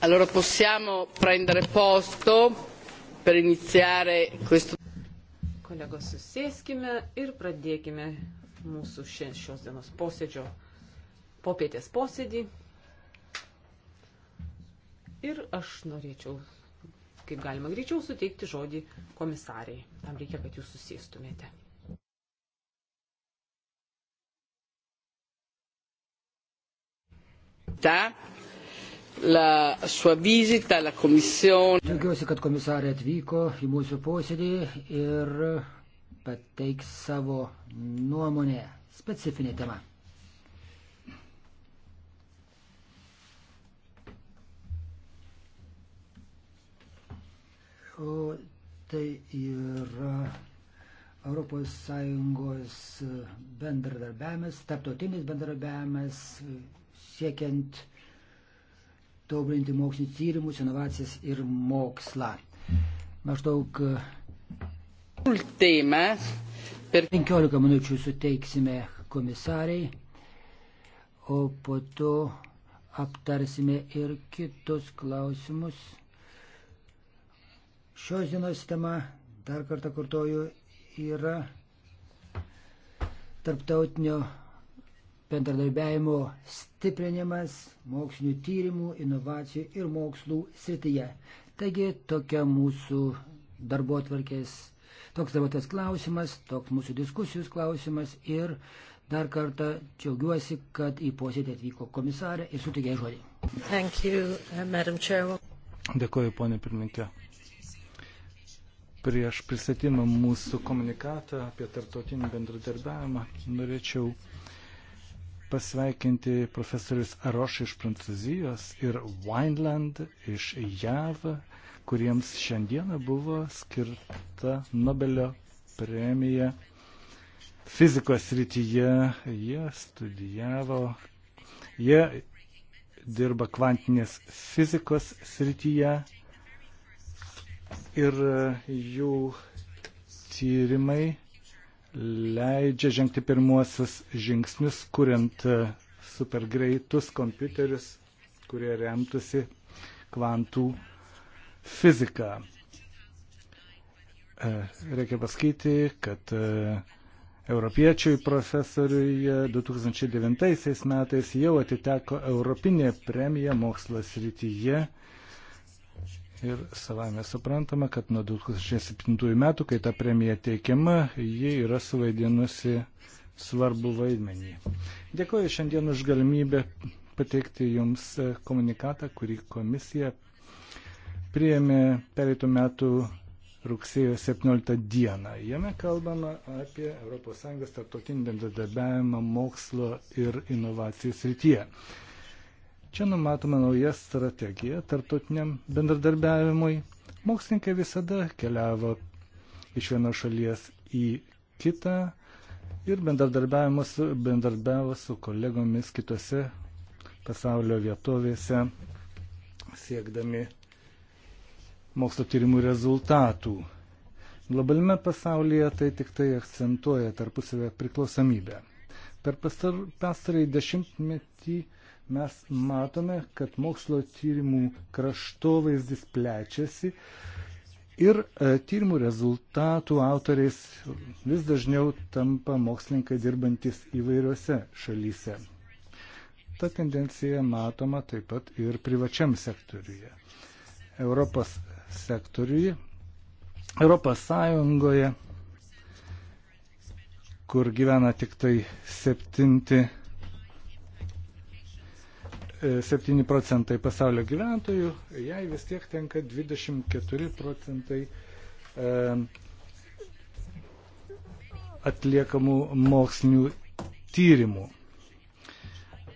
Allora possiamo prendere posto per iniziare questo. Kolegos, susėskime ir pradėkime mūsų šios dienos posėdžio popietės posėdį. Ir aš norėčiau, kaip galima greičiau, suteikti žodį komisariai. Tam reikia, kad jūs susėstumėte. Ta la sua visita alla Commissione. Džiaugiuosi, kad komisarė atvyko į mūsų posėdį ir pateiks savo nuomonę specifinė tema. O tai yra ES bendradarbiavimas, tarptautinis bendradarbiavimas siekiant uh, tobulinti mokslinius tyrimus, inovacijas ir mokslą. Maždaug 15 minučių suteiksime komisariai, o po to aptarsime ir kitus klausimus. Šios dienos tema, dar kartą kartoju, yra tarptautinio bendradarbiavimo stiprinimas mokslinių tyrimų, inovacijų ir mokslų srityje. Taigi tokia mūsų darbo atvarkės, toks darbo atvarkės klausimas, toks mūsų diskusijos klausimas ir dar kartą džiaugiuosi, kad į posėdį atvyko komisarė ir sutikė žodį. Thank you, uh, Dėkuoju, ponė pirmininkė. Prieš pristatymą mūsų komunikatą apie tartotinį bendradarbiavimą norėčiau pasveikinti profesorius Aroš iš Prancūzijos ir Wineland iš JAV, kuriems šiandieną buvo skirta Nobelio premija fizikos rytyje. Jie studijavo, jie dirba kvantinės fizikos srityje ir jų tyrimai leidžia žengti pirmuosius žingsnius, kuriant e, supergreitus kompiuterius, kurie remtųsi kvantų fiziką. E, reikia pasakyti, kad e, europiečiui profesoriui 2009 metais jau atiteko Europinė premija mokslas rytyje Ir savame suprantama, kad nuo 2007 metų, kai ta premija teikiama, ji yra suvaidinusi svarbu vaidmenį. Dėkuoju šiandien už galimybę pateikti Jums e, komunikatą, kurį komisija priėmė pereitų metų rugsėjo 17 dieną. Jame kalbama apie ES tarptautinį bendradarbiavimą mokslo ir inovacijų srityje. Čia numatoma nauja strategija tartutiniam bendradarbiavimui. Mokslininkai visada keliavo iš vienos šalies į kitą ir bendradarbiavo su, bendradarbiavo su kolegomis kitose pasaulio vietovėse, siekdami mokslo tyrimų rezultatų. Globalime pasaulyje tai tik tai akcentuoja tarpusavę priklausomybę. Per pastarąjį dešimtmetį mes matome, kad mokslo tyrimų kraštovaizdis plečiasi ir e, tyrimų rezultatų autoriais vis dažniau tampa mokslininkai dirbantis įvairiose šalyse. Ta tendencija matoma taip pat ir privačiam sektoriuje. Europos sektoriuje, Europos Sąjungoje, kur gyvena tik tai septinti 7 procentai pasaulio gyventojų, jai vis tiek tenka 24 procentai e, atliekamų mokslinių tyrimų.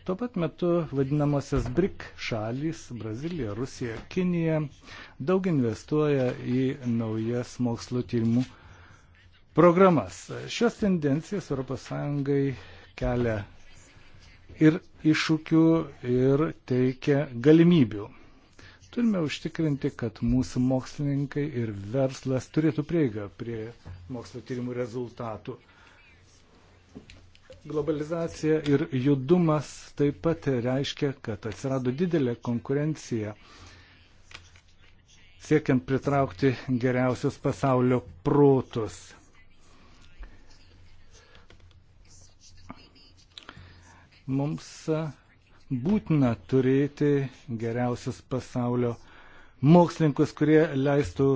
Tuo pat metu vadinamosios BRIC šalys - Brazilija, Rusija, Kinija - daug investuoja į naujas mokslo tyrimų programas. Šios tendencijas ES kelia ir iššūkių, ir teikia galimybių. Turime užtikrinti, kad mūsų mokslininkai ir verslas turėtų prieigą prie mokslo tyrimų rezultatų. Globalizacija ir judumas taip pat reiškia, kad atsirado didelė konkurencija siekiant pritraukti geriausius pasaulio protus Mums būtina turėti geriausius pasaulio mokslininkus, kurie leistų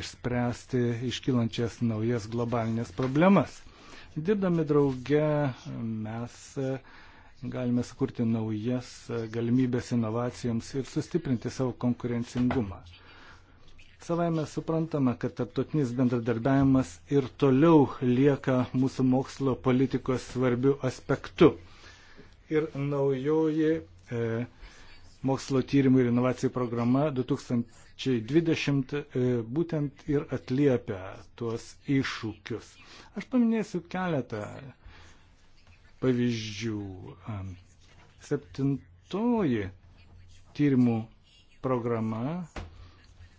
išspręsti iškylančias naujas globalinės problemas. Dirbdami drauge mes galime sukurti naujas galimybės inovacijoms ir sustiprinti savo konkurencingumą. Savaime suprantama, kad tarptautinis bendradarbiavimas ir toliau lieka mūsų mokslo politikos svarbių aspektų ir naujoji e, mokslo tyrimų ir inovacijų programa 2020 e, būtent ir atliepia tuos iššūkius. Aš paminėsiu keletą pavyzdžių. E, septintoji tyrimų programa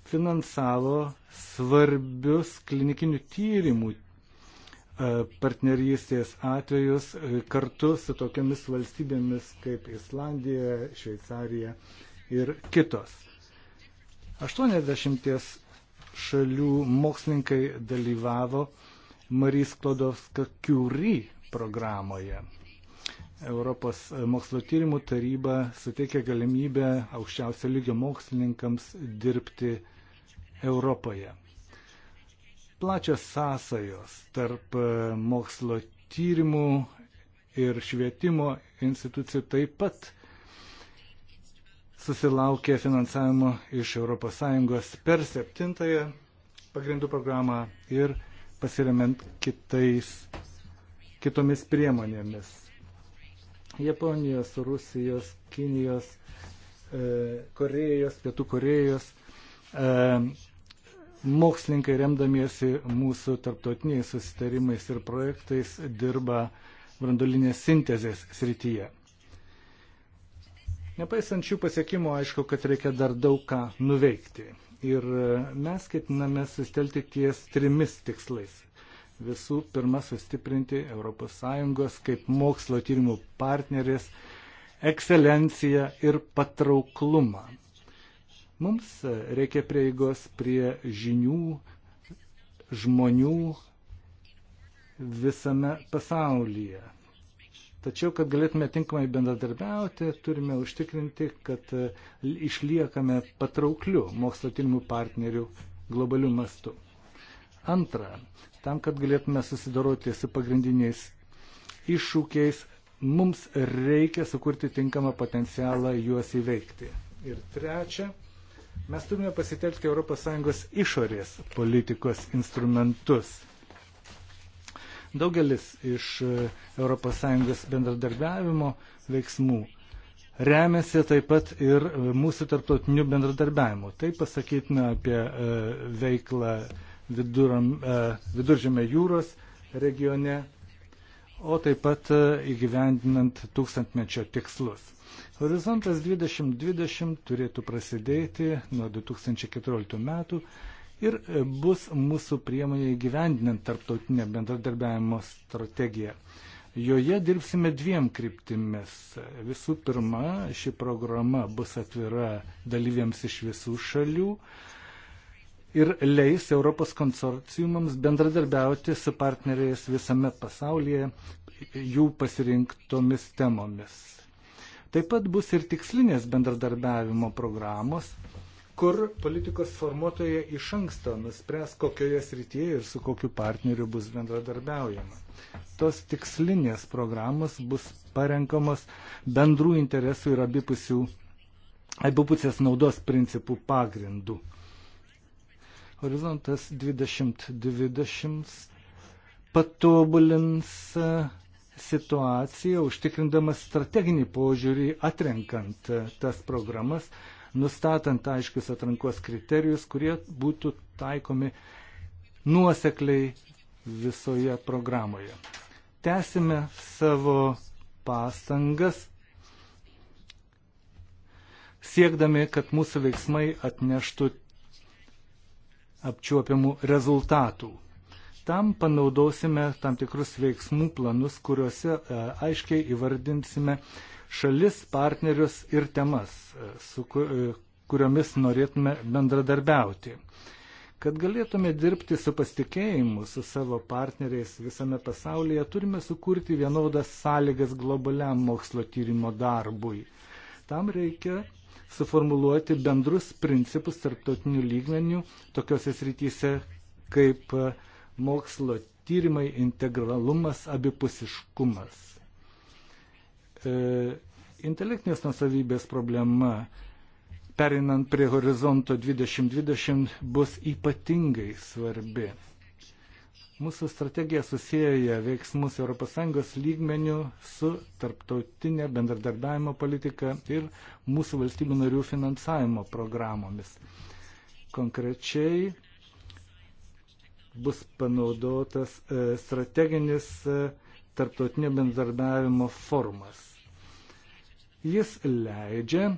finansavo svarbius klinikinių tyrimų E, partnerystės atvejus e, kartu su tokiamis valstybėmis kaip Islandija, Šveicarija ir kitos. 80 šalių mokslininkai dalyvavo Marys Klodovska Kiuri programoje. Europos mokslo tyrimų taryba suteikia galimybę aukščiausio lygio mokslininkams dirbti Europoje plačios sąsajos tarp e, mokslo tyrimų ir švietimo institucijų taip pat susilaukė finansavimo iš ES per septintąją pagrindų programą ir pasiremiant kitais, kitomis priemonėmis. Japonijos, Rusijos, Kinijos, e, Korejos, Pietų Korejos e, mokslininkai remdamiesi mūsų tarptautiniais susitarimais ir projektais dirba brandolinės sintezės srityje. Nepaisant šių pasiekimų, aišku, kad reikia dar daug ką nuveikti. Ir mes ketiname sustelti ties trimis tikslais. Visų pirma, sustiprinti ES kaip mokslo tyrimų partnerės ekscelenciją ir patrauklumą. Mums reikia prieigos prie žinių žmonių visame pasaulyje. Tačiau, kad galėtume tinkamai bendradarbiauti, turime užtikrinti, kad išliekame patraukliu mokslo tyrimų partnerių globalių mastų. Antra, tam, kad galėtume susidoroti su pagrindiniais iššūkiais, mums reikia sukurti tinkamą potencialą juos įveikti. Ir trečia, Mes turime pasitelkti ES išorės politikos instrumentus. Daugelis iš ES bendradarbiavimo veiksmų remiasi taip pat ir e, mūsų tarptautiniu bendradarbiavimu. Tai pasakytina apie e, veiklą viduram, e, viduržėme jūros regione, o taip pat įgyvendinant tūkstantmečio tikslus. Horizontas 2020 turėtų prasidėti nuo 2014 metų ir e, bus mūsų priemonė įgyvendinant tarptautinę bendradarbiavimo strategiją. Joje dirbsime dviem kryptimis. Visų pirma, ši programa bus atvira dalyviams iš visų šalių ir leis Europos konsorciumams bendradarbiauti su partneriais visame pasaulyje jų pasirinktomis temomis. Taip pat bus ir tikslinės bendradarbiavimo programos, kur politikos formuotoje iš anksto nuspręs, kokioje srityje ir su kokiu partneriu bus bendradarbiaujama. Tos tikslinės programos bus parenkamos bendrų interesų ir abipusių, abipusės naudos principų pagrindų. Horizontas 2020 patobulins situaciją, užtikrindamas strateginį požiūrį, atrenkant tas programas, nustatant aiškius atrankos kriterijus, kurie būtų taikomi nuosekliai visoje programoje. Tęsime savo pastangas, siekdami, kad mūsų veiksmai atneštų apčiuopiamų rezultatų. Tam panaudosime tam tikrus veiksmų planus, kuriuose e, aiškiai įvardinsime šalis, partnerius ir temas, e, su e, kuriomis norėtume bendradarbiauti. Kad galėtume dirbti su pasitikėjimu, su savo partneriais visame pasaulyje, turime sukurti vienodas sąlygas globaliam mokslo tyrimo darbui. Tam reikia suformuluoti bendrus principus tarptautinių lygmenių tokiuose srityse kaip uh, mokslo tyrimai, integralumas, abipusiškumas. E, intelektinės nusavybės problema, perinant prie horizonto 2020, bus ypatingai svarbi. Mūsų strategija susijęja veiksmus ES lygmenių su tarptautinė bendradarbiavimo politika ir mūsų valstybių narių finansavimo programomis. Konkrečiai bus panaudotas e, strateginis e, tarptautinio bendradarbiavimo formas. Jis leidžia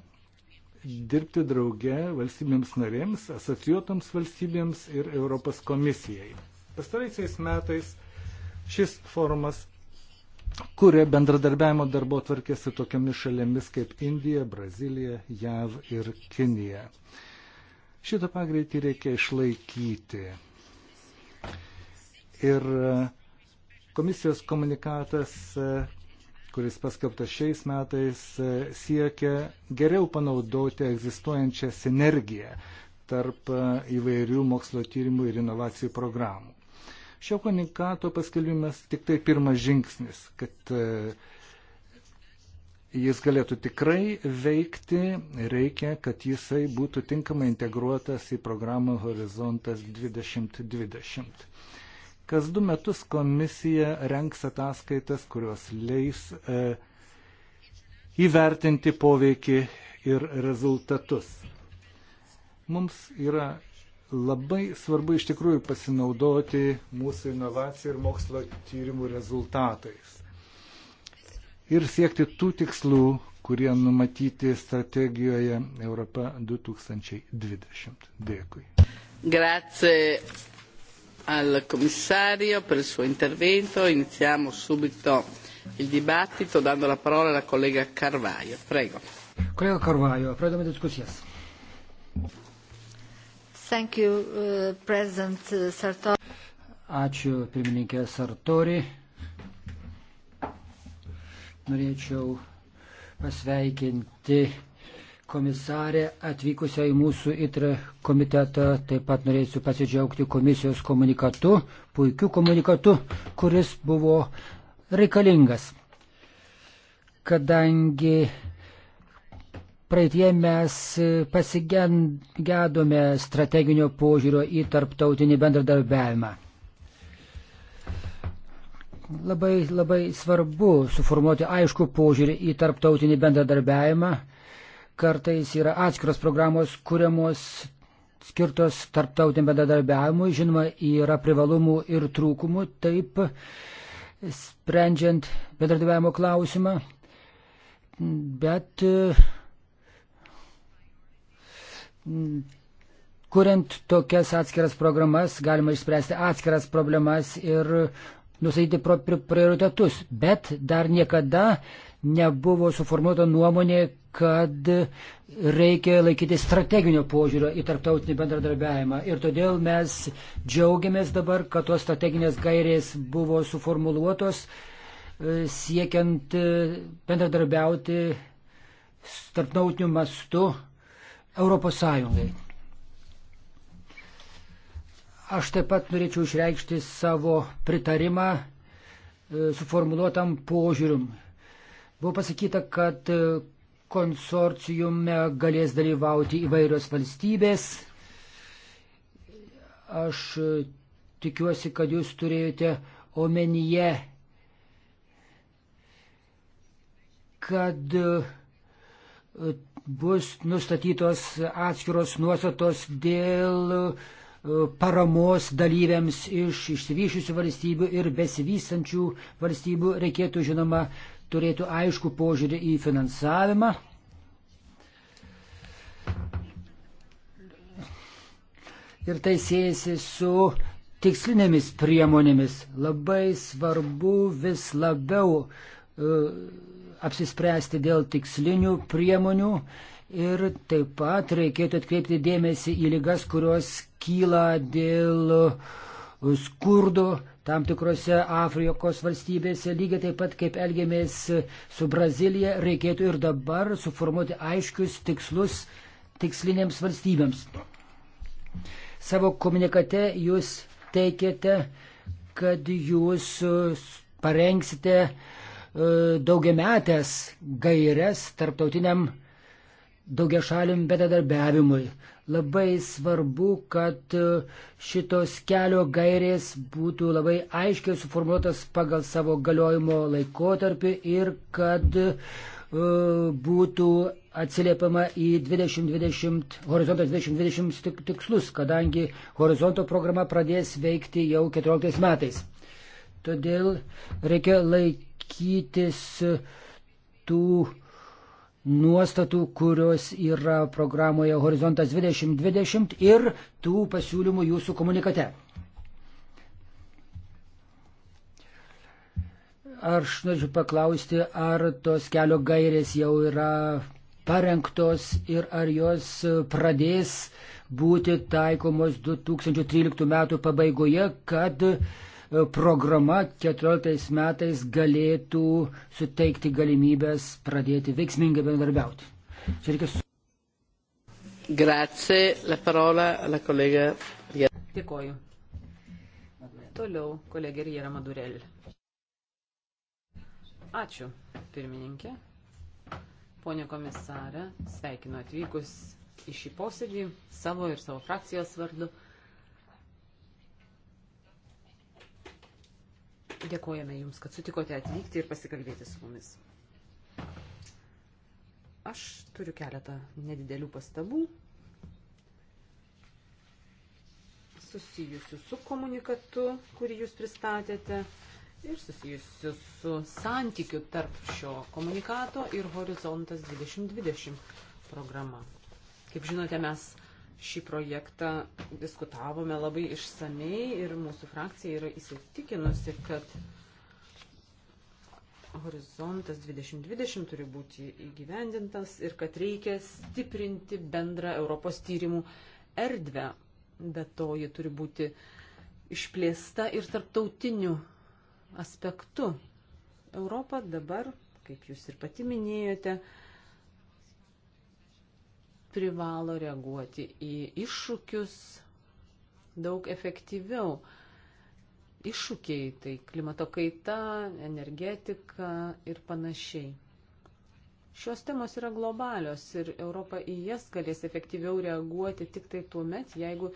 dirbti drauge valstybėms narėms, asociuotoms valstybėms ir Europos komisijai. Pastaraisiais metais šis formas kuria bendradarbiavimo darbo tvarkė su tokiamis šalėmis kaip Indija, Brazilija, JAV ir Kinija. Šitą pagreitį reikia išlaikyti. Ir e, komisijos komunikatas, e, kuris paskelbtas šiais metais, e, siekia geriau panaudoti egzistuojančią sinergiją tarp įvairių mokslo tyrimų ir inovacijų programų. Šio komunikato paskelbimas tik tai pirmas žingsnis, kad jis galėtų tikrai veikti, reikia, kad jisai būtų tinkamai integruotas į programą Horizontas 2020. Kas du metus komisija renks ataskaitas, kurios leis e, įvertinti poveikį ir rezultatus. Mums yra labai svarbu iš tikrųjų pasinaudoti mūsų inovacijų ir mokslo tyrimų rezultatais. Ir siekti tų tikslų, kurie numatyti strategijoje Europa 2020. Dėkui. Grazie al commissario per il suo intervento. Iniziamo subito il dibattito dando la parola alla collega Carvaio. Prego. Collega Carvaio, pradame diskusijas. Thank you, uh, President uh, Sartori. Ačiū pirmininkė Sartori. Norėčiau pasveikinti komisarė atvykusią į mūsų ITRE komitetą. Taip pat norėsiu pasidžiaugti komisijos komunikatu, puikiu komunikatu, kuris buvo reikalingas. Kadangi praeitie mes pasigėdome strateginio požiūrio į tarptautinį bendradarbiavimą. Labai, labai svarbu suformuoti aišku požiūrį į tarptautinį bendradarbiavimą kartais yra atskiros programos kuriamos skirtos tarptautiniam bendradarbiavimui, žinoma, yra privalumų ir trūkumų, taip sprendžiant bendradarbiavimo klausimą, bet kuriant tokias atskiras programas galima išspręsti atskiras problemas ir nusakyti prioritetus, bet dar niekada nebuvo suformuota nuomonė, kad reikia laikyti strateginio požiūrio į tarptautinį bendradarbiavimą. Ir todėl mes džiaugiamės dabar, kad tos strateginės gairės buvo suformuluotos e, siekiant e, bendradarbiauti tarptautiniu mastu Europos Sąjungai. Aš taip pat norėčiau išreikšti savo pritarimą e, suformuluotam požiūrium Buvo pasakyta, kad e, konsorciume galės dalyvauti įvairios valstybės. Aš e, tikiuosi, kad jūs turėjote omenyje, kad e, bus nustatytos atskiros nuostatos dėl paramos dalyviams iš išsivyšusių valstybių ir besivystančių valstybių reikėtų, žinoma, turėtų aišku požiūrį į finansavimą. Ir tai siejasi su tikslinėmis priemonėmis. Labai svarbu vis labiau uh, apsispręsti dėl tikslinių priemonių ir taip pat reikėtų atkreipti dėmesį į lygas, kurios kyla dėl skurdo, tam tikrose Afrikos valstybėse, lygiai taip pat kaip elgėmės su Brazilija, reikėtų ir dabar suformuoti aiškius tikslus tikslinėms valstybėms. Savo komunikate jūs teikėte, kad jūs parengsite e, daugiametės gairias tarptautiniam daugiašalim bedadarbiavimui. Labai svarbu, kad e, šitos kelio gairės būtų labai aiškiai suformuotas pagal savo galiojimo laikotarpį ir kad e, būtų atsiliepiama į 2020, horizontą 2020 tikslus, kadangi horizonto programa pradės veikti jau 14 metais. Todėl reikia laikytis tų nuostatų, kurios yra programoje Horizontas 2020 ir tų pasiūlymų jūsų komunikate. Aš norėčiau paklausti, ar tos kelio gairės jau yra parengtos ir ar jos pradės būti taikomos 2013 metų pabaigoje, kad uh, programa 14 metais galėtų suteikti galimybės pradėti veiksmingai bendarbiauti. Čia reikia su. Grazie, la parola alla collega. Dėkoju. Toliau kolegė Riera Madurel. Ačiū, pirmininkė. Pone komisarė, sveikinu atvykus į šį posėdį savo ir savo frakcijos vardu. Dėkojame Jums, kad sutikote atvykti ir pasikalbėti su mumis. Aš turiu keletą nedidelių pastabų susijusių su komunikatu, kurį Jūs pristatėte, ir susijusių su santykiu tarp šio komunikato ir Horizontas 2020 programa. Kaip žinote, mes šį projektą diskutavome labai išsamei ir mūsų frakcija yra įsitikinusi, kad horizontas 2020 turi būti įgyvendintas ir kad reikia stiprinti bendrą Europos tyrimų erdvę, bet to ji turi būti išplėsta ir tarptautiniu aspektu. Europa dabar, kaip jūs ir pati minėjote, privalo reaguoti į iššūkius daug efektyviau. Iššūkiai tai klimato kaita, energetika ir panašiai. Šios temos yra globalios ir Europa į jas galės efektyviau reaguoti tik tai tuo met, jeigu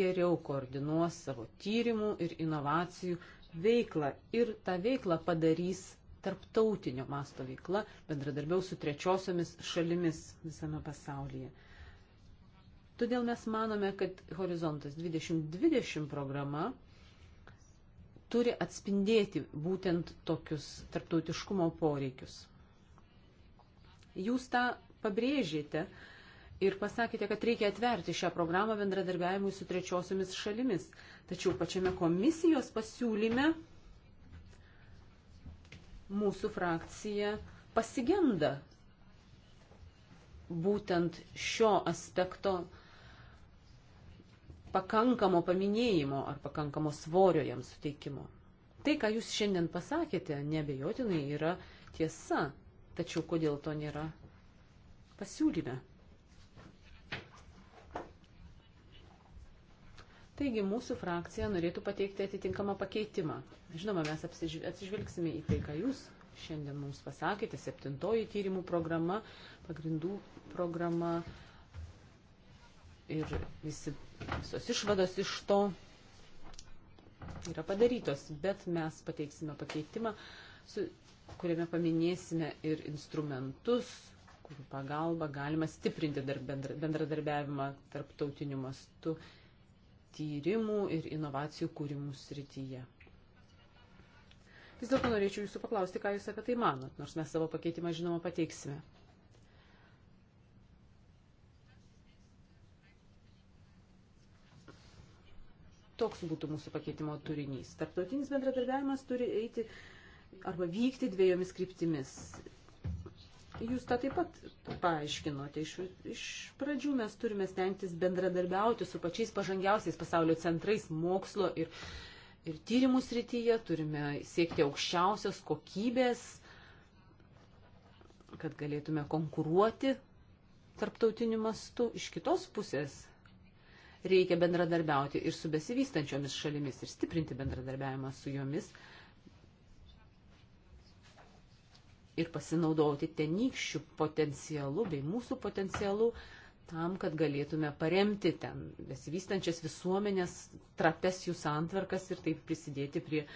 geriau koordinuos savo tyrimų ir inovacijų veiklą ir tą veiklą padarys tarptautinio masto veikla, bendradarbiaus su trečiosiomis šalimis visame pasaulyje. Todėl mes manome, kad Horizontas 2020 programa turi atspindėti būtent tokius tarptautiškumo poreikius. Jūs tą pabrėžėte ir pasakėte, kad reikia atverti šią programą bendradarbiavimui su trečiosiomis šalimis. Tačiau pačiame komisijos pasiūlyme mūsų frakcija pasigenda būtent šio aspekto pakankamo paminėjimo ar pakankamo svorio jam suteikimo. Tai, ką jūs šiandien pasakėte, nebejotinai yra tiesa, tačiau kodėl to nėra pasiūlyme? Taigi mūsų frakcija norėtų pateikti atitinkamą pakeitimą. Žinoma, mes atsižvelgsime į tai, ką jūs šiandien mums pasakėte. Septintoji tyrimų programa, pagrindų programa ir visi, visos išvados iš to yra padarytos, bet mes pateiksime pakeitimą, su, kuriame paminėsime ir instrumentus, kurių pagalba galima stiprinti dar bendra, bendradarbiavimą tarptautiniu mastu tyrimų ir inovacijų kūrimų srityje. Vis dėlto norėčiau jūsų paklausti, ką jūs apie tai manot, nors mes savo pakeitimą žinoma pateiksime. Toks būtų mūsų pakeitimo turinys. Tarptautinis bendradarbiavimas turi eiti arba vykti dviejomis kryptimis. Jūs tą taip pat paaiškinote. Iš, iš pradžių mes turime stengtis bendradarbiauti su pačiais pažangiausiais pasaulio centrais mokslo ir, ir tyrimų srityje. Turime siekti aukščiausios kokybės, kad galėtume konkuruoti tarptautiniu mastu. Iš kitos pusės reikia bendradarbiauti ir su besivystančiomis šalimis ir stiprinti bendradarbiavimą su jomis. Uh, ir pasinaudoti tenykščių potencialu bei mūsų potencialu tam, kad galėtume paremti ten besivystančias visuomenės, trapes jų santvarkas ir taip prisidėti prie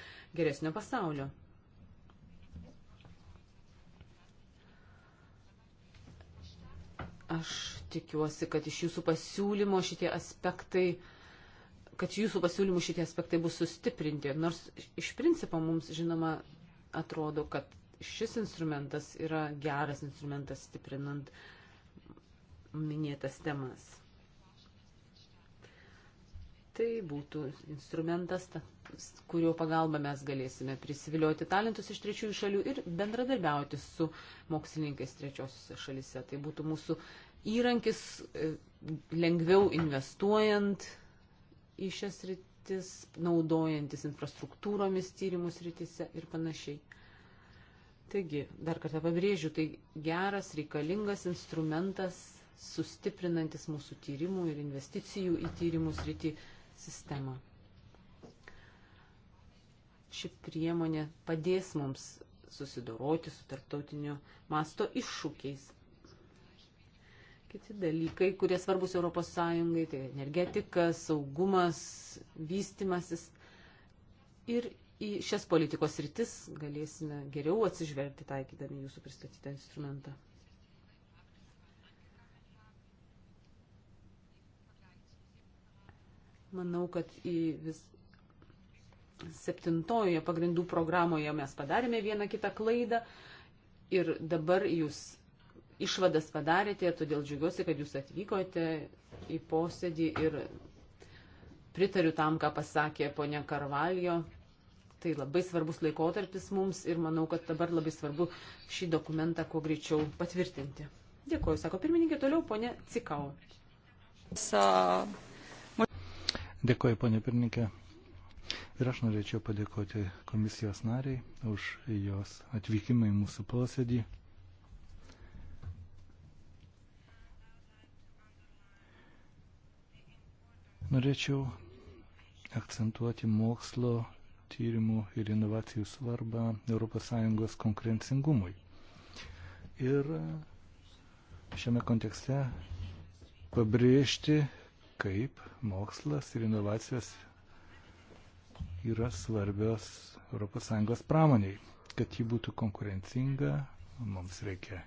geresnio pasaulio. Aš tikiuosi, kad iš jūsų pasiūlymo šitie aspektai, kad jūsų pasiūlymų šitie aspektai bus sustiprinti. Nors iš principo mums, žinoma, atrodo, kad šis instrumentas yra geras instrumentas stiprinant minėtas temas. Tai būtų instrumentas, kurio pagalba mes galėsime prisivilioti talentus iš trečiųjų šalių ir bendradarbiauti su mokslininkais trečiosiuose šalise. Tai būtų mūsų įrankis e, lengviau investuojant į šias rytis, naudojantis infrastruktūromis tyrimus rytise ir panašiai. Taigi, dar kartą pabrėžiu, tai geras, reikalingas instrumentas, sustiprinantis mūsų tyrimų ir investicijų į tyrimų sritį sistemą. Ši priemonė padės mums susidoroti su tarptautinio masto iššūkiais. Kiti dalykai, kurie svarbus ES, tai energetika, saugumas, vystimasis ir į šias politikos rytis galėsime geriau atsižvelgti taikydami jūsų pristatytą instrumentą. Manau, kad į vis septintojoje pagrindų programoje mes padarėme vieną kitą klaidą ir dabar jūs išvadas padarėte, todėl džiugiuosi, kad jūs atvykote į posėdį ir pritariu tam, ką pasakė ponia Karvaljo. Tai labai svarbus laikotarpis mums ir manau, kad dabar labai svarbu šį dokumentą kuo greičiau patvirtinti. Dėkuoju, sako pirmininkė, toliau ponė Cikau. Dėkuoju, ponė pirmininkė. Ir aš norėčiau padėkoti komisijos nariai už jos atvykimą į mūsų posėdį. Norėčiau akcentuoti mokslo tyrimų ir inovacijų svarbą ES konkurencingumui. Ir šiame kontekste pabrėžti, kaip mokslas ir inovacijos yra svarbios ES pramoniai. Kad ji būtų konkurencinga, mums reikia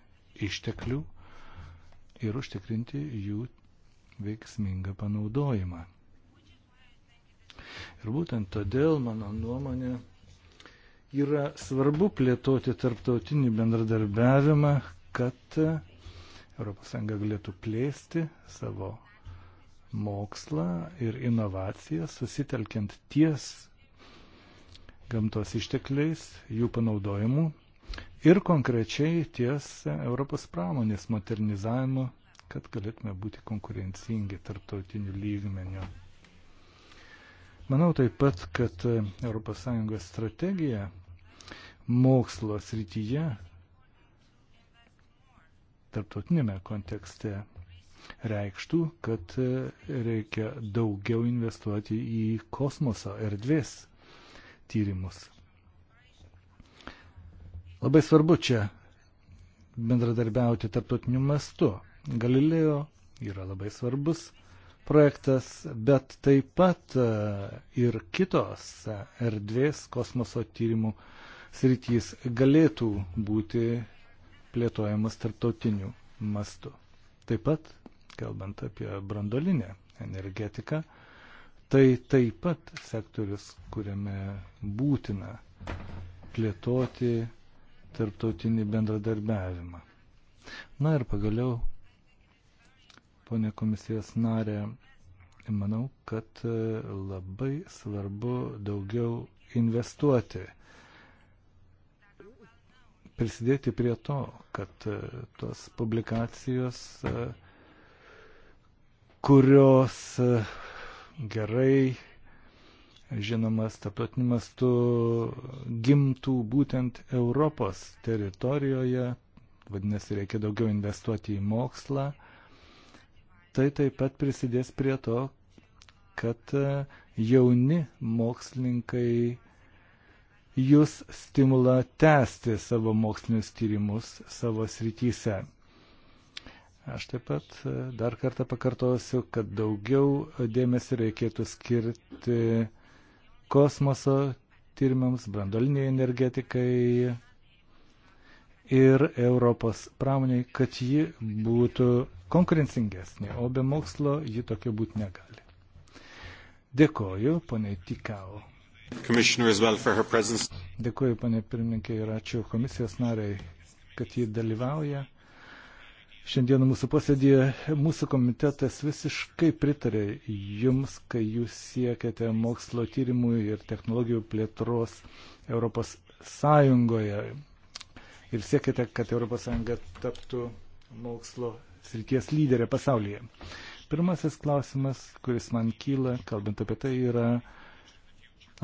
išteklių ir užtikrinti jų veiksmingą panaudojimą. Ir būtent todėl, mano nuomonė, yra svarbu plėtoti tarptautinį bendradarbiavimą, kad ES galėtų plėsti savo mokslą ir inovaciją, susitelkiant ties gamtos ištekliais, jų panaudojimu ir konkrečiai ties Europos pramonės modernizavimu, kad galėtume būti konkurencingi tarptautiniu lygmeniu. Manau taip pat, kad ES strategija mokslo srityje tarptautinėme kontekste reikštų, kad e, reikia daugiau investuoti į kosmoso erdvės tyrimus. Labai svarbu čia bendradarbiauti tarptautiniu mastu. Galileo yra labai svarbus projektas, bet taip pat e, ir kitos erdvės kosmoso tyrimų sritys galėtų būti plėtojamas tarptautiniu mastu. Taip pat, kalbant apie brandolinę energetiką, tai taip pat sektorius, kuriame būtina plėtoti tarptautinį bendradarbiavimą. Na ir pagaliau ponė komisijos narė, manau, kad e, labai svarbu daugiau investuoti, prisidėti prie to, kad e, tos publikacijos, e, kurios gerai žinomas tapatiniu mastu gimtų būtent Europos teritorijoje, vadinasi, reikia daugiau investuoti į mokslą, tai taip pat prisidės prie to, kad e, jauni mokslininkai jūs stimulą tęsti savo mokslinius tyrimus savo srityse. Aš taip pat e, dar kartą pakartosiu, kad daugiau dėmesio reikėtų skirti kosmoso tyrimams, brandoliniai energetikai, ir Europos pramoniai, kad ji būtų konkurencingesnė, o be mokslo ji tokia būti negali. Dėkoju, ponė Tikau. Dėkoju, ponė pirmininkė, ir ačiū komisijos nariai, kad ji dalyvauja. Šiandieną mūsų posėdėje mūsų komitetas visiškai pritarė jums, kai jūs siekiate mokslo tyrimų ir technologijų plėtros Europos Sąjungoje ir siekite, kad ES taptų mokslo srities lyderė pasaulyje. Pirmasis klausimas, kuris man kyla, kalbant apie tai, yra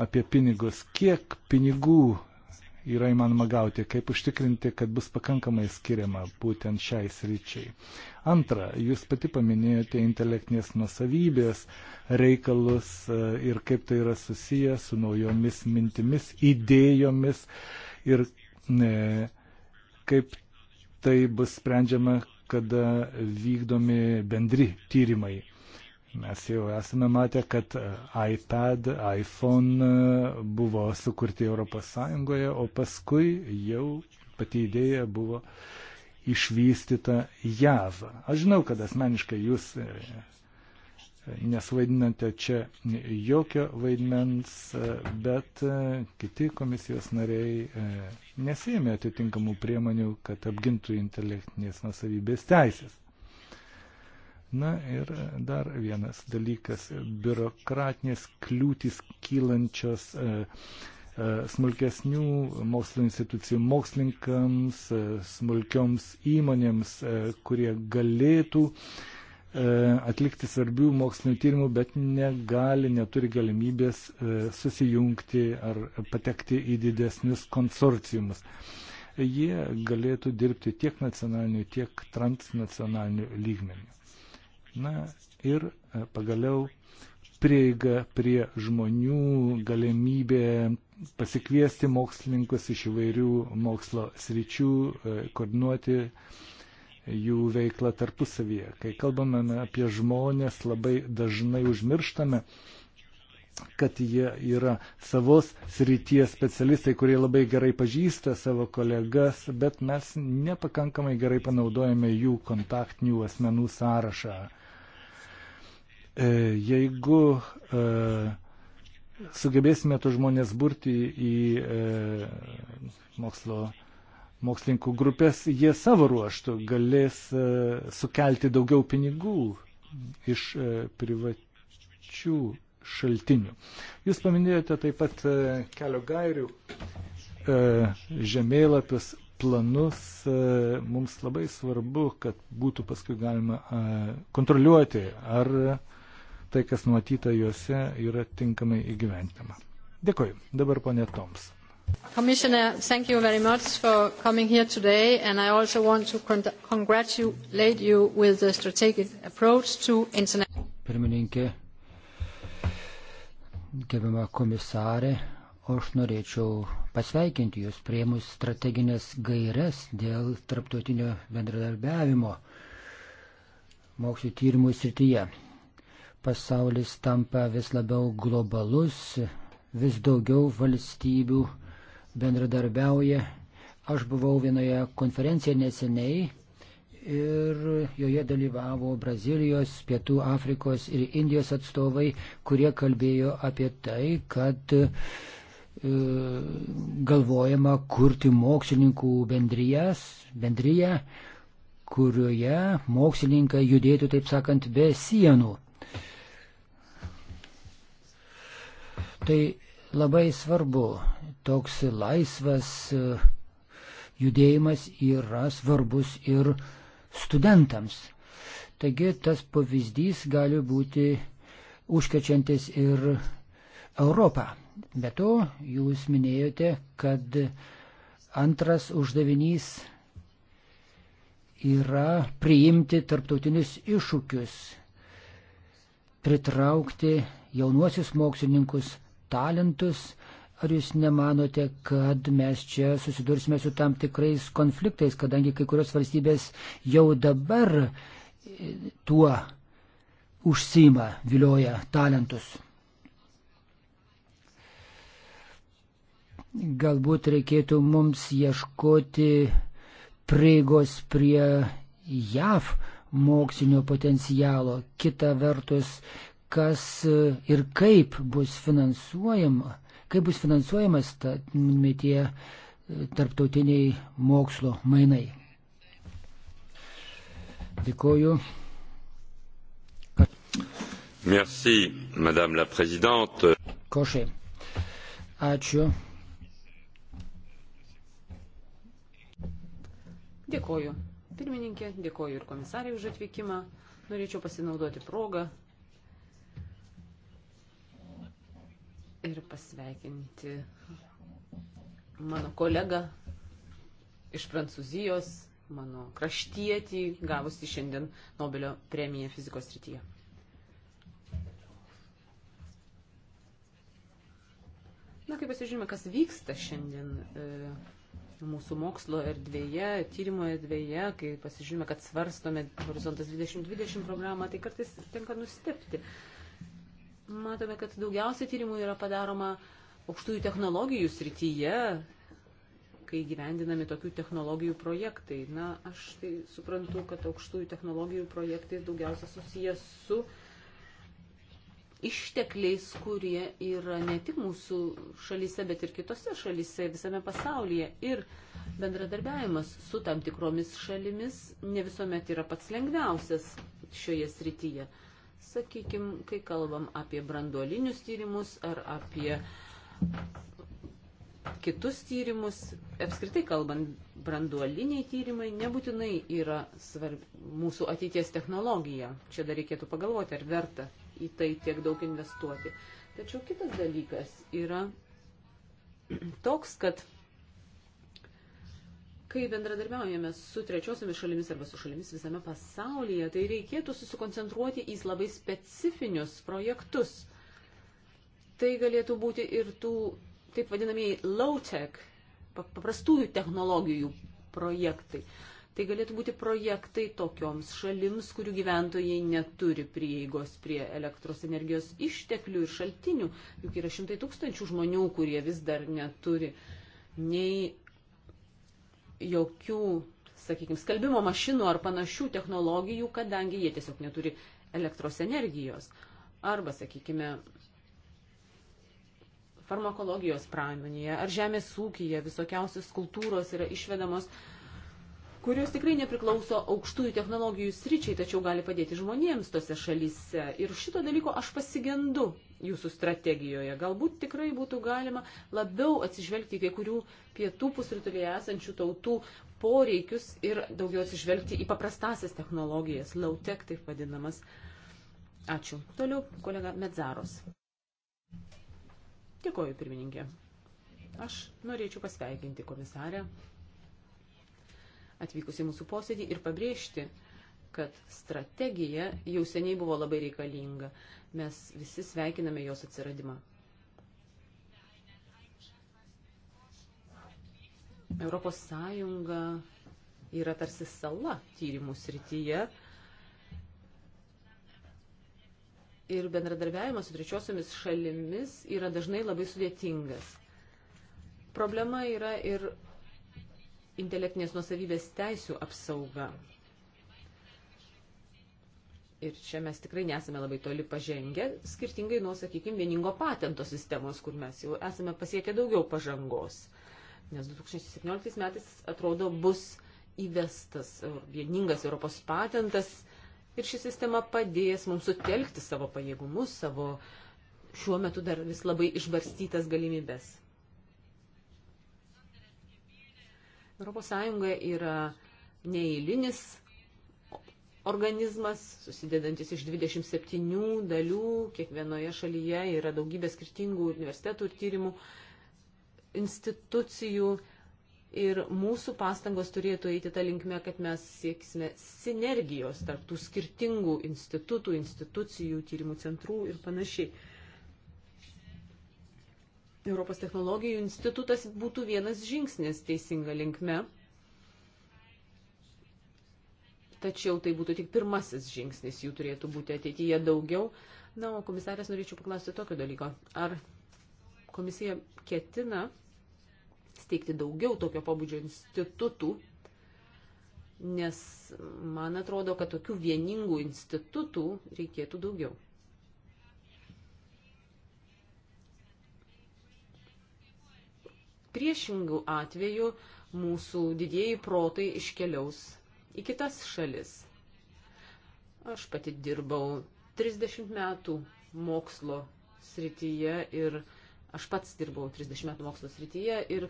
apie pinigus. Kiek pinigų yra įmanoma gauti, kaip užtikrinti, kad bus pakankamai skiriama būtent šiai sričiai. Antra, jūs pati paminėjote intelektinės nusavybės reikalus e, ir kaip tai yra susiję su naujomis mintimis, idėjomis ir ne, kaip tai bus sprendžiama, kada vykdomi bendri tyrimai. Mes jau esame matę, kad iPad, iPhone buvo sukurti ES, o paskui jau pati idėja buvo išvystyta JAV. Aš žinau, kad asmeniškai jūs nesuvaidinate čia jokio vaidmens, bet e, kiti komisijos nariai e, nesėmė atitinkamų priemonių, kad apgintų intelektinės nusavybės teisės. Na ir dar vienas dalykas - biurokratinės kliūtis kylančios e, smulkesnių mokslo institucijų mokslininkams, smulkioms įmonėms, kurie galėtų uh, E, atlikti svarbių mokslinių tyrimų, bet negali, neturi galimybės e, susijungti ar patekti į didesnius konsorcijumus. Jie galėtų dirbti tiek nacionaliniu, tiek transnacionaliniu lygmeniu. Na ir e, pagaliau prieiga prie žmonių, galimybė pasikviesti mokslininkus iš įvairių mokslo sričių, koordinuoti uh, jų veiklą tarpusavyje. Kai kalbame apie žmonės, labai dažnai užmirštame, kad jie yra savos srities specialistai, kurie labai gerai pažįsta savo kolegas, bet mes nepakankamai gerai panaudojame jų kontaktinių asmenų sąrašą. E, jeigu e, sugebėsime tų žmonės burti į e, mokslo mokslininkų grupės, jie savo ruoštų galės e, sukelti daugiau pinigų iš e, privačių šaltinių. Jūs paminėjote taip pat e, kelio gairių žemėlapius, planus. Mums labai svarbu, kad būtų paskui galima kontroliuoti, ar tai, kas numatyta juose, yra tinkamai įgyventama. Dėkoju. Dabar ponė Toms. Commissioner, thank you very much for coming here today, and I also want to con congratulate you with the strategic approach to international. Pirmininkė, gerbiama komisarė, aš norėčiau pasveikinti Jūs prieimus strateginės gairias dėl tarptautinio bendradarbiavimo mokslo tyrimų srityje. Pasaulis tampa vis labiau globalus, vis daugiau valstybių bendradarbiauja. Aš buvau vienoje konferencijoje neseniai ir joje dalyvavo Brazilijos, Pietų Afrikos ir Indijos atstovai, kurie kalbėjo apie tai, kad e, galvojama kurti mokslininkų bendrijas, bendryje, kurioje mokslininkai judėtų, taip sakant, be sienų. Tai Labai svarbu, toks laisvas e, judėjimas yra svarbus ir studentams. Taigi tas pavyzdys gali būti užkečiantis ir Europą. Be to, jūs minėjote, kad antras uždavinys yra priimti tarptautinius iššūkius, pritraukti jaunuosius mokslininkus, talentus. Ar jūs nemanote, kad mes čia susidursime su tam tikrais konfliktais, kadangi kai kurios valstybės jau dabar e, tuo užsima, vilioja talentus? Galbūt reikėtų mums ieškoti prieigos prie JAV mokslinio potencialo. Kita vertus, kas e, ir kaip bus finansuojama, kaip bus finansuojamas ta, tie e, tarptautiniai mokslo mainai. Dėkoju. Merci, Madame la Présidente. Košai. Ačiū. Dėkoju. Pirmininkė, dėkoju ir komisariai už atvykimą. Norėčiau pasinaudoti progą ir pasveikinti mano kolegą iš Prancūzijos, mano kraštietį, gavusi šiandien Nobelio premiją fizikos srityje. Na, kaip pasižiūrime, kas vyksta šiandien e, mūsų mokslo erdvėje, tyrimo erdvėje, kai pasižiūrime, kad svarstome Horizontas 2020 programą, tai kartais tenka nustepti. E, matome, kad daugiausia tyrimų yra padaroma aukštųjų technologijų srityje, kai gyvendinami tokių technologijų projektai. Na, aš tai suprantu, kad aukštųjų technologijų projektai daugiausia susijęs su ištekliais, kurie yra ne tik mūsų šalyse, bet ir kitose šalyse visame pasaulyje. Ir bendradarbiavimas su tam tikromis šalimis ne visuomet yra pats lengviausias šioje srityje. Sakykime, kai kalbam apie branduolinius tyrimus ar apie kitus tyrimus, apskritai kalbant, branduoliniai tyrimai nebūtinai yra svarb... mūsų ateities technologija. Čia dar reikėtų pagalvoti, ar verta į tai tiek daug investuoti. Tačiau kitas dalykas yra toks, kad kai bendradarbiaujame su trečiosiomis šalimis arba su šalimis visame pasaulyje, tai reikėtų susikoncentruoti į labai specifinius projektus. Tai galėtų būti ir tų taip vadinamieji low-tech, paprastųjų technologijų projektai. Tai galėtų būti projektai tokioms šalims, kurių gyventojai neturi prieigos prie elektros energijos išteklių ir šaltinių, juk yra šimtai tūkstančių žmonių, kurie vis dar neturi nei jokių, sakykime, skalbimo mašinų ar panašių technologijų, kadangi jie tiesiog neturi elektros energijos. Arba, sakykime, farmakologijos pramonėje ar žemės ūkyje visokiausios kultūros yra išvedamos uh, kurios tikrai nepriklauso aukštųjų technologijų sričiai, tačiau gali padėti žmonėms tose šalyse. Ir šito dalyko aš pasigendu jūsų strategijoje. Galbūt tikrai būtų galima labiau atsižvelgti į kai kurių pietų pusrytulėje esančių tautų poreikius ir daugiau atsižvelgti į paprastasias technologijas, lautek taip vadinamas. Ačiū. Toliau kolega Medzaros. Dėkoju, pirmininkė. Aš norėčiau pasveikinti komisarę atvykus į mūsų posėdį ir pabrėžti, kad strategija jau seniai buvo labai reikalinga. Mes visi sveikiname jos atsiradimą. Europos Sąjunga yra tarsi sala tyrimų srityje. Ir bendradarbiavimas su trečiosiomis šalimis yra dažnai labai sudėtingas. Problema yra ir intelektinės nusavybės teisų apsauga. Ir čia mes tikrai nesame labai toli pažengę, skirtingai nuo, sakykime, vieningo patento sistemos, kur mes jau esame pasiekę daugiau pažangos. Nes 2017 metais, atrodo, bus įvestas vieningas Europos patentas ir ši sistema padės mums sutelkti savo pajėgumus, savo šiuo metu dar vis labai išbarstytas galimybės. ES yra neįlinis organizmas, susidedantis iš 27 dalių, kiekvienoje šalyje yra daugybė skirtingų universitetų ir tyrimų institucijų. Ir mūsų pastangos turėtų eiti tą linkmę, kad mes sieksime sinergijos tarp tų skirtingų institutų, institucijų, tyrimų centrų ir panašiai. Europos technologijų institutas būtų vienas žingsnis teisinga linkme. Tačiau tai būtų tik pirmasis žingsnis, jų turėtų būti ateityje daugiau. Na, o komisarės norėčiau paklausti tokio dalyko. Ar komisija ketina steigti daugiau tokio pabudžio institutų, nes man atrodo, kad tokių vieningų institutų reikėtų daugiau. Priešingų atvejų mūsų didieji protai iškeliaus į kitas šalis. Aš pati dirbau 30 metų mokslo srityje ir aš pats dirbau 30 metų mokslo srityje ir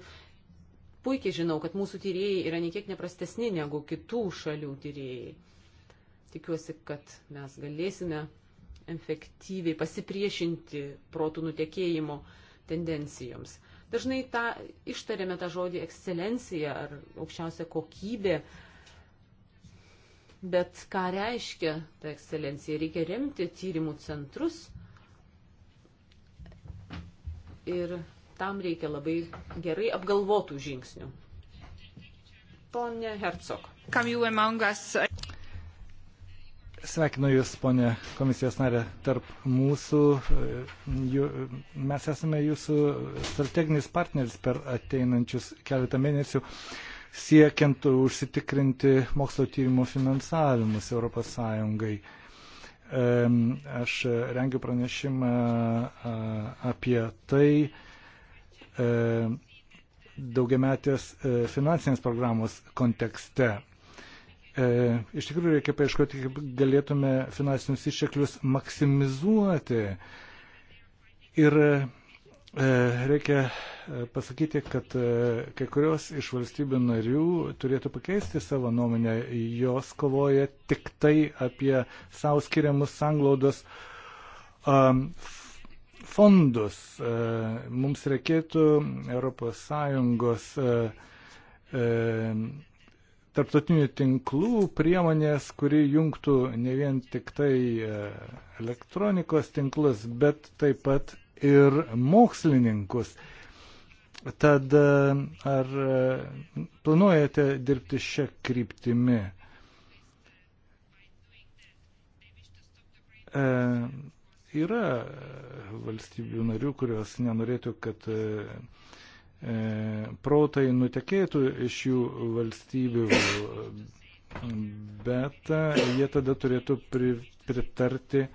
puikiai žinau, kad mūsų tyrėjai yra niekiek neprastesni negu kitų šalių tyrėjai. Tikiuosi, kad mes galėsime efektyviai pasipriešinti protų nutekėjimo tendencijoms. Dažnai tą ištarėme tą žodį ekscelencija ar aukščiausia kokybė. Bet ką reiškia ta ekscelencija? Reikia remti tyrimų centrus ir tam reikia labai gerai apgalvotų žingsnių. Pone Hercog. Sveikinu Jūs, ponė komisijos narė, tarp mūsų. Jų, mes esame Jūsų strateginis partneris per ateinančius keletą mėnesių siekiant užsitikrinti mokslo tyrimų finansavimus ES. Aš rengiu pranešimą apie tai daugiametės e, finansinės programos kontekste E, iš tikrųjų reikia paieškoti, kaip galėtume finansinius išteklius maksimizuoti. Ir e, reikia e, pasakyti, kad kai kurios iš valstybių narių turėtų pakeisti savo nuomonę. Jos kovoja tik tai apie savo skiriamus sanglaudos fondus. Mums reikėtų ES tarptautinių tinklų priemonės, kuri jungtų ne vien tik tai e, elektronikos tinklus, bet taip pat ir mokslininkus. Tad e, ar e, planuojate dirbti šią kryptimį? E, yra valstybių narių, kurios nenorėtų, kad e, E, protai nutekėtų iš jų valstybių, bet jie tada turėtų pritarti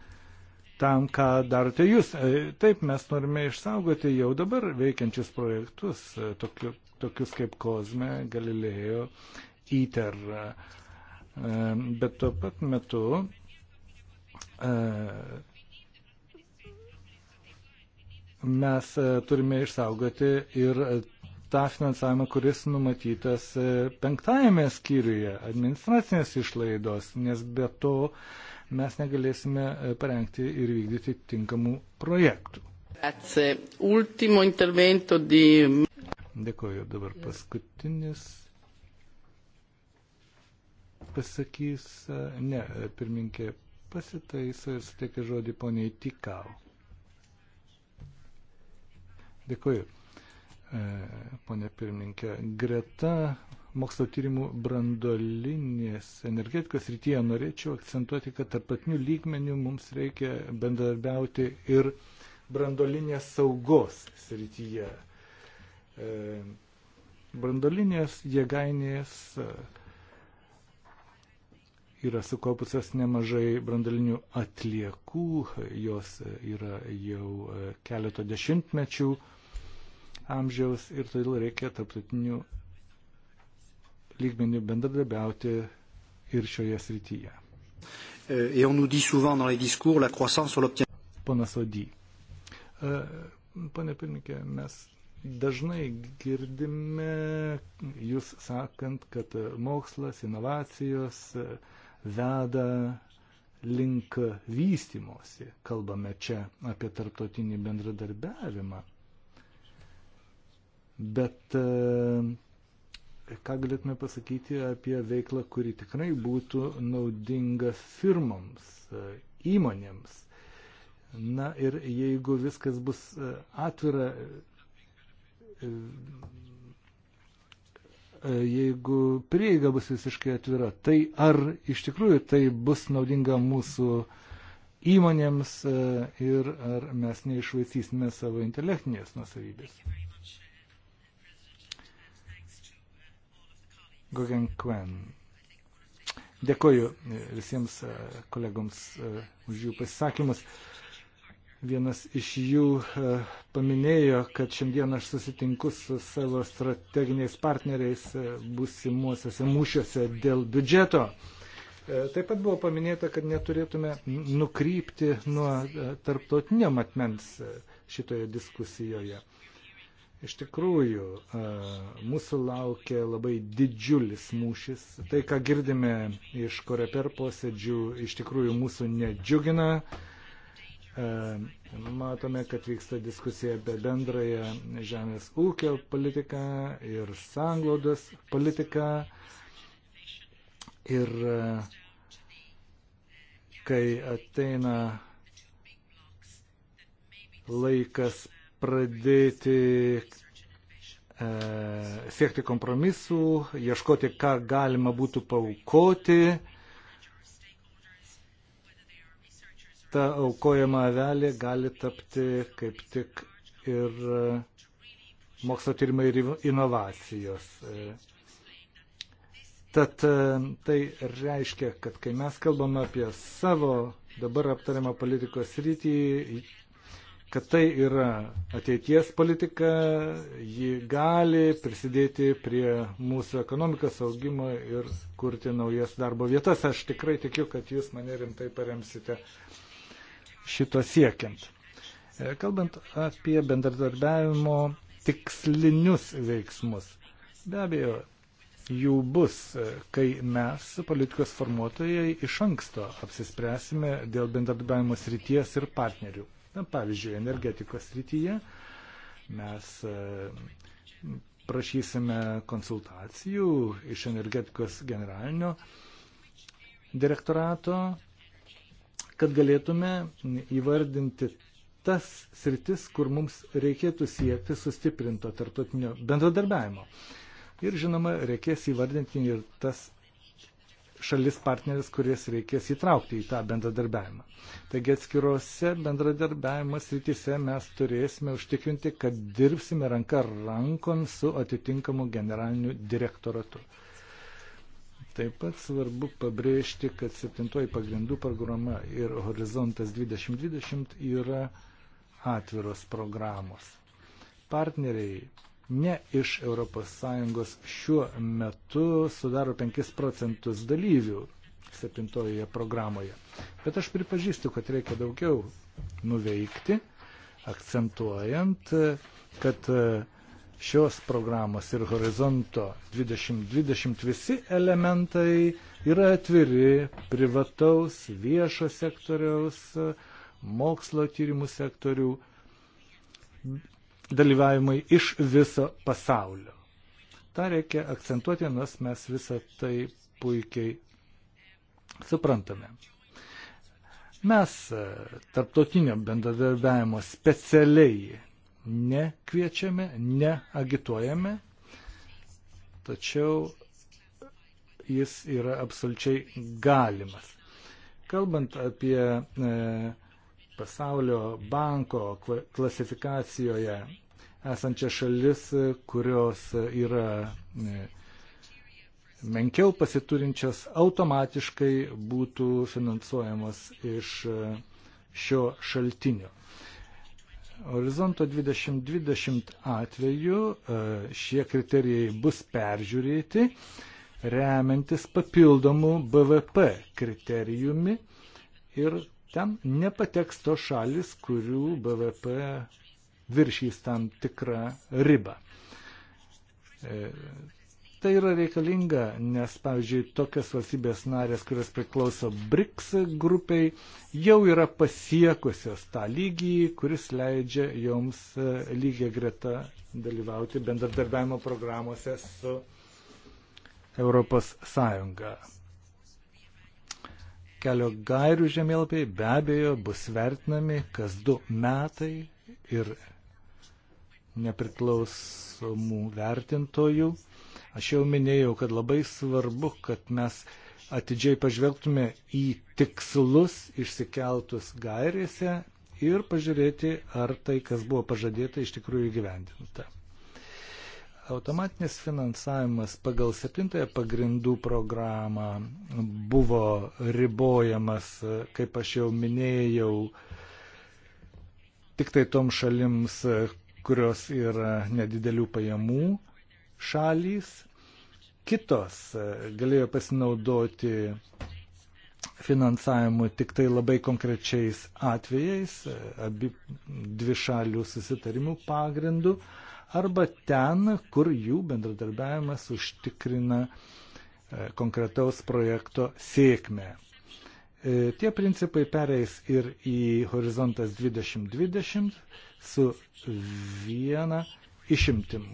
tam, ką darote jūs. E, taip, mes norime išsaugoti jau dabar veikiančius projektus, e, tokius kaip Kozme, Galilėjo, ITER. Bet tuo pat metu mes e, turime išsaugoti ir e, tą finansavimą, kuris numatytas e, penktajame skyriuje - administracinės išlaidos, nes be to mes negalėsime parengti ir vykdyti tinkamų projektų. Dėkuoju, dabar paskutinis pasakys, ne, pirminkė pasitaiso ir suteikia žodį poniai Tikau. Dėkuoju, e, ponė pirmininkė. Greta mokslo tyrimų brandolinės energetikos rytyje norėčiau akcentuoti, kad tarptautinių lygmenių mums reikia bendradarbiauti ir brandolinės saugos srityje. E, brandolinės jėgainės e, yra sukaupusios nemažai brandalinių atliekų, jos yra jau keletą dešimtmečių amžiaus ir todėl reikia tarptautinių lygmenių bendradarbiauti ir šioje srityje. Et on nous dit souvent dans les discours, la croissance, on l'obtient. Ponas Odį. E, Pane pirmininkė, mes dažnai girdime jūs sakant, kad mokslas, inovacijos e, veda link vystimosi. Kalbame čia apie tarptautinį bendradarbiavimą. Bet e, ką galėtume pasakyti apie veiklą, kuri tikrai būtų naudinga firmoms, e, įmonėms. Na ir jeigu viskas bus e, atvira, jeigu prieiga bus visiškai atvira, tai ar iš tikrųjų tai bus naudinga mūsų įmonėms ir ar mes neišvaisysime savo intelektinės nusavybės. Gogenkwen. Dėkoju e, visiems e, kolegoms e, už jų pasisakymus. Vienas iš jų paminėjo, kad šiandien aš susitinku su savo strateginiais partneriais būsimuosiuose mūšiuose dėl biudžeto. Taip pat buvo paminėta, kad neturėtume nukrypti nuo tarptautinio matmens šitoje diskusijoje. Iš tikrųjų, e, mūsų laukia labai didžiulis mūšis. Tai, ką girdime iš koreper posėdžių, iš tikrųjų mūsų nedžiugina. E, matome, kad vyksta diskusija apie bendrąją žemės ūkio politiką ir sanglaudos politiką. Ir e, kai ateina laikas pradėti e, siekti kompromisų, ieškoti, ką galima būtų paukoti. Ta aukojama avelė gali tapti kaip tik ir e, mokslo tyrimai ir inovacijos. E. Tad e, tai reiškia, kad kai mes kalbame apie savo dabar aptariamą politikos rytį, kad tai yra ateities politika, ji gali prisidėti prie mūsų ekonomikos augimo ir kurti naujas darbo vietas. Aš tikrai tikiu, kad jūs mane rimtai paremsite šito siekiant. E, kalbant apie bendradarbiavimo tikslinius veiksmus, be abejo, jų bus, e, kai mes, politikos formuotojai, iš anksto apsispręsime dėl bendradarbiavimo srities ir partnerių. Na, pavyzdžiui, energetikos rytyje mes e, prašysime konsultacijų iš energetikos generalinio direktorato, kad galėtume įvardinti tas sritis, kur mums reikėtų siekti sustiprinto tarptautinio bendradarbiavimo. Ir žinoma, reikės įvardinti ir tas šalis partneris, kurias reikės įtraukti į tą bendradarbiavimą. Taigi atskirose bendradarbiavimo srityse mes turėsime užtikrinti, kad dirbsime ranka rankon su atitinkamu generaliniu direktoratu. Taip pat svarbu pabrėžti, kad septintoji pagrindų programa ir Horizontas 2020 yra atviros programos. Partneriai ne iš ES šiuo metu sudaro 5 procentus dalyvių septintojoje programoje. Bet aš pripažįstu, kad reikia daugiau nuveikti, akcentuojant, kad e, šios programos ir horizonto 2020 visi elementai yra atviri privataus, viešo sektoriaus, mokslo tyrimų sektorių dalyvavimui iš viso pasaulio. Ta reikia akcentuoti, nors mes visą tai puikiai suprantame. Mes e, tarptautinio bendradarbiavimo specialiai nekviečiame, neagituojame, tačiau jis yra absoliučiai galimas. Kalbant apie e, pasaulio banko klasifikacijoje esančias šalis, kurios yra e, menkiau pasiturinčios, automatiškai būtų finansuojamos iš e, šio šaltinio. Horizonto 2020 atveju e, šie kriterijai bus peržiūrėti remiantis papildomų BVP kriterijumi ir Ten nepateks to šalis, kurių BVP viršys tam tikrą ribą. E, tai yra reikalinga, nes, pavyzdžiui, tokios valstybės narės, kurios priklauso BRICS grupiai, jau yra pasiekusios tą lygį, kuris leidžia joms e, lygiai greta dalyvauti bendradarbiavimo programuose su Europos Sąjunga kelio gairių žemėlapiai be abejo bus vertinami kas du metai ir nepriklausomų vertintojų. Aš jau minėjau, kad labai svarbu, kad mes atidžiai pažvelgtume į tikslus išsikeltus gairėse ir pažiūrėti, ar tai, kas buvo pažadėta, iš tikrųjų gyvendinta. Automatinis finansavimas pagal septintąją pagrindų programą buvo ribojamas, kaip aš jau minėjau, tik tai tom šalims, kurios yra nedidelių pajamų šalys. Kitos galėjo pasinaudoti finansavimu tik tai labai konkrečiais atvejais, abi dvi šalių susitarimų pagrindu arba ten, kur jų bendradarbiavimas užtikrina e, konkretaus projekto sėkmę. E, tie principai pereis ir į horizontas 2020 su viena išimtim,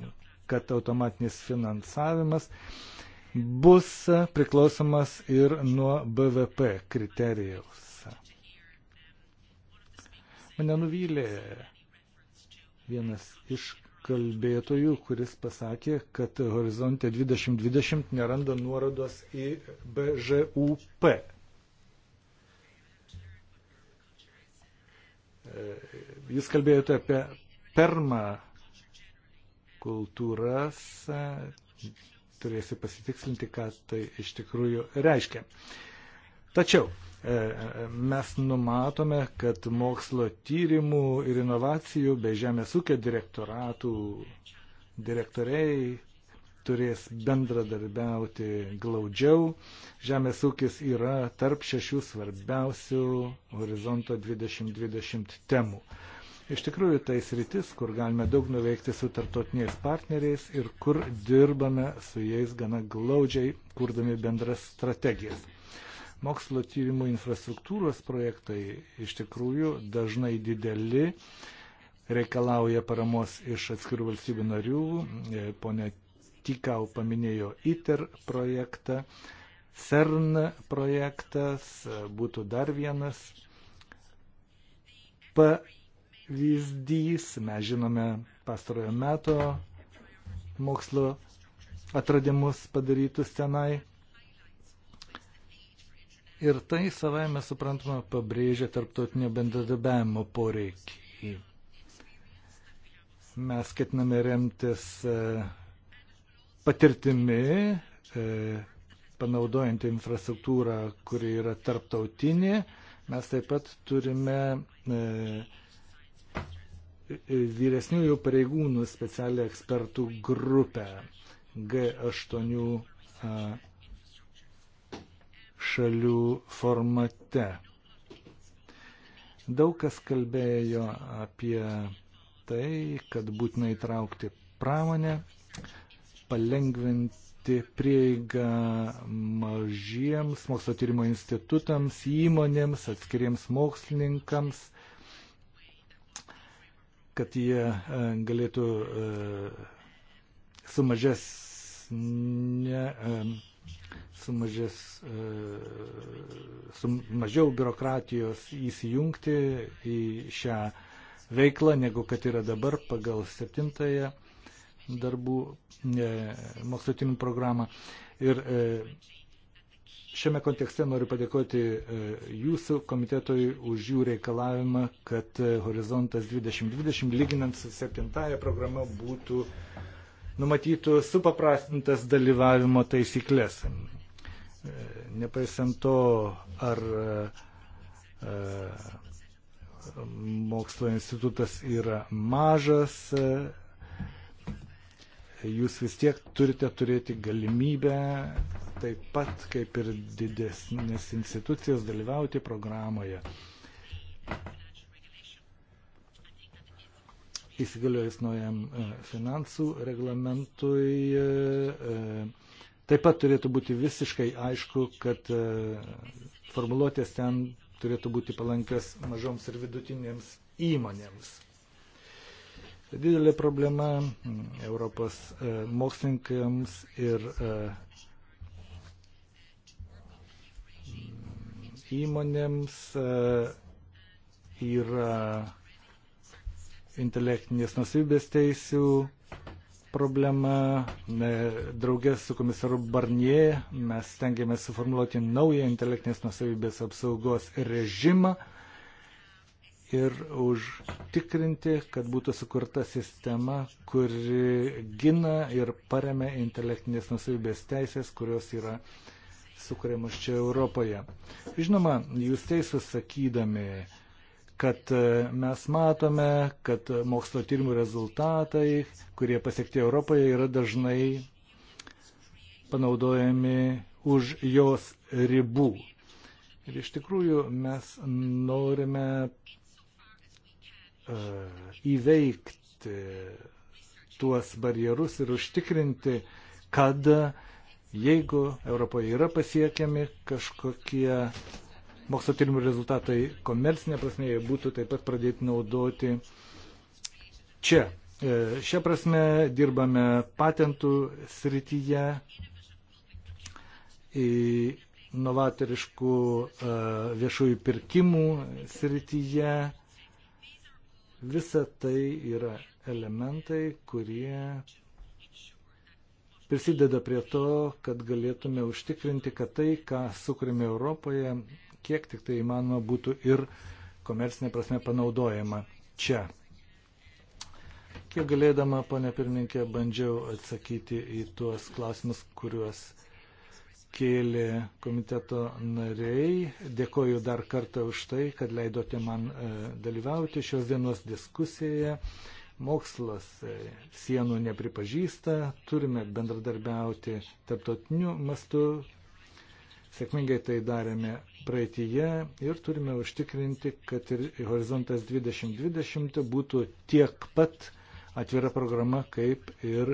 kad automatinis finansavimas bus priklausomas ir nuo BVP kriterijaus. Mane nuvylė vienas iš kalbėtojų, kuris pasakė, kad horizonte 2020 neranda nuorodos į BŽUP. E, jūs kalbėjote apie permą kultūras, turėsiu pasitikslinti, ką tai iš tikrųjų reiškia. Tačiau E, e, mes numatome, kad mokslo tyrimų ir inovacijų bei žemės ūkio direktoratų direktoriai turės bendradarbiauti glaudžiau. Žemės ūkis yra tarp šešių svarbiausių horizonto 2020 temų. Iš tikrųjų, tai sritis, kur galime daug nuveikti su tartotiniais partneriais ir kur dirbame su jais gana glaudžiai, kurdami bendras strategijas mokslo tyrimų infrastruktūros projektai iš tikrųjų dažnai dideli, reikalauja paramos iš atskirų valstybių narių. E, Pone Tikau paminėjo ITER projektą, CERN projektas, e, būtų dar vienas pavyzdys. Mes žinome pastarojo meto mokslo atradimus padarytus tenai. Ir tai savai mes suprantama pabrėžia tarptautinio bendradarbiavimo poreikį. Mes ketiname remtis e, patirtimi, e, panaudojant infrastruktūrą, kuri yra tarptautinė. Mes taip pat turime e, vyresniųjų pareigūnų specialią ekspertų grupę G8 šalių formate. Daug kas kalbėjo apie tai, kad būtina įtraukti pramonę, palengventi prieigą mažiems mokslo tyrimo institutams, įmonėms, atskiriems mokslininkams, kad jie e, galėtų e, su mažesne e, sumažės, e, su mažiau biurokratijos įsijungti į šią veiklą, negu kad yra dabar pagal septintąją darbų e, mokslo tyrimų programą. Ir e, šiame kontekste noriu padėkoti jūsų komitetui už jų reikalavimą, kad Horizontas 2020 lyginant su septintąją programą būtų numatytų supaprastintas dalyvavimo taisyklės. Nepaisant to, ar e, mokslo institutas yra mažas, e, jūs vis tiek turite turėti galimybę taip pat kaip ir didesnės institucijas dalyvauti programoje. Įsigaliojus naujam e, finansų reglamentui Taip pat turėtų būti visiškai aišku, kad e, formuluotės ten turėtų būti palankios mažoms ir vidutinėms įmonėms. Didelė problema mm, Europos e, mokslininkams ir e, mm, įmonėms yra intelektinės nusibės teisių problema. Draugės su komisaru Barnie mes stengiamės suformuoluoti naują intelektinės nusavybės apsaugos režimą ir užtikrinti, kad būtų sukurta sistema, kuri gina ir paremia intelektinės nusavybės teisės, kurios yra sukūriamos čia Europoje. Žinoma, jūs teisūs sakydami, kad e, mes matome, kad mokslo tyrimų rezultatai, kurie pasiekti Europoje, yra dažnai panaudojami už jos ribų. Ir iš tikrųjų mes norime uh, įveikti tuos barjerus ir užtikrinti, kad jeigu Europoje yra pasiekiami kažkokie uh, mokslo tyrimų rezultatai komercinė prasme būtų taip pat pradėti naudoti čia. E, Šią prasme dirbame patentų srityje novatoriškų e, viešųjų pirkimų srityje. Visa tai yra elementai, kurie prisideda prie to, kad galėtume užtikrinti, kad tai, ką sukūrėme Europoje, kiek tik tai įmanoma būtų ir komercinė prasme panaudojama čia. Kiek galėdama, ponė pirmininkė, bandžiau atsakyti į tuos klausimus, kuriuos kėlė komiteto nariai. Dėkoju dar kartą už tai, kad leidote man e, dalyvauti šios dienos diskusijoje. Mokslas e, sienų nepripažįsta, turime bendradarbiauti tarptautiniu mastu, Sėkmingai tai darėme praeitįje ir turime užtikrinti, kad ir Horizontas 2020 būtų tiek pat atvira programa kaip ir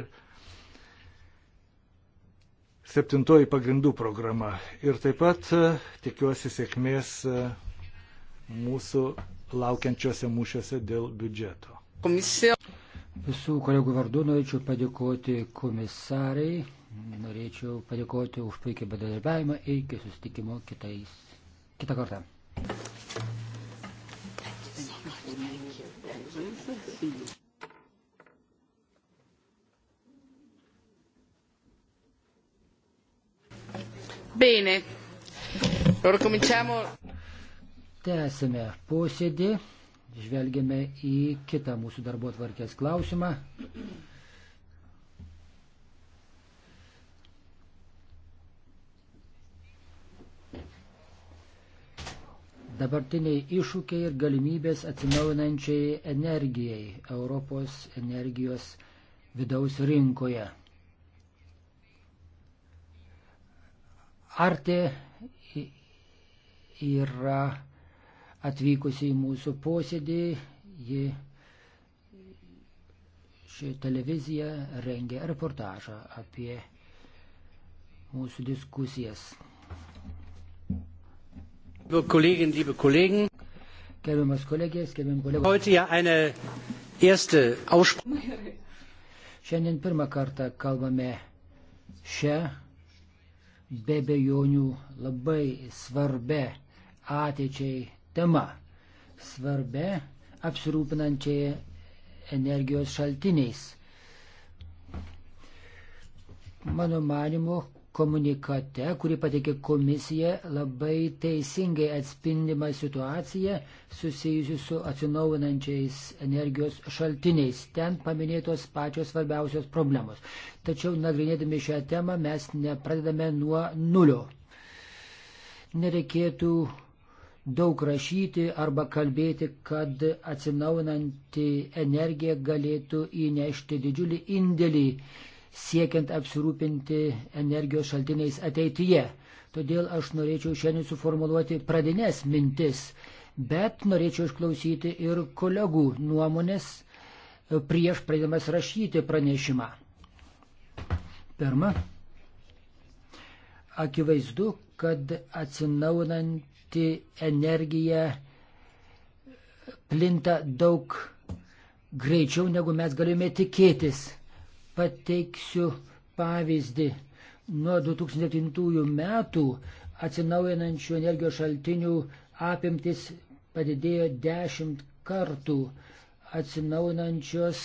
septintoji pagrindų programa. Ir taip pat e, tikiuosi sėkmės e, mūsų laukiančiuose mūšiuose dėl biudžeto. Komisija. Visų kolegų vardu norėčiau padėkoti komisarai. Norėčiau padėkoti už puikiai bendradarbiavimą ir iki susitikimo kitais, kitą kartą. Bene, ora cominciamo. Tęsime posėdį, žvelgiame į kitą mūsų darbo tvarkės klausimą. dabartiniai iššūkiai ir galimybės atsinaujinančiai energijai Europos energijos vidaus rinkoje. Artė yra atvykusi į mūsų posėdį, ji ši televizija rengia reportažą apie mūsų diskusijas. Gerbiamas kolegės, gerbiam kolegos. Šiandien pirmą kartą kalbame šią be bejonių labai svarbę ateičiai temą. Svarbę apsirūpinančiai energijos šaltiniais. Mano manimu, komunikate, kurį pateikė komisija, labai teisingai atspindima situacija susijusi su atsinaujinančiais energijos šaltiniais. Ten paminėtos pačios svarbiausios problemos. Tačiau nagrinėdami šią temą mes nepradedame nuo nulio. Nereikėtų daug rašyti arba kalbėti, kad atsinaujinanti energija galėtų įnešti didžiulį indėlį siekiant apsirūpinti energijos šaltiniais ateityje. Todėl aš norėčiau šiandien suformuoluoti pradinės mintis, bet norėčiau išklausyti ir kolegų nuomonės prieš pradėdamas rašyti pranešimą. Pirma, akivaizdu, kad atsinaunanti energija plinta daug greičiau, negu mes galime tikėtis Pateiksiu pavyzdį. Nuo 2007 metų atsinaujinančių energijos šaltinių apimtis padidėjo 10 kartų. Atsinaujinančios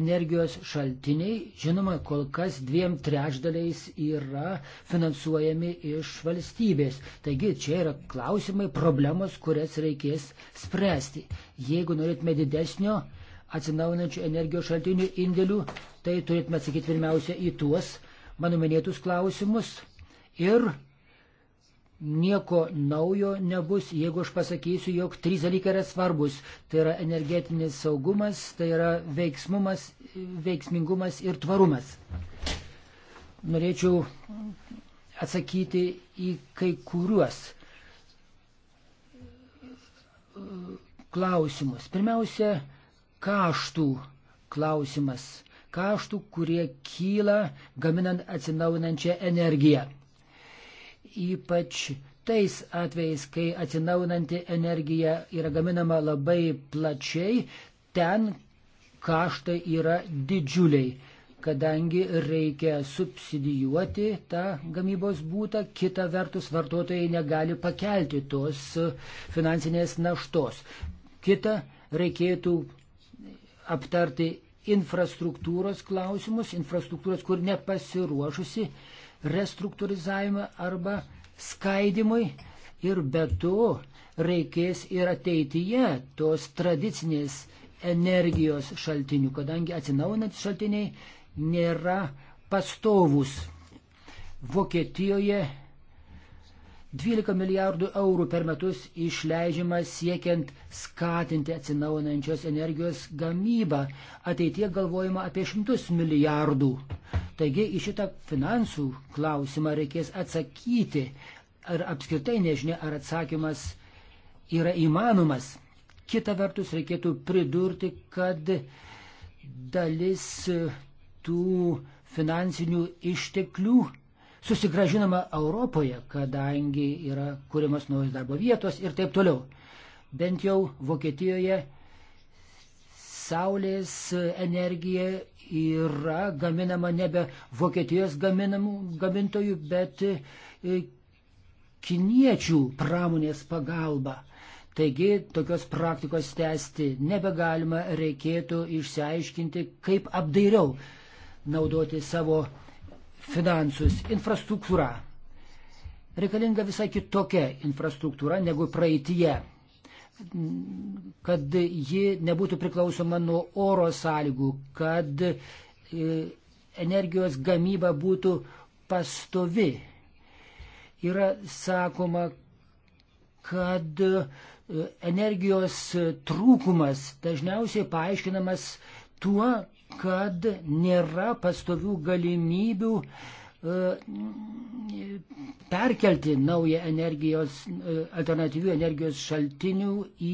energijos šaltiniai, žinoma, kol kas dviem trečdaliais yra finansuojami iš valstybės. Taigi čia yra klausimai, problemos, kurias reikės spręsti. Jeigu norėtume didesnio atsinaujinančių energijos šaltinių indėlių, tai turėtume atsakyti pirmiausia į tuos mano minėtus klausimus. Ir nieko naujo nebus, jeigu aš pasakysiu, jog trys dalykai yra svarbus. Tai yra energetinis saugumas, tai yra veiksmumas, veiksmingumas ir tvarumas. Norėčiau atsakyti į kai kuriuos e, klausimus. Pirmiausia, kaštų klausimas, kaštų, kurie kyla gaminant atsinaujinančią energiją. Ypač tais atvejais, kai atsinaujinanti energija yra gaminama labai plačiai, ten kaštai yra didžiuliai, kadangi reikia subsidijuoti tą gamybos būtą, kita vertus vartotojai negali pakelti tos finansinės naštos. Kita reikėtų aptarti infrastruktūros klausimus, infrastruktūros, kur nepasiruošusi restruktūrizavimą arba skaidimui. Ir be to reikės ir ateityje tos tradicinės energijos šaltinių, kadangi atsinaujinantys šaltiniai nėra pastovus. Vokietijoje 12 milijardų eurų per metus išleidžiama siekiant skatinti atsinaujinančios energijos gamybą. Ateitie galvojama apie šimtus milijardų. Taigi į šitą finansų klausimą reikės atsakyti. Ar apskritai nežinia, ar atsakymas yra įmanomas. Kita vertus reikėtų pridurti, kad dalis tų finansinių išteklių susigražinama Europoje, kadangi yra kūrimas naujos darbo vietos ir taip toliau. Bent jau Vokietijoje saulės energija yra gaminama nebe Vokietijos gaminamų, gamintojų, bet e, kiniečių pramonės pagalba. Taigi tokios praktikos tęsti nebegalima, reikėtų išsiaiškinti, kaip apdairiau naudoti savo finansus, infrastruktūra. Reikalinga visai kitokia infrastruktūra negu praeitie, kad ji nebūtų priklausoma nuo oro sąlygų, kad e, energijos gamyba būtų pastovi. Yra sakoma, kad e, energijos trūkumas dažniausiai paaiškinamas tuo, kad nėra pastovių galimybių e, perkelti naują energijos, e, alternatyvių energijos šaltinių į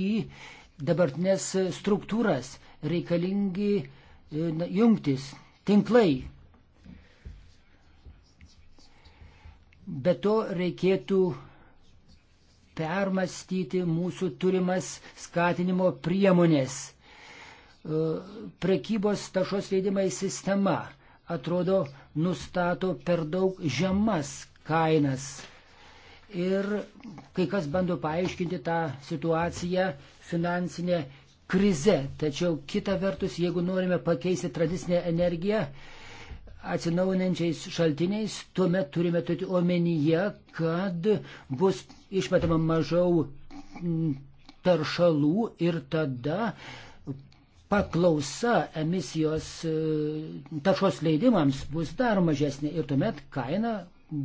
dabartinės struktūras, reikalingi e, jungtis, tinklai. Be to reikėtų permastyti mūsų turimas skatinimo priemonės E, prekybos taršos leidimai sistema atrodo nustato per daug žemas kainas. Ir kai kas bando paaiškinti tą situaciją finansinė krize. Tačiau kita vertus, jeigu norime pakeisti tradicinę energiją atsinaujinančiais šaltiniais, tuomet turime turėti omenyje, kad bus išmetama mažiau taršalų ir tada uh, paklausa emisijos e, taršos leidimams bus dar mažesnė ir tuomet kainą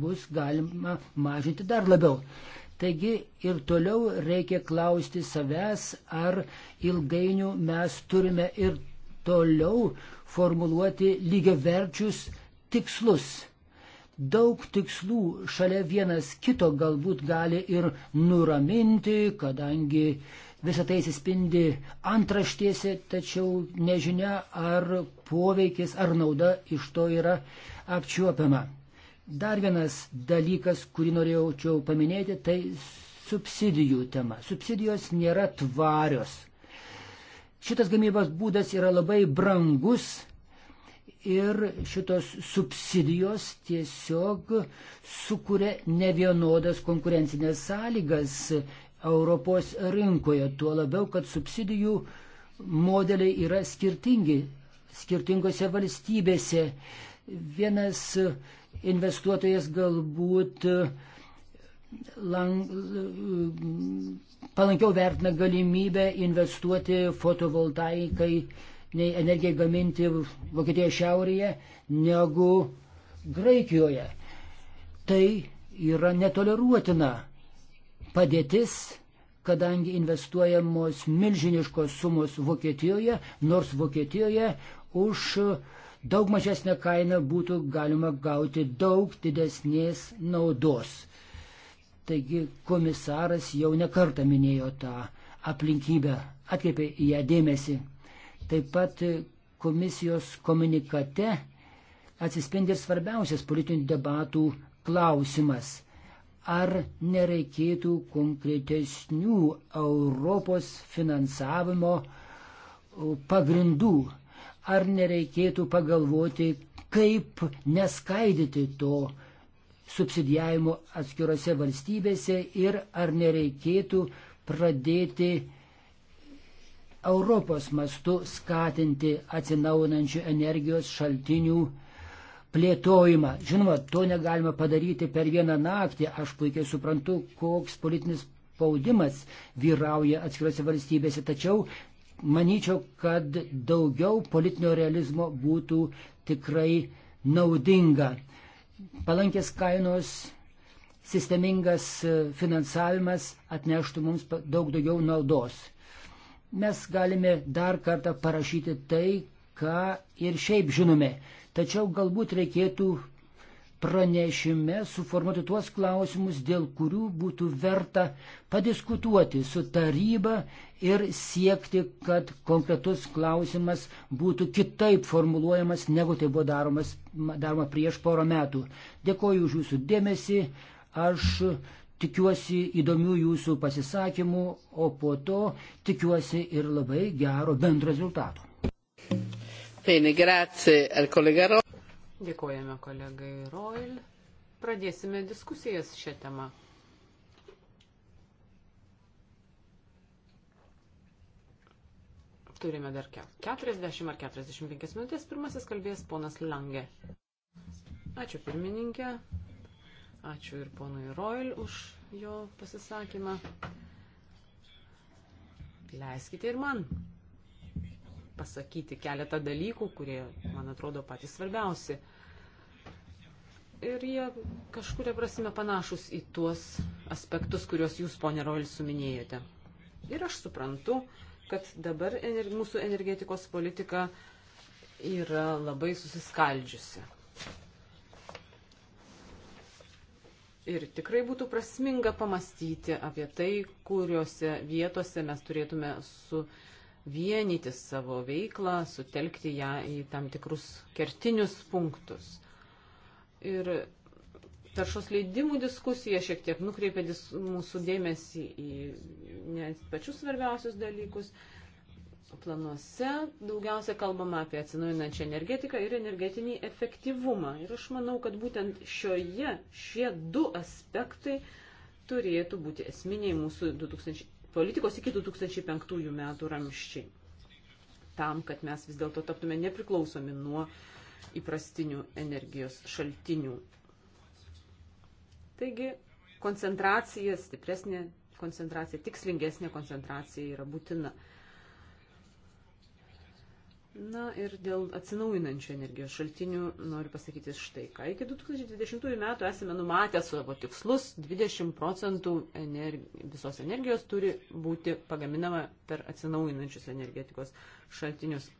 bus galima mažinti dar labiau. Taigi ir toliau reikia klausti savęs, ar ilgainių mes turime ir toliau formuluoti lygiaverčius tikslus. Daug tikslų šalia vienas kito galbūt gali ir nuraminti, kadangi uh, Visą tai įsispindi antraštėse, tačiau nežinia, ar poveikis, ar nauda iš to yra apčiuopiama. Dar vienas dalykas, kurį norėjau paminėti, tai subsidijų tema. Subsidijos nėra tvarios. Šitas gamybos būdas yra labai brangus ir šitos subsidijos tiesiog sukuria nevienodas konkurencinės sąlygas Europos rinkoje. Tuo labiau, kad subsidijų modeliai yra skirtingi skirtingose valstybėse. Vienas investuotojas galbūt e, lang, e, palankiau vertina galimybę investuoti fotovoltaikai, nei energijai gaminti Vokietijoje šiaurėje, negu Graikijoje. Tai yra netoleruotina padėtis, kadangi investuojamos milžiniškos sumos Vokietijoje, nors Vokietijoje už daug mažesnę kainą būtų galima gauti daug didesnės naudos. Taigi komisaras jau nekartą minėjo tą aplinkybę, atkreipė į ją dėmesį. Taip pat komisijos komunikate atsispindi ir svarbiausias politinių debatų klausimas ar nereikėtų konkretesnių Europos finansavimo pagrindų, ar nereikėtų pagalvoti, kaip neskaidyti to subsidijavimo atskirose valstybėse ir ar nereikėtų pradėti Europos mastu skatinti atsinaunančių energijos šaltinių plėtojimą. Žinoma, to negalima padaryti per vieną naktį. Aš puikiai suprantu, koks politinis spaudimas vyrauja atskirose valstybėse. Tačiau manyčiau, kad daugiau politinio realizmo būtų tikrai naudinga. Palankės kainos, sistemingas e, finansavimas atneštų mums daug daugiau naudos. Mes galime dar kartą parašyti tai, ką ir šiaip žinome. Tačiau galbūt reikėtų pranešime suformuoti tuos klausimus, dėl kurių būtų verta padiskutuoti su taryba ir siekti, kad konkretus klausimas būtų kitaip formuluojamas, negu tai buvo daromas, daroma prieš porą metų. Dėkoju už jūsų dėmesį. Aš tikiuosi įdomių jūsų pasisakymų, o po to tikiuosi ir labai gero bendro rezultato. Bene, grazie al kolega Roil. Dėkojame kolegai Roil. Pradėsime diskusijas šią temą. Turime dar 40 ar 45 minutės. Pirmasis kalbės ponas Lange. Ačiū pirmininkė. Ačiū ir ponui Roil už jo pasisakymą. Leiskite ir man pasakyti keletą dalykų, kurie, man atrodo, patys svarbiausi. Ir jie kažkuria prasme panašus į tuos aspektus, kuriuos jūs, ponė Rolis, suminėjote. Ir aš suprantu, kad dabar ener mūsų energetikos politika yra labai susiskaldžiusi. Ir tikrai būtų prasminga pamastyti apie tai, kuriuose vietose mes turėtume su, uh, vienyti savo veiklą, sutelkti ją į tam tikrus kertinius punktus. Ir taršos leidimų diskusija šiek tiek nukreipia dis, mūsų dėmesį į ne pačius svarbiausius dalykus. Planuose daugiausia kalbama apie atsinaujinančią energetiką ir energetinį efektyvumą. Ir aš manau, kad būtent šioje šie du aspektai turėtų būti esminiai mūsų 2000, politikos iki 2005 metų ramščiai. Tam, kad mes vis dėlto taptume nepriklausomi nuo įprastinių energijos šaltinių. Taigi, koncentracija, stipresnė koncentracija, tikslingesnė koncentracija yra būtina. Na ir dėl atsinaujinančių energijos šaltinių noriu pasakyti štai ką. Iki 2020 metų esame numatę savo tikslus, 20 procentų energi visos energijos turi būti pagaminama per atsinaujinančius energetikos šaltinius.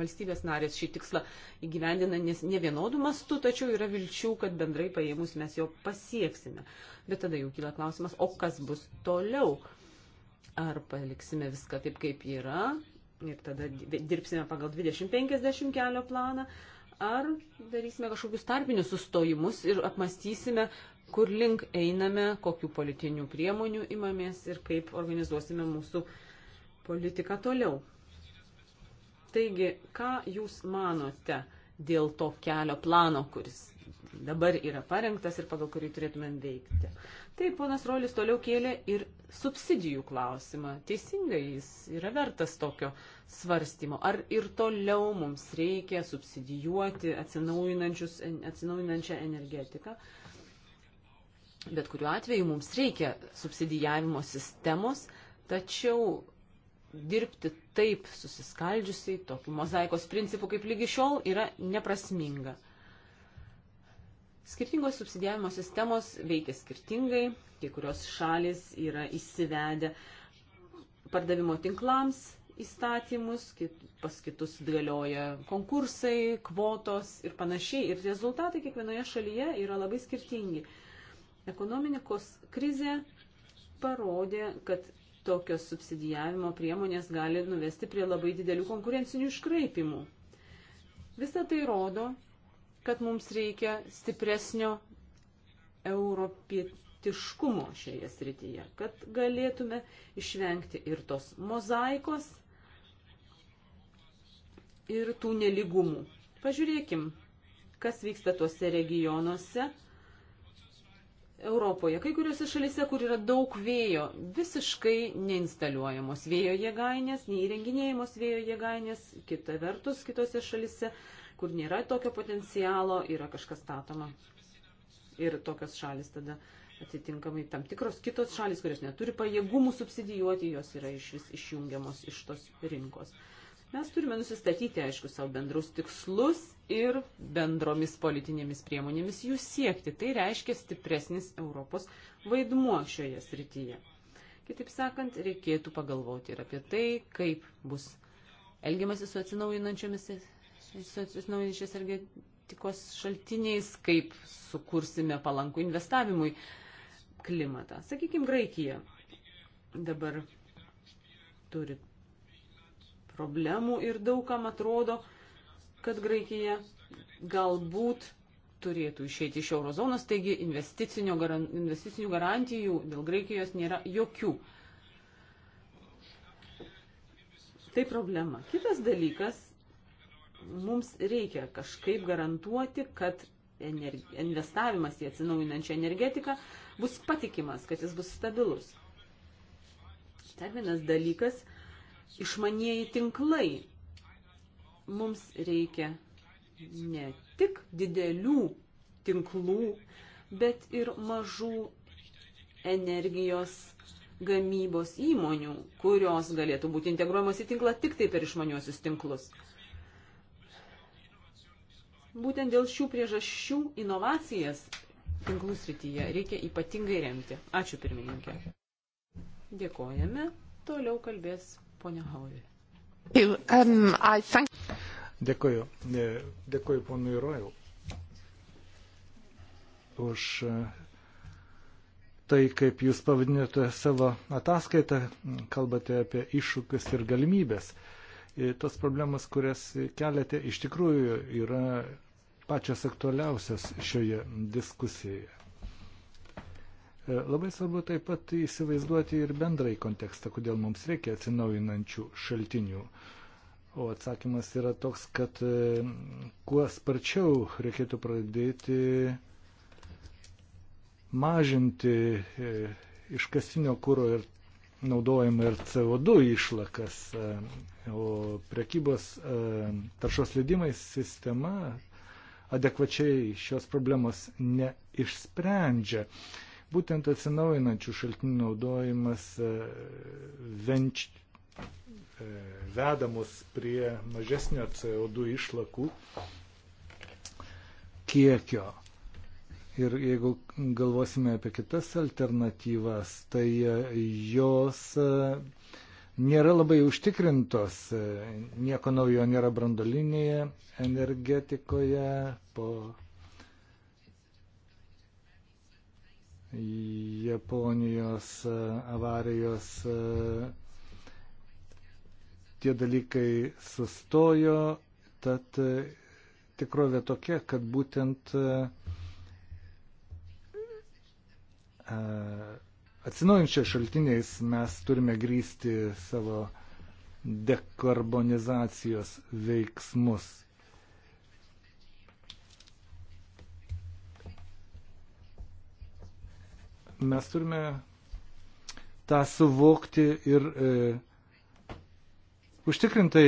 Valstybės narės šį tikslą įgyvendina ne vienodų mastų, tačiau yra vilčių, kad bendrai paėmus mes jo pasieksime. Bet tada jau kyla klausimas, o kas bus toliau? Ar paliksime viską taip, kaip yra, ir tada dirbsime pagal 2050 kelio planą, ar darysime kažkokius tarpinius sustojimus ir apmastysime, kur link einame, kokiu politinių priemonių imamės ir kaip organizuosime mūsų politiką toliau. Taigi, ką Jūs manote dėl to kelio plano, kuris dabar yra parengtas ir pagal kurį turėtumėm veikti? Taip, ponas Rolis toliau kėlė ir subsidijų klausimą. Teisingai jis yra vertas tokio svarstymo. Ar ir toliau mums reikia subsidijuoti atsinaujinančią energetiką? Bet kuriuo atveju mums reikia subsidijavimo sistemos, tačiau dirbti taip susiskaldžiusiai, tokiu mozaikos principu kaip lygi šiol, yra neprasminga. Skirtingos subsidijavimo sistemos veikia skirtingai, kai kurios šalis yra įsivedę pardavimo tinklams įstatymus, kit, pas kitus galioja konkursai, kvotos ir panašiai. Ir rezultatai kiekvienoje šalyje yra labai skirtingi. Ekonomikos krizė parodė, kad tokios subsidijavimo priemonės gali nuvesti prie labai didelių konkurencinių iškraipimų. Visą tai rodo, kad mums reikia stipresnio europietiškumo šioje srityje, kad galėtume išvengti ir tos mozaikos, ir tų neligumų. Pažiūrėkim, kas vyksta tuose regionuose. Europoje, kai kuriuose šalyse, kur yra daug vėjo, visiškai neinstaliuojamos vėjo jėgainės, neįrenginėjamos vėjo jėgainės, kita vertus, kitose šalyse kur nėra tokio potencialo, yra kažkas statoma. Ir tokios šalis tada atitinkamai tam tikros kitos šalis, kurios neturi pajėgumų subsidijuoti, jos yra iš vis išjungiamos iš tos rinkos. Mes turime nusistatyti, aišku, savo bendrus tikslus ir bendromis politinėmis priemonėmis jų siekti. Tai reiškia stipresnis Europos vaidmuo šioje srityje. Kitaip sakant, reikėtų pagalvoti ir apie tai, kaip bus elgiamasi su atsinaujinančiomis atsinaujinančiais energetikos šaltiniais, kaip sukursime palankų investavimui klimatą. Sakykime, Graikija dabar turi problemų ir daugam atrodo, kad Graikija galbūt turėtų išeiti iš eurozonos, taigi investicinių garantijų dėl Graikijos nėra jokių. Tai problema. Kitas dalykas mums reikia kažkaip garantuoti, kad investavimas į atsinaujinančią energetiką bus patikimas, kad jis bus stabilus. Dar vienas dalykas - išmanieji tinklai. Mums reikia ne tik didelių tinklų, bet ir mažų energijos gamybos įmonių, kurios galėtų būti integruojamos į tinklą tik tai per išmaniuosius tinklus. Būtent dėl šių priežasčių inovacijas tinklų srityje reikia ypatingai remti. Ačiū pirmininkė. Dėkojame. Toliau kalbės ponia Haulė. Um, dėkoju. Dėkoju ponui Rojau už e, tai, kaip jūs pavadinote savo ataskaitą, kalbate apie iššūkius ir galimybės. E, tos problemas, kurias keliate, iš tikrųjų yra pačios aktualiausios šioje diskusijoje. E, labai svarbu taip pat įsivaizduoti ir bendrai kontekstą, kodėl mums reikia atsinaujinančių šaltinių. O atsakymas yra toks, kad e, kuo sparčiau reikėtų pradėti mažinti e, iškastinio kūro ir naudojimą ir CO2 išlakas, o prekybos taršos leidimais sistema adekvačiai šios problemos neišsprendžia. Būtent atsinaujinančių šaltinių naudojimas e, venč, e, veda mus prie mažesnio CO2 išlakų kiekio. Ir jeigu galvosime apie kitas alternatyvas, tai jos e, nėra labai užtikrintos. Nieko naujo nėra brandolinėje energetikoje. Po Japonijos avarijos tie dalykai sustojo, tad tikrovė tokia, kad būtent Atsinaujančiais šaltiniais mes turime grįsti savo dekarbonizacijos veiksmus. Mes turime tą suvokti ir e, užtikrintai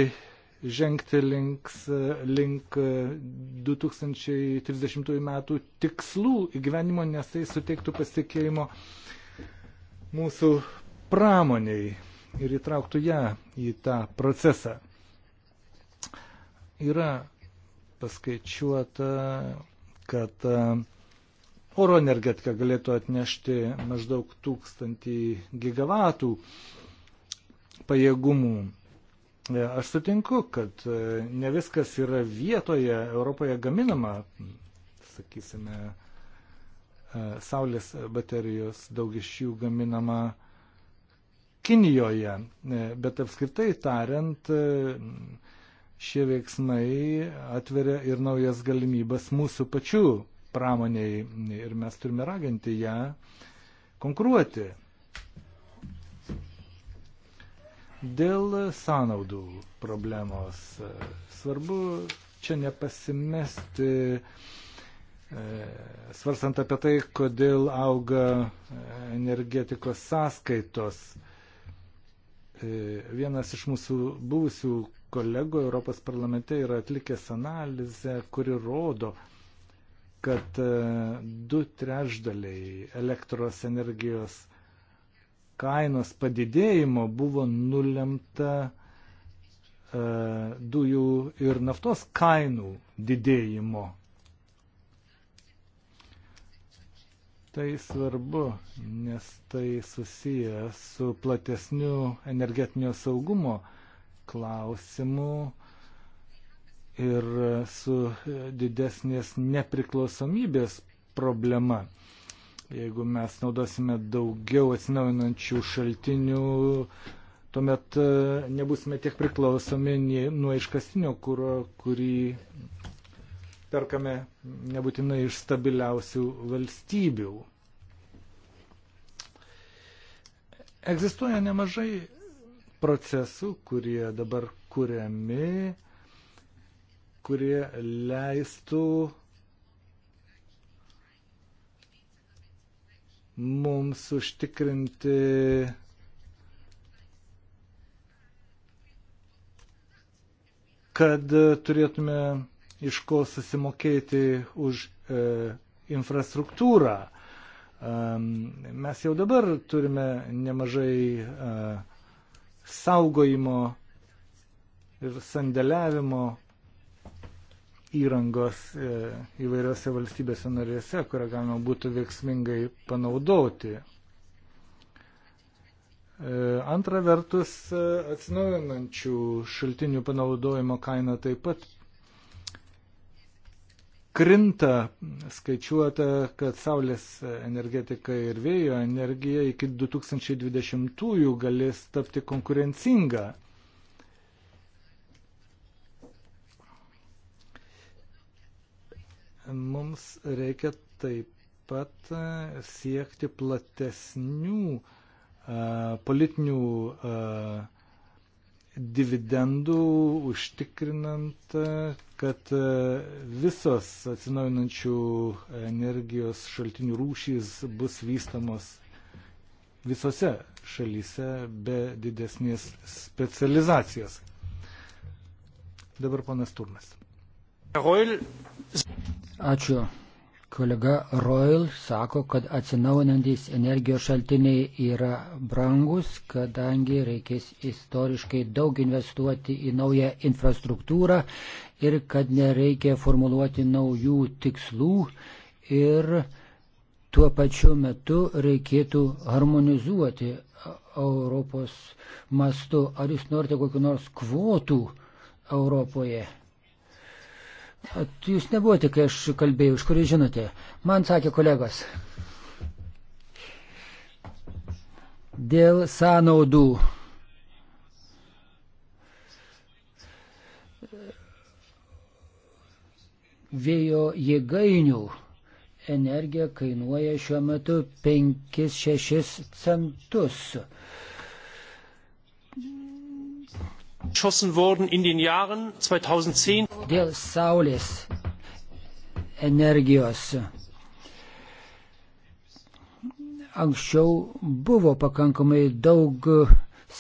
žengti links, e, link 2030 e, metų tikslų įgyvenimo, nes tai suteiktų pasitikėjimo mūsų pramoniai ir įtrauktų ją į tą procesą. Yra paskaičiuota, kad e, oro energetika galėtų atnešti maždaug tūkstantį gigavatų pajėgumų. E, aš sutinku, kad e, ne viskas yra vietoje Europoje gaminama, sakysime, E, saulės baterijos, daug iš jų gaminama Kinijoje. E, bet apskritai tariant, e, šie veiksmai atveria ir naujas galimybas mūsų pačių pramoniai ir mes turime raginti ją konkuruoti. Dėl sąnaudų problemos svarbu čia nepasimesti uh, E, svarstant apie tai, kodėl auga energetikos sąskaitos. E, vienas iš mūsų buvusių kolegų Europos parlamente yra atlikęs analizę, kuri rodo, kad e, du trešdaliai elektros energijos kainos padidėjimo buvo nulemta dujų ir naftos kainų didėjimo Tai svarbu, nes tai susiję su platesniu energetinio saugumo klausimu ir su didesnės nepriklausomybės problema. Jeigu mes naudosime daugiau atsinaujinančių šaltinių, tuomet nebusime tiek priklausomi nuo iškastinio kūro, kurį perkame nebūtinai iš stabiliausių valstybių. Egzistuoja nemažai procesų, kurie dabar kuriami, kurie leistų mums užtikrinti kad turėtume iš ko susimokėti už e, infrastruktūrą. E, mes jau dabar turime nemažai e, saugojimo ir sandėliavimo įrangos e, įvairiose valstybėse narėse, kurią galima būtų veiksmingai panaudoti. E, antra vertus, e, atsinaujinančių šaltinių panaudojimo kaina taip pat krinta, skaičiuota, kad saulės energetika ir vėjo energija iki 2020-ųjų galės tapti konkurencinga. Mums reikia taip pat siekti platesnių a, politinių a, dividendų, užtikrinant, kad visos atsinaujinančių energijos šaltinių rūšys bus vystamos visose šalyse be didesnės specializacijos. Dabar panas Turmas. Ačiū. Kolega Royal sako, kad atsinaujinantys energijos šaltiniai yra brangus, kadangi reikės istoriškai daug investuoti į naują infrastruktūrą ir kad nereikia formuluoti naujų tikslų ir tuo pačiu metu reikėtų harmonizuoti Europos mastu. Ar jūs norite kokiu nors kvotų Europoje? At, tai jūs nebuvote, kai aš kalbėjau, iš kur jūs žinote. Man sakė kolegos. Dėl sąnaudų. Vėjo jėgainių energija kainuoja šiuo metu 5-6 centus. Dėl saulės energijos anksčiau buvo pakankamai daug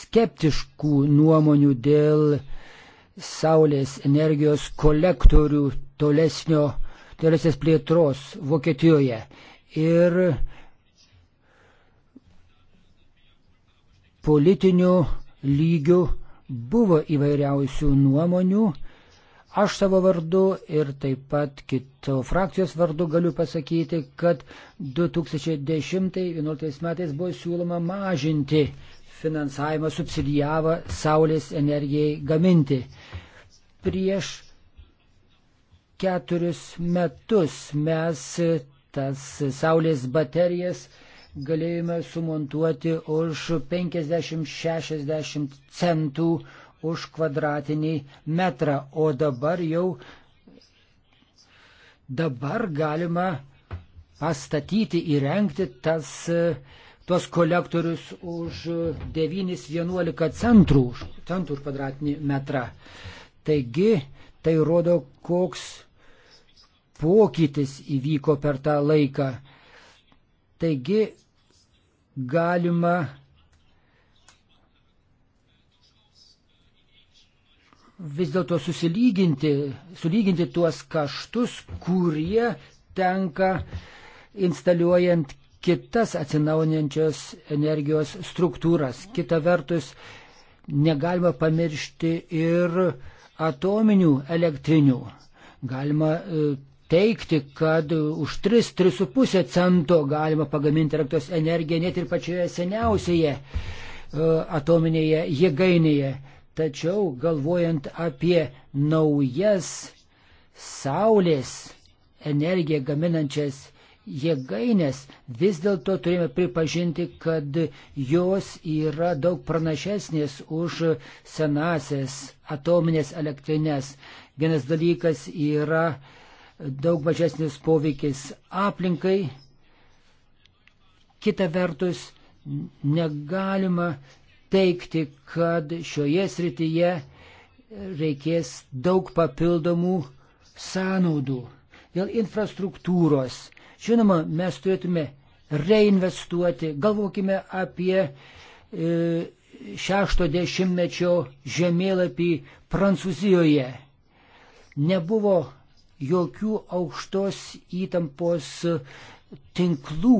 skeptiškų nuomonių dėl saulės energijos kolektorių tolesnio, tolesnės plėtros Vokietijoje. Ir politiniu lygiu buvo įvairiausių nuomonių. Aš savo vardu ir taip pat kito frakcijos vardu galiu pasakyti, kad 2010-2011 metais buvo siūloma mažinti finansavimą, subsidijavo saulės energijai gaminti. Prieš keturis metus mes tas saulės baterijas galėjome sumontuoti už 50-60 centų už kvadratinį metrą, o dabar jau dabar galima pastatyti, įrengti tas, tuos kolektorius už 9-11 centrų, centrų už kvadratinį metrą. Taigi, tai rodo, koks pokytis įvyko per tą laiką. Taigi, galima vis dėlto susilyginti, sulyginti tuos kaštus, kurie tenka instaliuojant kitas atsinaujančios energijos struktūras. Kita vertus, negalima pamiršti ir atominių elektrinių. Galima e, teikti, kad už 3-3,5 cento galima pagaminti elektros energiją net ir pačioje seniausioje e, atominėje jėgainėje. Tačiau galvojant apie naujas saulės energiją gaminančias jėgainės, vis dėlto turime pripažinti, kad jos yra daug pranašesnės už senasias atominės elektrinės. Vienas dalykas yra uh, daug mažesnis poveikis aplinkai. Kita vertus, negalima teikti, kad šioje srityje reikės daug papildomų sąnaudų dėl infrastruktūros. Žinoma, mes turėtume reinvestuoti, galvokime apie e, šešto dešimtmečio žemėlapį Prancūzijoje. Nebuvo jokių aukštos įtampos tinklų.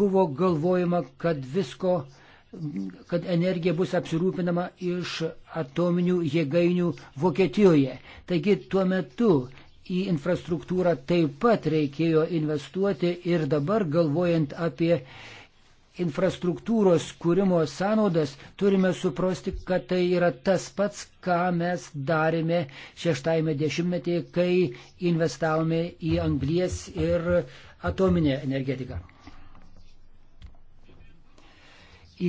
Buvo galvojama, kad visko, kad energija bus apsirūpinama iš atominių jėgainių Vokietijoje. Taigi tuo metu į infrastruktūrą taip pat reikėjo investuoti ir dabar galvojant apie infrastruktūros kūrimo sąnaudas, turime suprasti, kad tai yra tas pats, ką mes darėme šeštajame dešimtmetyje, kai investavome į anglies ir atominę energetiką.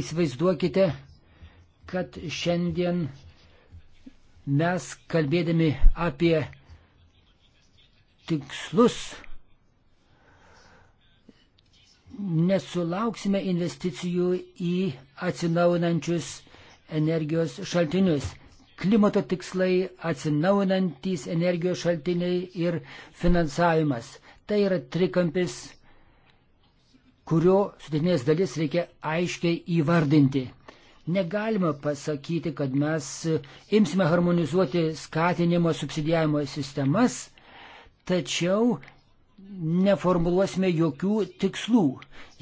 Įsivaizduokite, kad šiandien mes kalbėdami apie tikslus nesulauksime investicijų į atsinaujinančius energijos šaltinius. Klimato tikslai, atsinaujinantys energijos šaltiniai ir finansavimas. Tai yra trikampis, kurio sudėtinės dalis reikia aiškiai įvardinti. Negalima pasakyti, kad mes imsime harmonizuoti skatinimo subsidijavimo sistemas, tačiau neformuluosime jokių tikslų.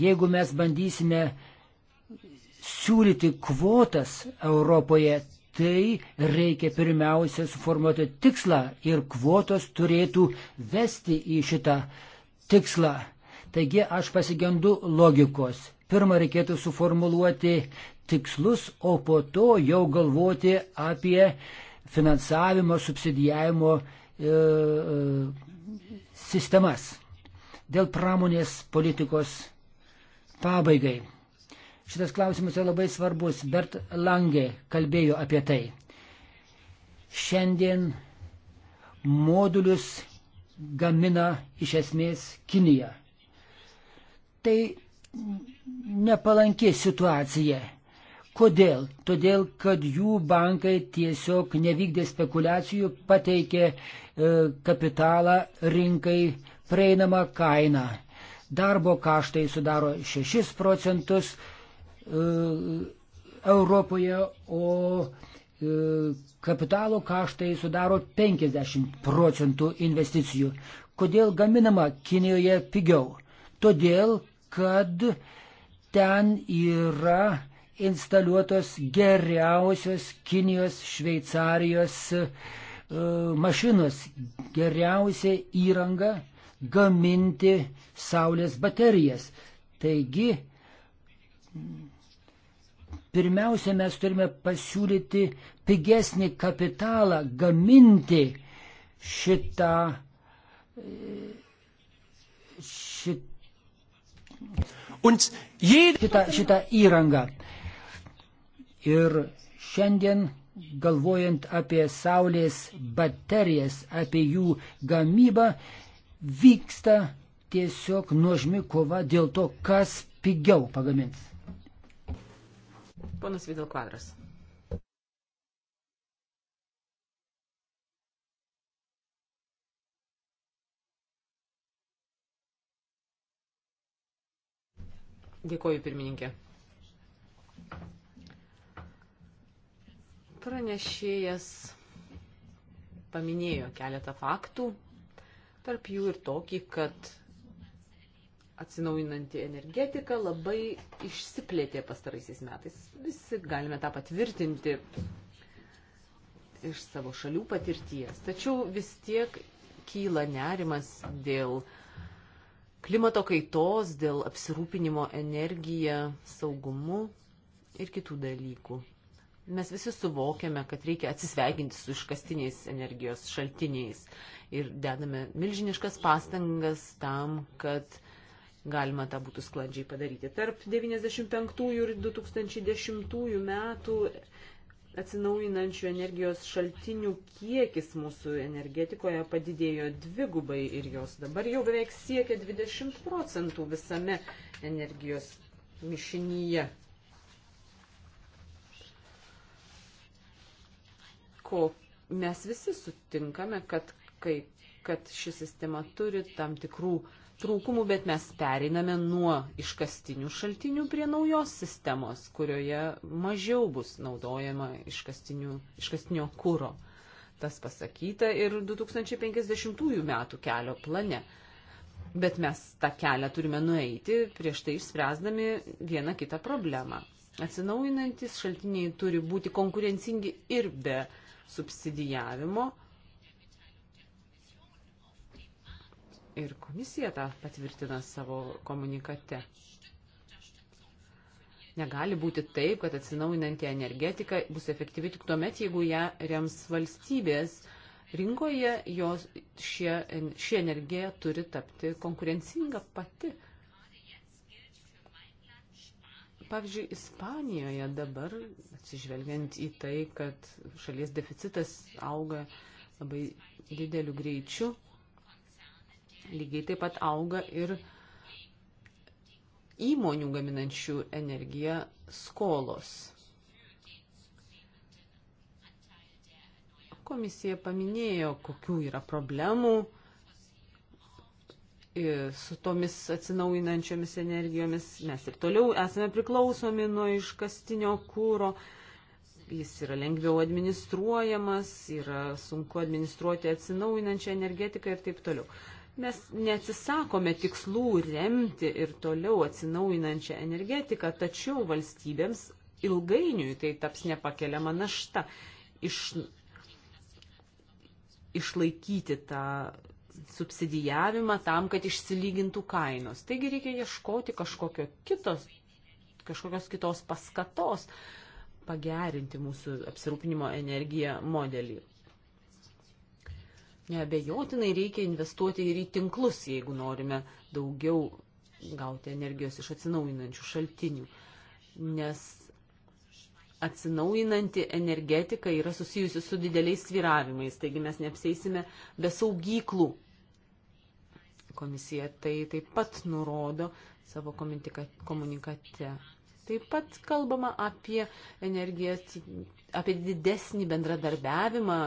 Jeigu mes bandysime siūlyti kvotas Europoje, tai reikia pirmiausia suformuoti tikslą ir kvotos turėtų vesti į šitą tikslą. Taigi aš pasigendu logikos. Pirmą reikėtų suformuluoti tikslus, o po to jau galvoti apie finansavimo, subsidijavimo e, e, sistemas. Dėl pramonės politikos pabaigai. Šitas klausimas yra labai svarbus. Bert Lange kalbėjo apie tai. Šiandien modulius gamina iš esmės Kinija. Tai nepalanki situacija. Kodėl? Todėl, kad jų bankai tiesiog nevykdė spekulacijų, pateikė e, kapitalą rinkai prieinamą kainą. Darbo kaštai sudaro 6 procentus e, Europoje, o e, kapitalo kaštai sudaro 50 procentų investicijų. Kodėl gaminama Kinijoje pigiau? Todėl, kad ten yra instaliuotos geriausios Kinijos, Šveicarijos e, mašinos, geriausia įranga gaminti saulės baterijas. Taigi, pirmiausia, mes turime pasiūlyti pigesnį kapitalą gaminti šitą. šitą Und jede... šitą, šitą įrangą. Ir šiandien, galvojant apie saulės baterijas, apie jų gamybą, vyksta tiesiog nuožmi kova dėl to, kas pigiau pagamins. Ponas Vidal Kvadras. Dėkoju, pirmininkė. Pranešėjas paminėjo keletą faktų, tarp jų ir tokį, kad atsinaujinanti energetika labai išsiplėtė pastaraisiais metais. Visi galime tą patvirtinti iš savo šalių patirties. Tačiau vis tiek kyla nerimas dėl klimato kaitos, dėl apsirūpinimo energiją, saugumu ir kitų dalykų. Mes visi suvokiame, kad reikia atsisveikinti su iškastiniais energijos šaltiniais ir dedame milžiniškas pastangas tam, kad galima tą būtų sklandžiai padaryti. Tarp 1995 ir 2010 metų atsinaujinančių energijos šaltinių kiekis mūsų energetikoje padidėjo dvigubai ir jos dabar jau beveik siekia 20 procentų visame energijos mišinyje. ko mes visi sutinkame, kad, kai, kad ši sistema turi tam tikrų trūkumų, bet mes pereiname nuo iškastinių šaltinių prie naujos sistemos, kurioje mažiau bus naudojama iškastinio kūro. Tas pasakyta ir 2050 metų kelio plane. Bet mes tą kelią turime nueiti prieš tai išspręsdami vieną kitą problemą. Atsinaujinantis šaltiniai turi būti konkurencingi ir be uh, subsidijavimo. Ir komisija tą patvirtina savo komunikate. Negali būti taip, kad atsinaujinanti energetika bus efektyvi tik tuomet, jeigu ją rems valstybės. Rinkoje jos, šie, ši energija turi tapti konkurencinga pati. Pavyzdžiui, Ispanijoje dabar, atsižvelgiant į tai, kad šalies deficitas auga labai dideliu greičiu, lygiai taip pat auga ir įmonių gaminančių energiją skolos. Komisija paminėjo, kokių yra problemų su tomis atsinaujinančiomis energijomis. Mes ir toliau esame priklausomi nuo iškastinio kūro. Jis yra lengviau administruojamas, yra sunku administruoti atsinaujinančią energetiką ir taip toliau. Mes neatsisakome tikslų remti ir toliau atsinaujinančią energetiką, tačiau valstybėms ilgainiui tai taps nepakeliama našta iš, išlaikyti tą subsidijavimą tam, kad išsilygintų kainos. Taigi reikia ieškoti kažkokio kitos, kažkokios kitos paskatos pagerinti mūsų apsirūpinimo energiją modelį. Neabejotinai reikia investuoti ir į tinklus, jeigu norime daugiau gauti energijos iš atsinaujinančių šaltinių, nes atsinaujinanti energetika yra susijusi su dideliais sviravimais, taigi mes neapsėsime be saugyklų. Komisija tai taip pat nurodo savo komunikate. Taip pat kalbama apie energiją, apie didesnį bendradarbiavimą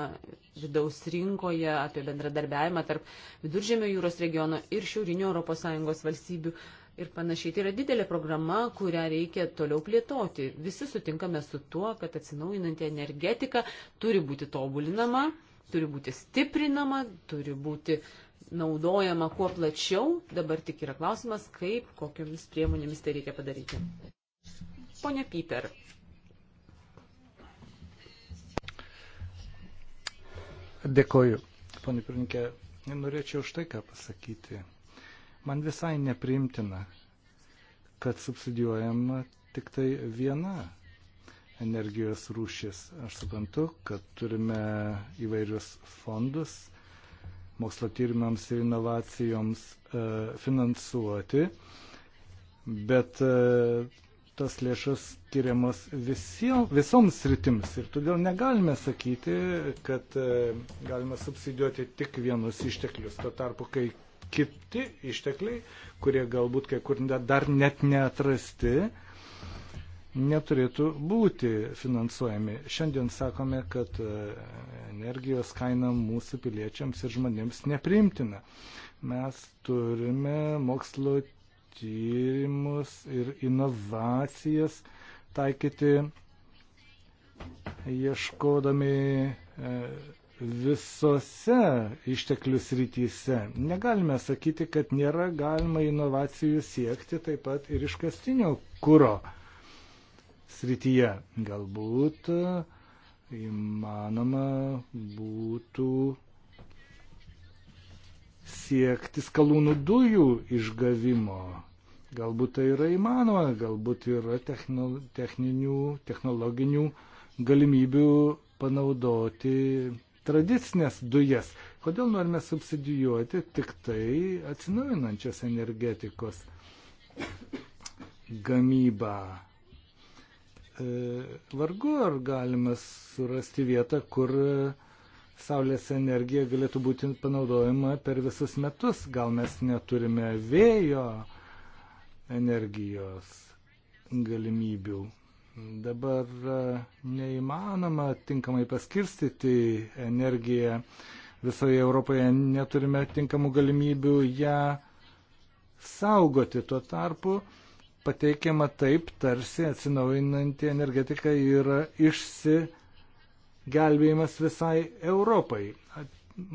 vidaus rinkoje, apie bendradarbiavimą tarp Viduržėmio jūros regiono ir Šiaurinio ES valstybių ir panašiai. Tai yra didelė programa, kurią reikia toliau plėtoti. Visi sutinkame su tuo, kad atsinaujinanti energetika turi būti tobulinama, turi būti stiprinama, turi būti naudojama kuo plačiau. Dabar tik yra klausimas, kaip, kokiamis priemonėmis tai reikia padaryti. Pone Piper. Dėkoju, ponė Pirinkė. Norėčiau štai ką pasakyti. Man visai neprimtina, kad subsidijuojama tik tai viena energijos rūšis. Aš suprantu, kad turime įvairius fondus mokslo tyrimams ir inovacijoms e, finansuoti, bet e, tas lėšas skiriamas visoms sritims ir todėl negalime sakyti, kad e, galima subsidijuoti tik vienus išteklius. Tuo tarpu, kai kiti ištekliai, kurie galbūt kai kur dar net neatrasti, neturėtų būti finansuojami. Šiandien sakome, kad e, energijos kaina mūsų piliečiams ir žmonėms neprimtina. Mes turime mokslo tyrimus ir inovacijas taikyti, ieškodami e, visose išteklių srityse. Negalime sakyti, kad nėra galima inovacijų siekti taip pat ir iškastinio kūro srityje. Galbūt e, įmanoma būtų siekti skalūnų dujų išgavimo. Galbūt tai yra įmanoma, galbūt yra techno, techninių, technologinių galimybių panaudoti tradicinės dujas. Kodėl norime subsidijuoti tik tai atsinaujinančios energetikos gamybą? E, vargu ar galima surasti vietą, kur saulės energija galėtų būti panaudojama per visus metus. Gal mes neturime vėjo energijos galimybių. Dabar e, neįmanoma tinkamai paskirstyti energiją visoje Europoje, neturime tinkamų galimybių ją saugoti. Tuo tarpu pateikiama taip, tarsi atsinaujinanti energetika yra išsigelbėjimas visai Europai.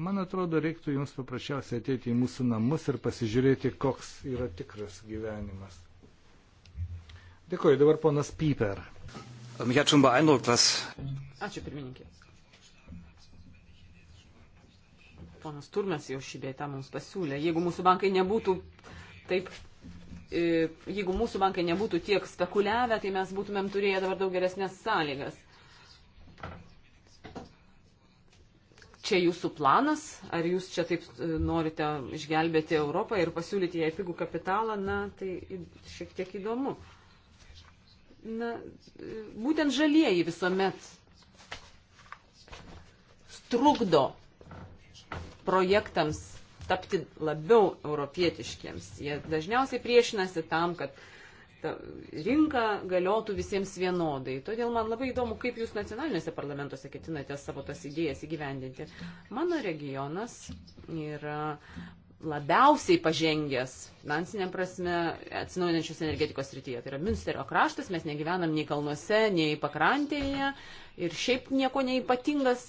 Man atrodo, reiktų jums paprasčiausiai ateiti į mūsų namus ir pasižiūrėti, koks yra tikras gyvenimas. Dėkuoju, dabar ponas Piper. Ähm, Ačiū pirmininkė. Ponas Turmes jau šį beitą mums pasiūlė. Jeigu mūsų bankai nebūtų taip e, jeigu mūsų bankai nebūtų tiek spekuliavę, tai mes būtumėm turėję dabar daug geresnės sąlygas. Čia jūsų planas, ar jūs čia taip e, norite išgelbėti Europą ir pasiūlyti jai pigų kapitalą, na, tai šiek tiek įdomu. Uh, Na, būtent žalieji visuomet trukdo projektams tapti labiau europietiškiams. Jie dažniausiai priešinasi tam, kad ta rinka galiotų visiems vienodai. Todėl man labai įdomu, kaip jūs nacionaliniuose parlamentuose ketinate savo tas idėjas įgyvendinti. Mano regionas yra labiausiai pažengęs finansinė prasme atsinaujinančios energetikos srityje. Tai yra Münsterio kraštas, mes negyvenam nei kalnuose, nei pakrantėje ir šiaip nieko neipatingas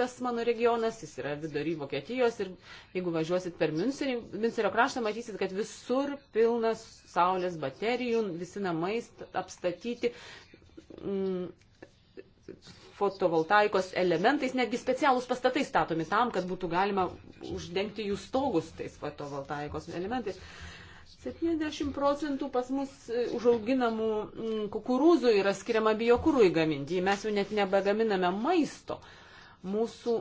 tas mano regionas, jis yra vidury Vokietijos ir jeigu važiuosit per Münsterį, Münsterio kraštą, matysit, kad visur pilnas saulės baterijų, visi namai apstatyti. Mm, fotovoltaikos elementais, netgi specialūs pastatai statomi tam, kad būtų galima uždengti jų stogus tais fotovoltaikos elementais. 70 procentų pas mus e, užauginamų mm, kukurūzų yra skiriama biokūrui gaminti. Mes jau net nebegaminame maisto. Mūsų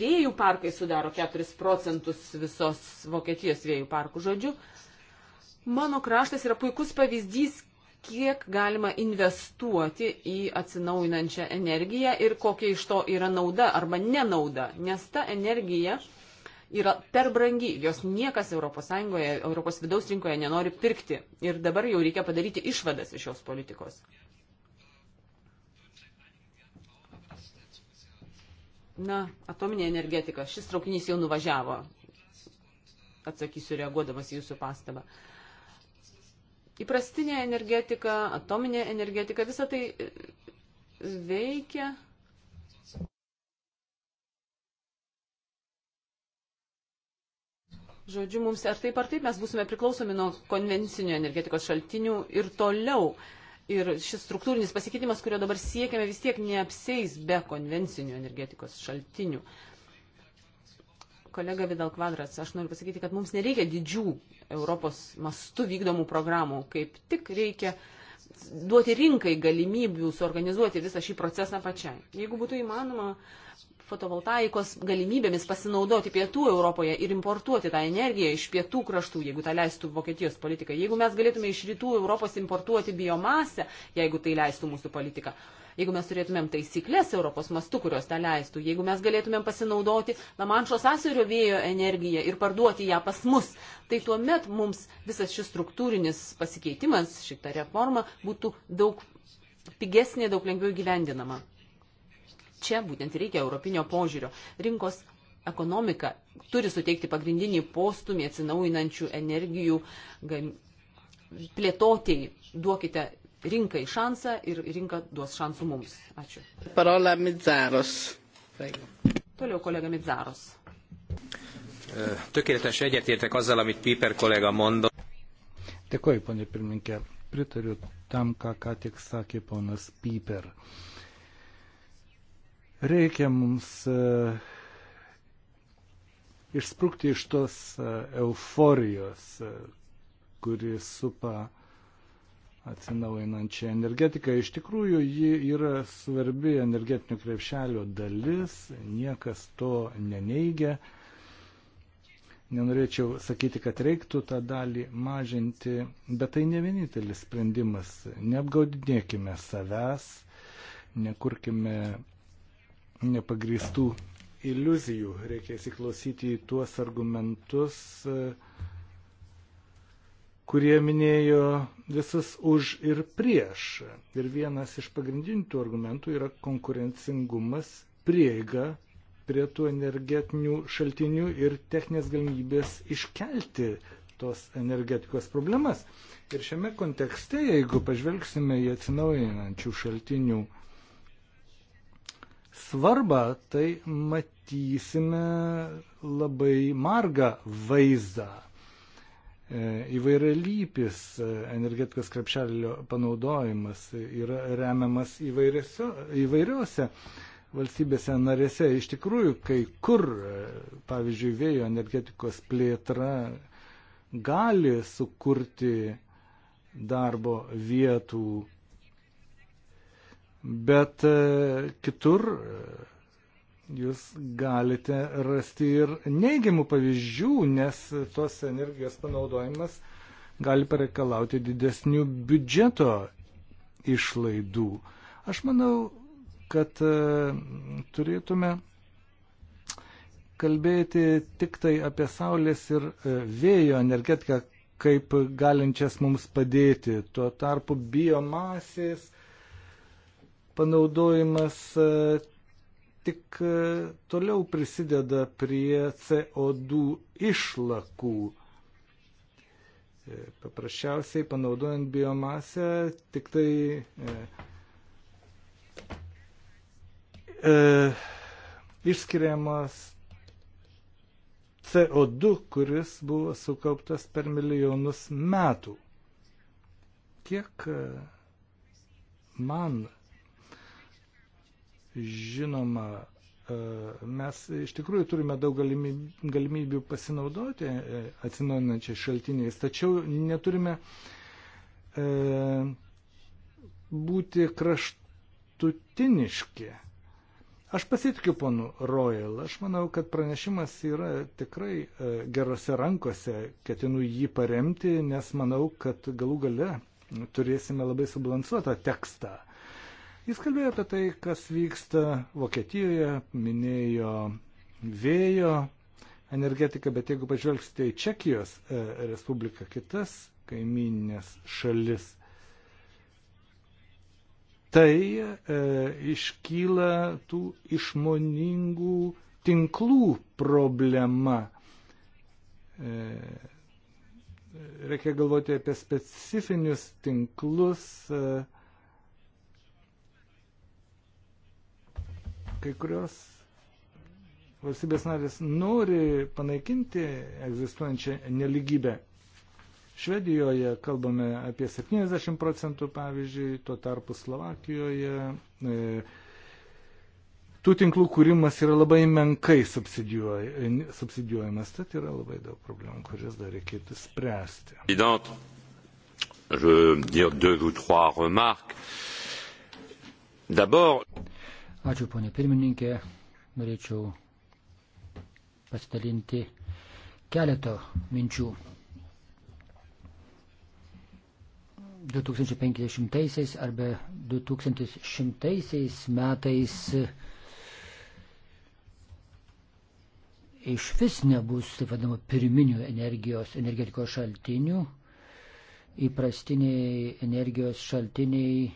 vėjų parkai sudaro 4 procentus visos Vokietijos vėjų parkų žodžių. Mano kraštas yra puikus pavyzdys, kiek galima investuoti į atsinaujinančią energiją ir kokia iš to yra nauda arba nenauda, nes ta energija yra per brangi, jos niekas ES, Europos vidaus rinkoje nenori pirkti ir dabar jau reikia padaryti išvadas iš šios politikos. Na, atominė energetika, šis traukinys jau nuvažiavo, atsakysiu reaguodamas į jūsų pastabą. Uh, Įprastinė energetika, atominė energetika, visa tai e, veikia. Žodžiu, mums ar taip ar taip mes būsime priklausomi nuo konvencinių energetikos šaltinių ir toliau. Ir šis struktūrinis pasikeitimas, kurio dabar siekiame, vis tiek neapseis be konvencinių energetikos šaltinių. Uh, kolega Vidal Kvadras, aš noriu pasakyti, kad mums nereikia didžių Europos mastų vykdomų programų, kaip tik reikia duoti rinkai galimybių suorganizuoti visą šį procesą pačiai. Jeigu būtų įmanoma fotovoltaikos galimybėmis pasinaudoti pietų Europoje ir importuoti tą energiją iš pietų kraštų, jeigu tą leistų Vokietijos politika. Jeigu mes galėtume iš rytų Europos importuoti biomasę, jeigu tai leistų mūsų politika. Jeigu mes turėtumėm taisyklės Europos mastu, kurios tą leistų, jeigu mes galėtumėm pasinaudoti Lamanšo sąsiaurio vėjo energiją ir parduoti ją pas mus, tai tuomet mums visas šis struktūrinis pasikeitimas, šita reforma būtų daug pigesnė, daug lengviau gyvendinama čia būtent reikia europinio požiūrio. Rinkos ekonomika turi suteikti pagrindinį postumį atsinaujinančių energijų plėtotėjai. Duokite rinkai šansą ir rinka duos šansų mums. Ačiū. Parola Midzaros. Toliau kolega Midzaros. Tökéletesen egyetértek azzal, amit Piper kollega mondott. Dėkuoju, ponė pirmininkė. Pritariu tam, ką ką tik sakė ponas Piper. Uh, Reikia mums e, išsprūkti iš tos e, euforijos, e, kuri supa atsinaujinančią energetiką. Iš tikrųjų, ji yra svarbi energetinio krepšelio dalis, niekas to neneigia. Nenorėčiau sakyti, kad reiktų tą dalį mažinti, bet tai ne vienintelis sprendimas. Neapgaudinėkime savęs, nekurkime nepagristų iliuzijų. Reikia įsiklausyti į tuos argumentus, e, kurie minėjo visus už ir prieš. Ir vienas iš pagrindinių tų argumentų yra konkurencingumas, prieiga prie tų energetinių šaltinių ir techninės galimybės iškelti tos energetikos problemas. Ir šiame kontekste, jeigu pažvelgsime į atsinaujinančių šaltinių svarbą, tai matysime labai margą vaizdą e, įvairialypis energetikos krepšelio panaudojimas yra remiamas įvairiose valstybėse narėse. Iš tikrųjų, kai kur, e, pavyzdžiui, vėjo energetikos plėtra gali sukurti darbo vietų bet e, kitur e, jūs galite rasti ir neigiamų pavyzdžių, nes tos energijos panaudojimas gali pareikalauti didesnių biudžeto išlaidų. Aš manau, kad e, turėtume kalbėti tik tai apie saulės ir vėjo energetiką kaip galinčias mums padėti. Tuo tarpu biomasės, panaudojimas e, tik e, toliau prisideda prie CO2 išlakų. E, paprasčiausiai panaudojant biomasę tik tai e, e, išskiriamas CO2, kuris buvo sukauptas per milijonus metų. Kiek man Žinoma, e, mes iš tikrųjų turime daug galimybių pasinaudoti e, atsinaujinančiais šaltiniais, tačiau neturime e, būti kraštutiniški. Aš pasitikiu ponu Royal, aš manau, kad pranešimas yra tikrai gerose rankose, ketinu jį paremti, nes manau, kad galų gale turėsime labai subalansuotą tekstą. Jis kalbėjo apie tai, kas vyksta Vokietijoje, minėjo vėjo energetiką, bet jeigu pažvelgsite į Čekijos e, Respubliką, kitas kaiminės šalis, tai e, iškyla tų išmoningų tinklų problema. E, reikia galvoti apie specifinius tinklus, e, Kai kurios valstybės narės nori panaikinti egzistuojančią neligybę. Švedijoje kalbame apie 70 procentų, pavyzdžiui, tuo tarpu Slovakijoje e, tų tinklų kūrimas yra labai menkai subsidijuojamas, tad yra labai daug problemų, kurias dar reikėtų spręsti. Je veux dire deux ou trois remarques. D'abord, Ačiū, ponė pirmininkė. Norėčiau pasidalinti keletą minčių. 2050 arba 2100 metais iš vis nebus, taip vadinamo, pirminių energijos, energetikos šaltinių. Įprastiniai energijos šaltiniai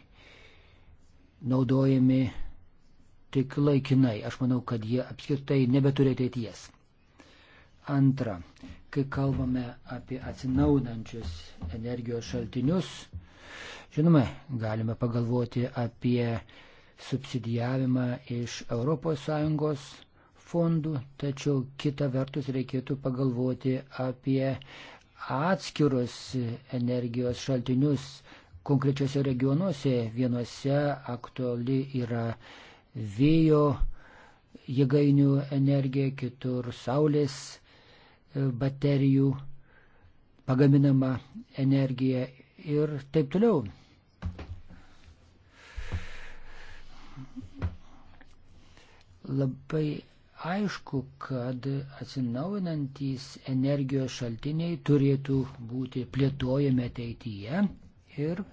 naudojami tik laikinai. Aš manau, kad jie apskritai nebeturi ateities. Antra, kai kalbame apie atsinaudančius energijos šaltinius, žinoma, galime pagalvoti apie subsidijavimą iš ES fondų, tačiau kita vertus reikėtų pagalvoti apie atskirus energijos šaltinius konkrečiose regionuose. Vienuose aktuali yra vėjo jėgainių energija, kitur saulės e, baterijų pagaminama energija ir taip toliau. Labai aišku, kad atsinaujinantys energijos šaltiniai turėtų būti plėtojami ateityje ir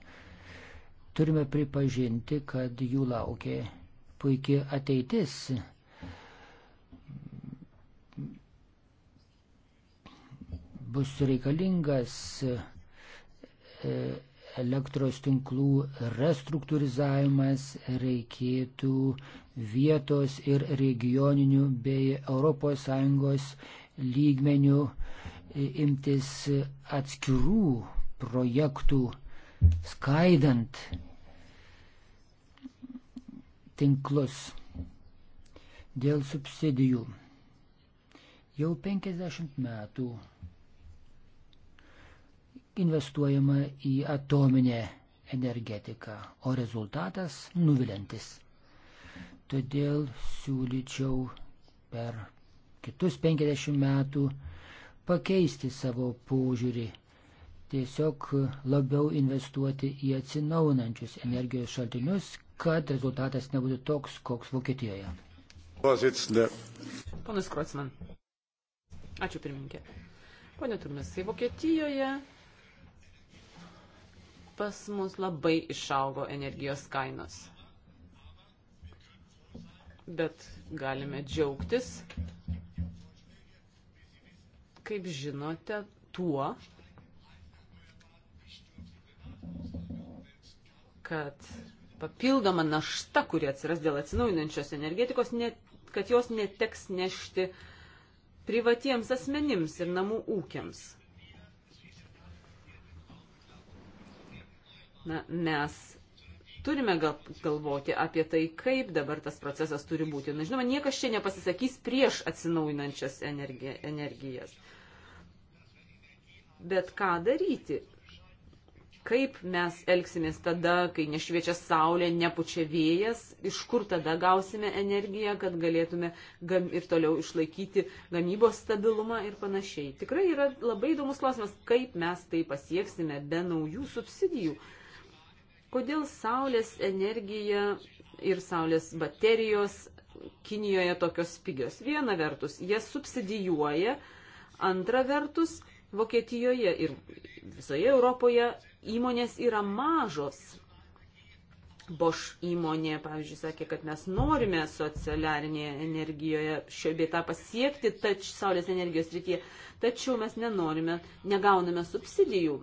turime pripažinti, kad jų laukia puikia ateitis. Bus reikalingas e, elektros tinklų restruktūrizavimas, reikėtų vietos ir regioninių bei ES lygmenių e, imtis atskirų projektų, skaidant tinklus. Dėl subsidijų. Jau 50 metų investuojama į atominę energetiką, o rezultatas nuvilintis. Todėl siūlyčiau per kitus 50 metų pakeisti savo požiūrį, tiesiog labiau investuoti į atsinaunančius energijos šaltinius, kad rezultatas nebūtų toks, koks Vokietijoje. Ponas Krocman. Ačiū pirmininkė. Pone Turmesai, Vokietijoje pas mus labai išaugo energijos kainos. Bet galime džiaugtis, kaip žinote, tuo, kad papildoma našta, kuri atsiras dėl atsinaujinančios energetikos, ne, kad jos neteks nešti privatiems asmenims ir namų ūkiams. Na, mes turime gal, galvoti apie tai, kaip dabar tas procesas turi būti. Na, žinoma, niekas čia nepasisakys prieš atsinaujinančias energi energijas. Bet ką daryti? Kaip mes elgsimės tada, kai nešviečia saulė, nepučia vėjas, iš kur tada gausime energiją, kad galėtume gam, ir toliau išlaikyti gamybos stabilumą ir panašiai. Tikrai yra labai įdomus klausimas, kaip mes tai pasieksime be naujų subsidijų. Kodėl saulės energija ir saulės baterijos Kinijoje tokios pigios? Viena vertus, jie subsidijuoja, antra vertus, Vokietijoje ir visoje Europoje įmonės yra mažos. Bosch įmonė, pavyzdžiui, sakė, kad mes norime socialinėje energijoje šio bėtą pasiekti, tač saulės energijos rytyje, tačiau mes nenorime, negauname subsidijų.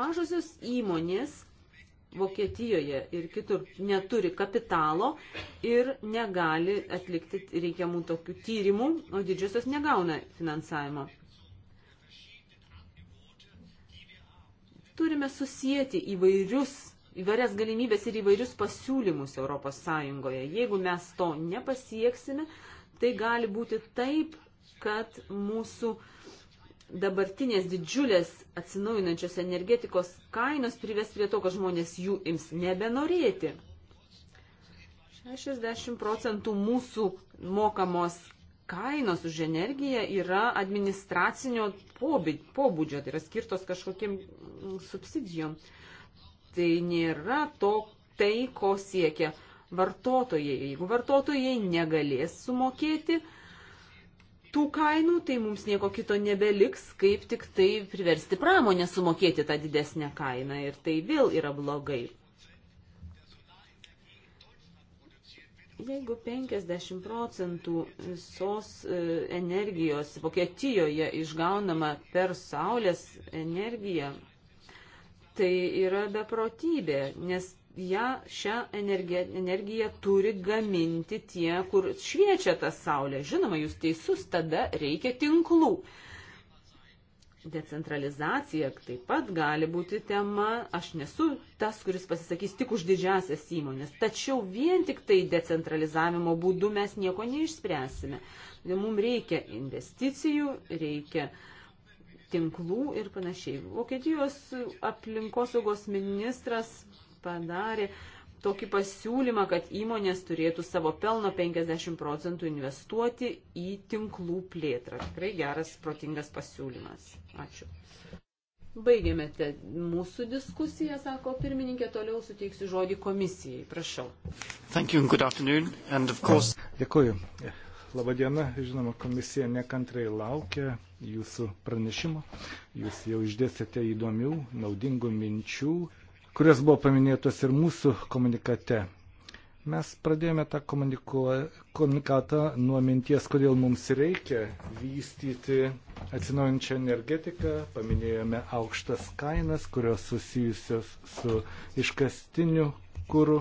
Mažosios įmonės Vokietijoje ir kitur neturi kapitalo ir negali atlikti reikiamų tokių tyrimų, o didžiosios negauna finansavimo. Turime susijęti įvairius, įvairias galimybės ir įvairius pasiūlymus ES. Jeigu mes to nepasieksime, tai gali būti taip, kad mūsų dabartinės didžiulės atsinaujinančios energetikos kainos prives prie to, kad žmonės jų ims nebenorėti. 60 procentų mūsų mokamos kainos už energiją yra administracinio pobūdžio, tai yra skirtos kažkokiem mm, subsidijom. Tai nėra to, tai, ko siekia vartotojai. Jeigu vartotojai negalės sumokėti tų kainų, tai mums nieko kito nebeliks, kaip tik tai priversti pramonę sumokėti tą didesnę kainą. Ir tai vėl yra blogai. Jeigu 50 procentų visos e, energijos Vokietijoje išgaunama per saulės energiją, tai yra beprotybė, nes ją šią energiją, energiją turi gaminti tie, kur šviečia ta saulė. Žinoma, jūs teisus, tada reikia tinklų. Decentralizacija taip pat gali būti tema. Aš nesu tas, kuris pasisakys tik už didžiasias įmonės. Tačiau vien tik tai decentralizavimo būdu mes nieko neišspręsime. Mums reikia investicijų, reikia tinklų ir panašiai. Vokietijos aplinkosaugos ministras padarė tokį pasiūlymą, kad įmonės turėtų savo pelno 50 procentų investuoti į tinklų plėtrą. Tikrai geras, protingas pasiūlymas. Ačiū. Baigėme te mūsų diskusiją, sako pirmininkė, toliau suteiksiu žodį komisijai. Prašau. Thank you and good afternoon. And of course... Dėkuoju. Labadiena, žinoma, komisija nekantrai laukia jūsų pranešimo. Jūs jau išdėsite įdomių, naudingų minčių kurios buvo paminėtos ir mūsų komunikate. Mes pradėjome tą komunikatą nuo minties, kodėl mums reikia vystyti atsinaujančią energetiką, paminėjome aukštas kainas, kurios susijusios su iškastiniu kūru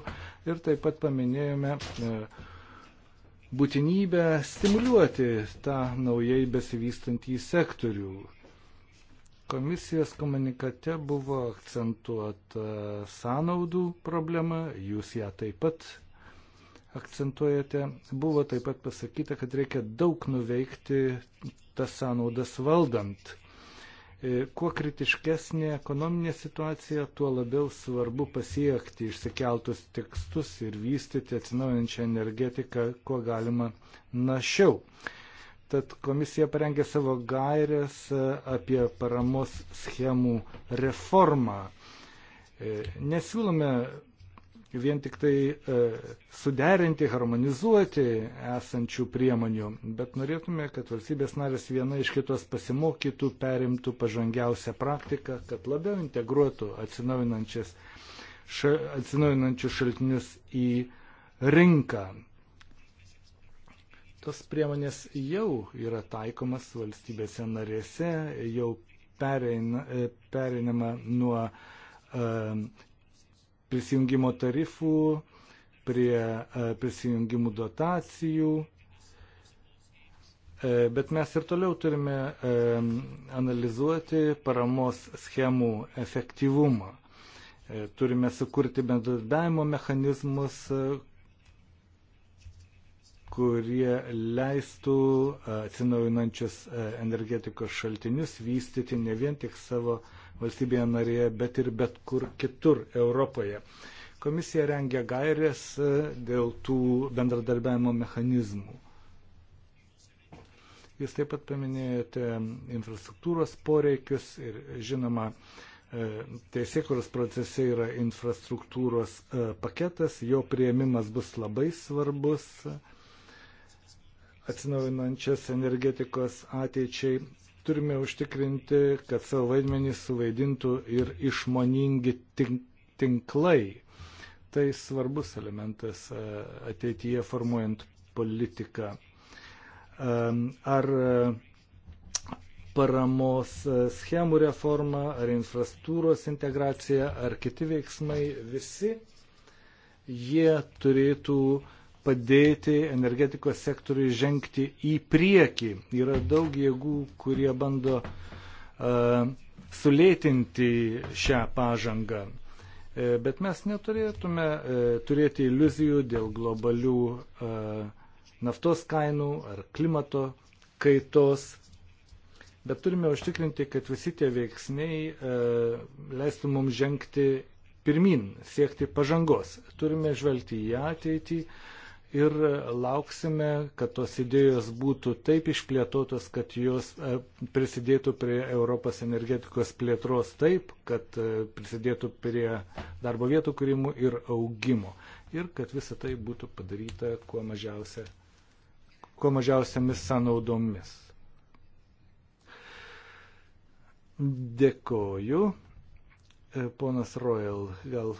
ir taip pat paminėjome e, būtinybę stimuliuoti tą naujai besivystantį sektorių. Komisijos komunikate buvo akcentuota sąnaudų problema, jūs ją taip pat akcentuojate. Buvo taip pat pasakyta, kad reikia daug nuveikti tas sąnaudas valdant. E, kuo kritiškesnė ekonominė situacija, tuo labiau svarbu pasiekti išsikeltus tekstus ir vystyti atsinaujančią energetiką, kuo galima našiau. Tad komisija parengė savo gairias e, apie paramos schemų reformą. E, nesiūlome vien tik tai e, suderinti, harmonizuoti esančių priemonių, bet norėtume, kad valstybės narės viena iš kitos pasimokytų, perimtų pažangiausią praktiką, kad labiau integruotų atsinaujinančius šaltinius į rinką. Tos priemonės jau yra taikomas valstybėse narėse, jau pereina, e, pereinama nuo e, prisijungimo tarifų prie e, prisijungimų dotacijų, Bet mes ir toliau turime analizuoti paramos schemų efektyvumą. Turime sukurti bendradarbiavimo mechanizmus, kurie leistų e, atsinaujinančius e, energetikos šaltinius vystyti ne vien tik savo valstybėje narėje, bet ir bet kur kitur Europoje. Komisija rengia gairės e, dėl tų bendradarbiavimo mechanizmų. Jūs taip pat paminėjote infrastruktūros poreikius ir žinoma, teisėkuros procese yra infrastruktūros paketas, jo prieimimas bus labai svarbus atsinaujinančias energetikos ateičiai, turime užtikrinti, kad savo vaidmenį suvaidintų ir išmoningi tinklai. Tai svarbus elementas e, ateityje formuojant politiką. E, ar e, paramos schemų reforma, ar infrastruktūros integracija, ar kiti veiksmai, visi jie turėtų uh, padėti energetikos sektoriui žengti į priekį. Yra daug jėgų, kurie bando uh, sulėtinti šią pažangą. E, bet mes neturėtume e, turėti iliuzijų dėl globalių naftos kainų ar klimato kaitos, bet turime užtikrinti, kad visi tie veiksniai e, leistų mums žengti pirmin, siekti pažangos. Turime žvelgti į ateitį, ir lauksime, kad tos idėjos būtų taip išplėtotos, kad jos e, prisidėtų prie Europos energetikos plėtros taip, kad e, prisidėtų prie darbo vietų kūrimų ir augimo. Ir kad visa tai būtų padaryta kuo, mažiausia, kuo mažiausiamis sąnaudomis. Dėkoju. E, ponas Royal, gal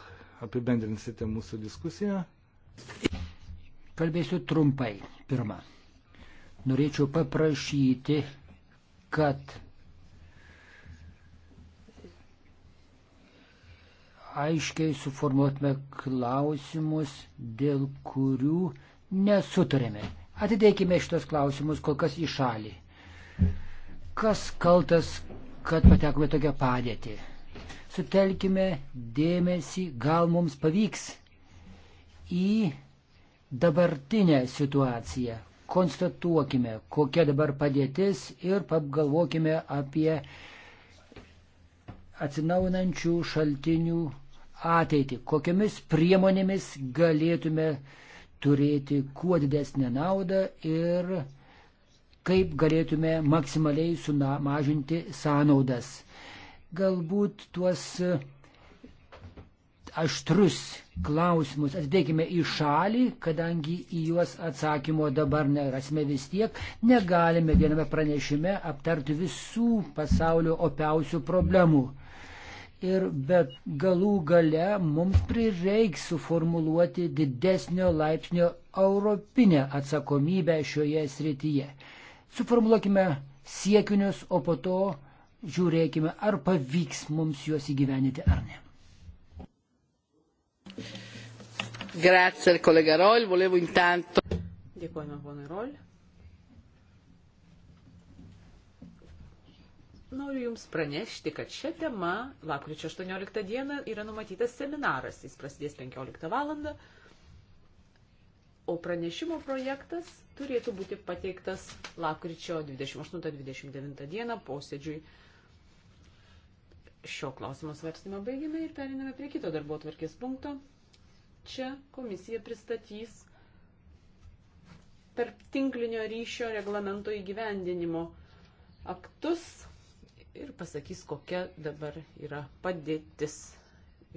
apibendrinsite mūsų diskusiją? Kalbėsiu trumpai. Pirma, norėčiau paprašyti, kad aiškiai suformuotume klausimus, dėl kurių nesutarėme. Atidėkime šitos klausimus kol kas į šalį. Kas kaltas, kad patekome tokią padėtį? Sutelkime dėmesį, gal mums pavyks į dabartinę situaciją, konstatuokime, kokia dabar padėtis ir pagalvokime apie atsinaunančių šaltinių ateitį, kokiamis priemonėmis galėtume turėti kuo didesnę naudą ir kaip galėtume maksimaliai sumažinti sąnaudas. Galbūt tuos aštrus klausimus atdėkime į šalį, kadangi į juos atsakymo dabar nerasime vis tiek, negalime viename pranešime aptarti visų pasaulio opiausių problemų. Ir bet galų gale mums prireiks suformuluoti didesnio laipsnio europinę atsakomybę šioje srityje. Suformuluokime siekinius, o po to žiūrėkime, ar pavyks mums juos įgyveninti ar ne. Grazie al collega Roll, volevo intanto. Dėkojame ponui Roll. Noriu Jums pranešti, kad šią temą lapkričio 18 dieną yra numatytas seminaras. Jis prasidės 15 val. O pranešimo projektas turėtų būti pateiktas lapkričio 28-29 dieną posėdžiui. Šio klausimo svarstymą baigime ir periname prie kito darbo tvarkės punkto. Čia komisija pristatys tarp tinklinio ryšio reglamento įgyvendinimo aktus ir pasakys, kokia dabar yra padėtis.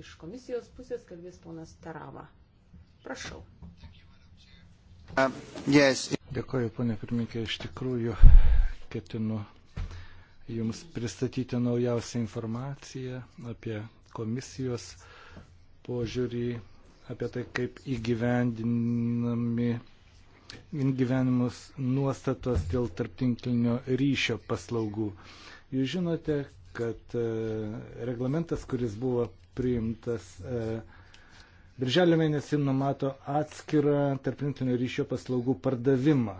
Iš komisijos pusės kalbės ponas Tarava. Prašau. Um, yes. Dėkoju, ponė pirmininkė, iš tikrųjų ketinu Jums pristatyti naujausią informaciją apie komisijos požiūrį apie tai, kaip įgyvendinami gyvenimus nuostatos dėl tarptinklinio ryšio paslaugų. Jūs žinote, kad e, reglamentas, kuris buvo priimtas e, birželio mėnesį, numato atskirą tarptinklinio ryšio paslaugų pardavimą.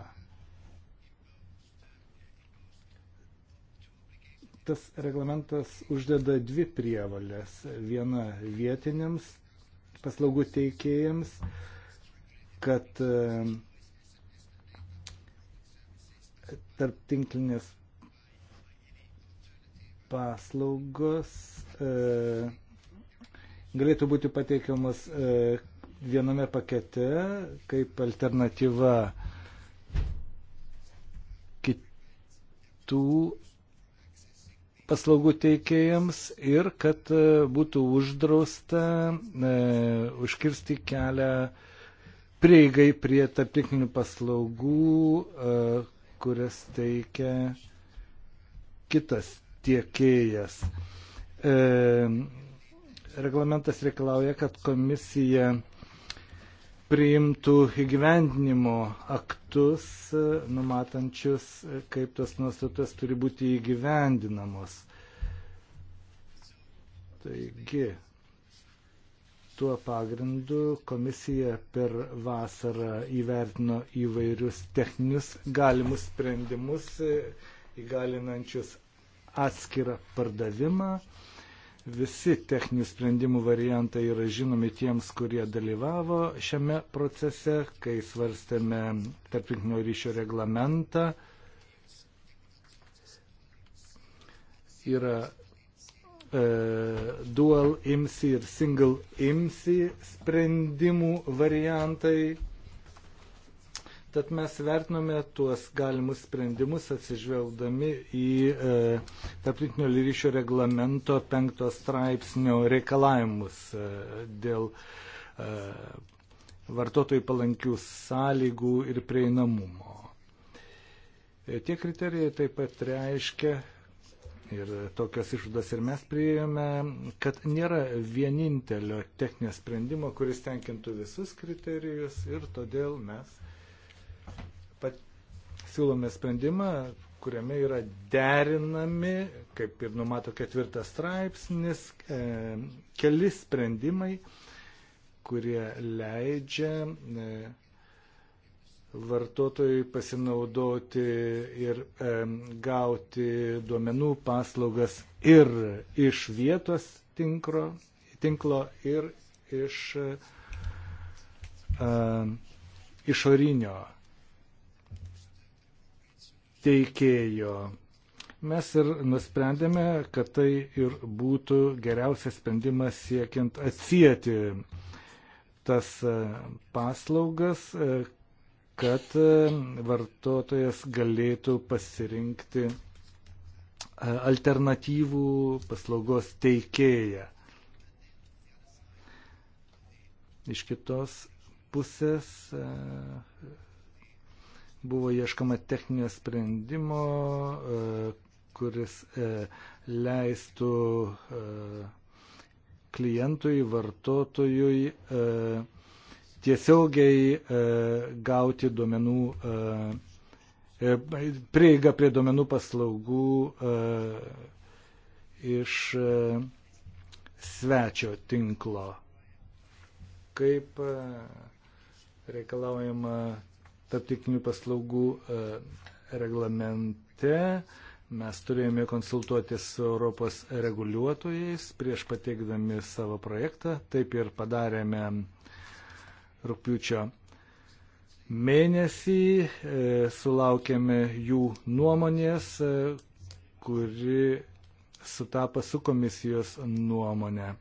Tas reglamentas uždeda dvi prievalės. Viena vietiniams paslaugų teikėjams, kad e, tarp tinklinės paslaugos e, galėtų būti pateikiamas e, viename pakete kaip alternatyva kitų paslaugų teikėjams ir kad e, būtų uždrausta e, užkirsti kelią prieigai prie tarptiklinių paslaugų, e, kurias teikia kitas tiekėjas. E, reglamentas reikalauja, kad komisija e, priimtų įgyvendinimo aktus, e, numatančius, e, kaip tas nuostatas turi būti įgyvendinamos. Taigi, tuo pagrindu komisija per vasarą įvertino įvairius techninius galimus sprendimus, e, įgalinančius atskirą pardavimą, Visi techninių sprendimų variantai yra žinomi tiems, kurie dalyvavo šiame procese, kai svarstėme tarptinklinio ryšio reglamentą. Yra e, dual imsi ir single imsi sprendimų variantai Tad mes vertinome tuos galimus sprendimus atsižvelgdami į e, tarptautinio lyryšio reglamento penkto straipsnio reikalavimus e, dėl e, vartotojų palankių sąlygų ir prieinamumo. E, tie kriterijai taip pat reiškia, Ir tokias išvadas ir mes priėjome, kad nėra vienintelio techninio sprendimo, kuris tenkintų visus kriterijus ir todėl mes siūlome sprendimą, kuriame yra derinami, kaip ir numato ketvirtas straipsnis, e, keli sprendimai, kurie leidžia e, vartotojui pasinaudoti ir e, gauti duomenų paslaugas ir iš vietos tinkro, tinklo, ir iš e, išorinio teikėjo. Mes ir nusprendėme, kad tai ir būtų geriausias sprendimas siekiant atsijėti tas e, paslaugas, e, kad e, vartotojas galėtų pasirinkti alternatyvų paslaugos teikėją. Iš kitos pusės buvo ieškama techninio sprendimo, e, kuris e, leistų e, klientui, vartotojui tiesiogiai gauti duomenų, prieigą prie duomenų paslaugų iš svečio tinklo. Kaip reikalaujama taptikinių paslaugų e, reglamente. Mes turėjome konsultuoti su Europos reguliuotojais prieš pateikdami savo projektą. Taip ir padarėme rūpiučio mėnesį. E, sulaukėme jų nuomonės, e, kuri sutapa su komisijos nuomonė.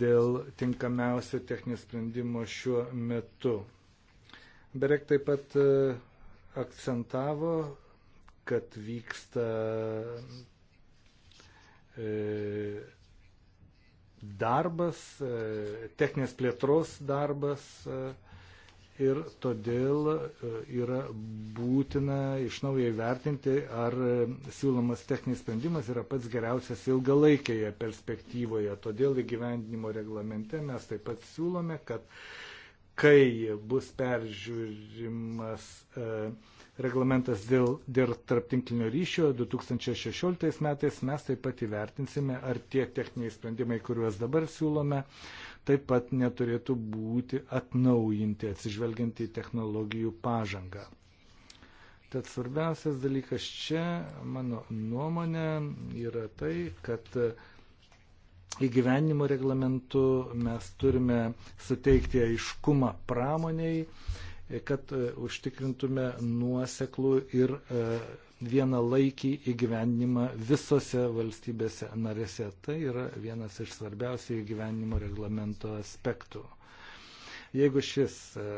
Dėl tinkamiausio techninio sprendimo šiuo metu Berek taip pat e, akcentavo, kad vyksta e, darbas, e, techninės plėtros darbas ir todėl yra būtina iš naujo įvertinti, ar siūlomas techninis sprendimas yra pats geriausias ilgalaikėje perspektyvoje. Todėl įgyvendinimo reglamente mes taip pat siūlome, kad kai bus peržiūrimas e, reglamentas dėl, dėl tarptinklinio ryšio 2016 metais, mes taip pat įvertinsime, ar tie techniniai sprendimai, kuriuos dabar siūlome, taip pat neturėtų būti atnaujinti atsižvelgiant į technologijų pažangą. Tad svarbiausias dalykas čia, mano nuomonė, yra tai, kad uh, įgyvenimo reglamentu mes turime suteikti aiškumą pramoniai, kad e, užtikrintume nuoseklų ir e, vieną laikį įgyvendinimą visose valstybėse narėse. Tai yra vienas iš svarbiausių įgyvendinimo reglamento aspektų. Jeigu šis e,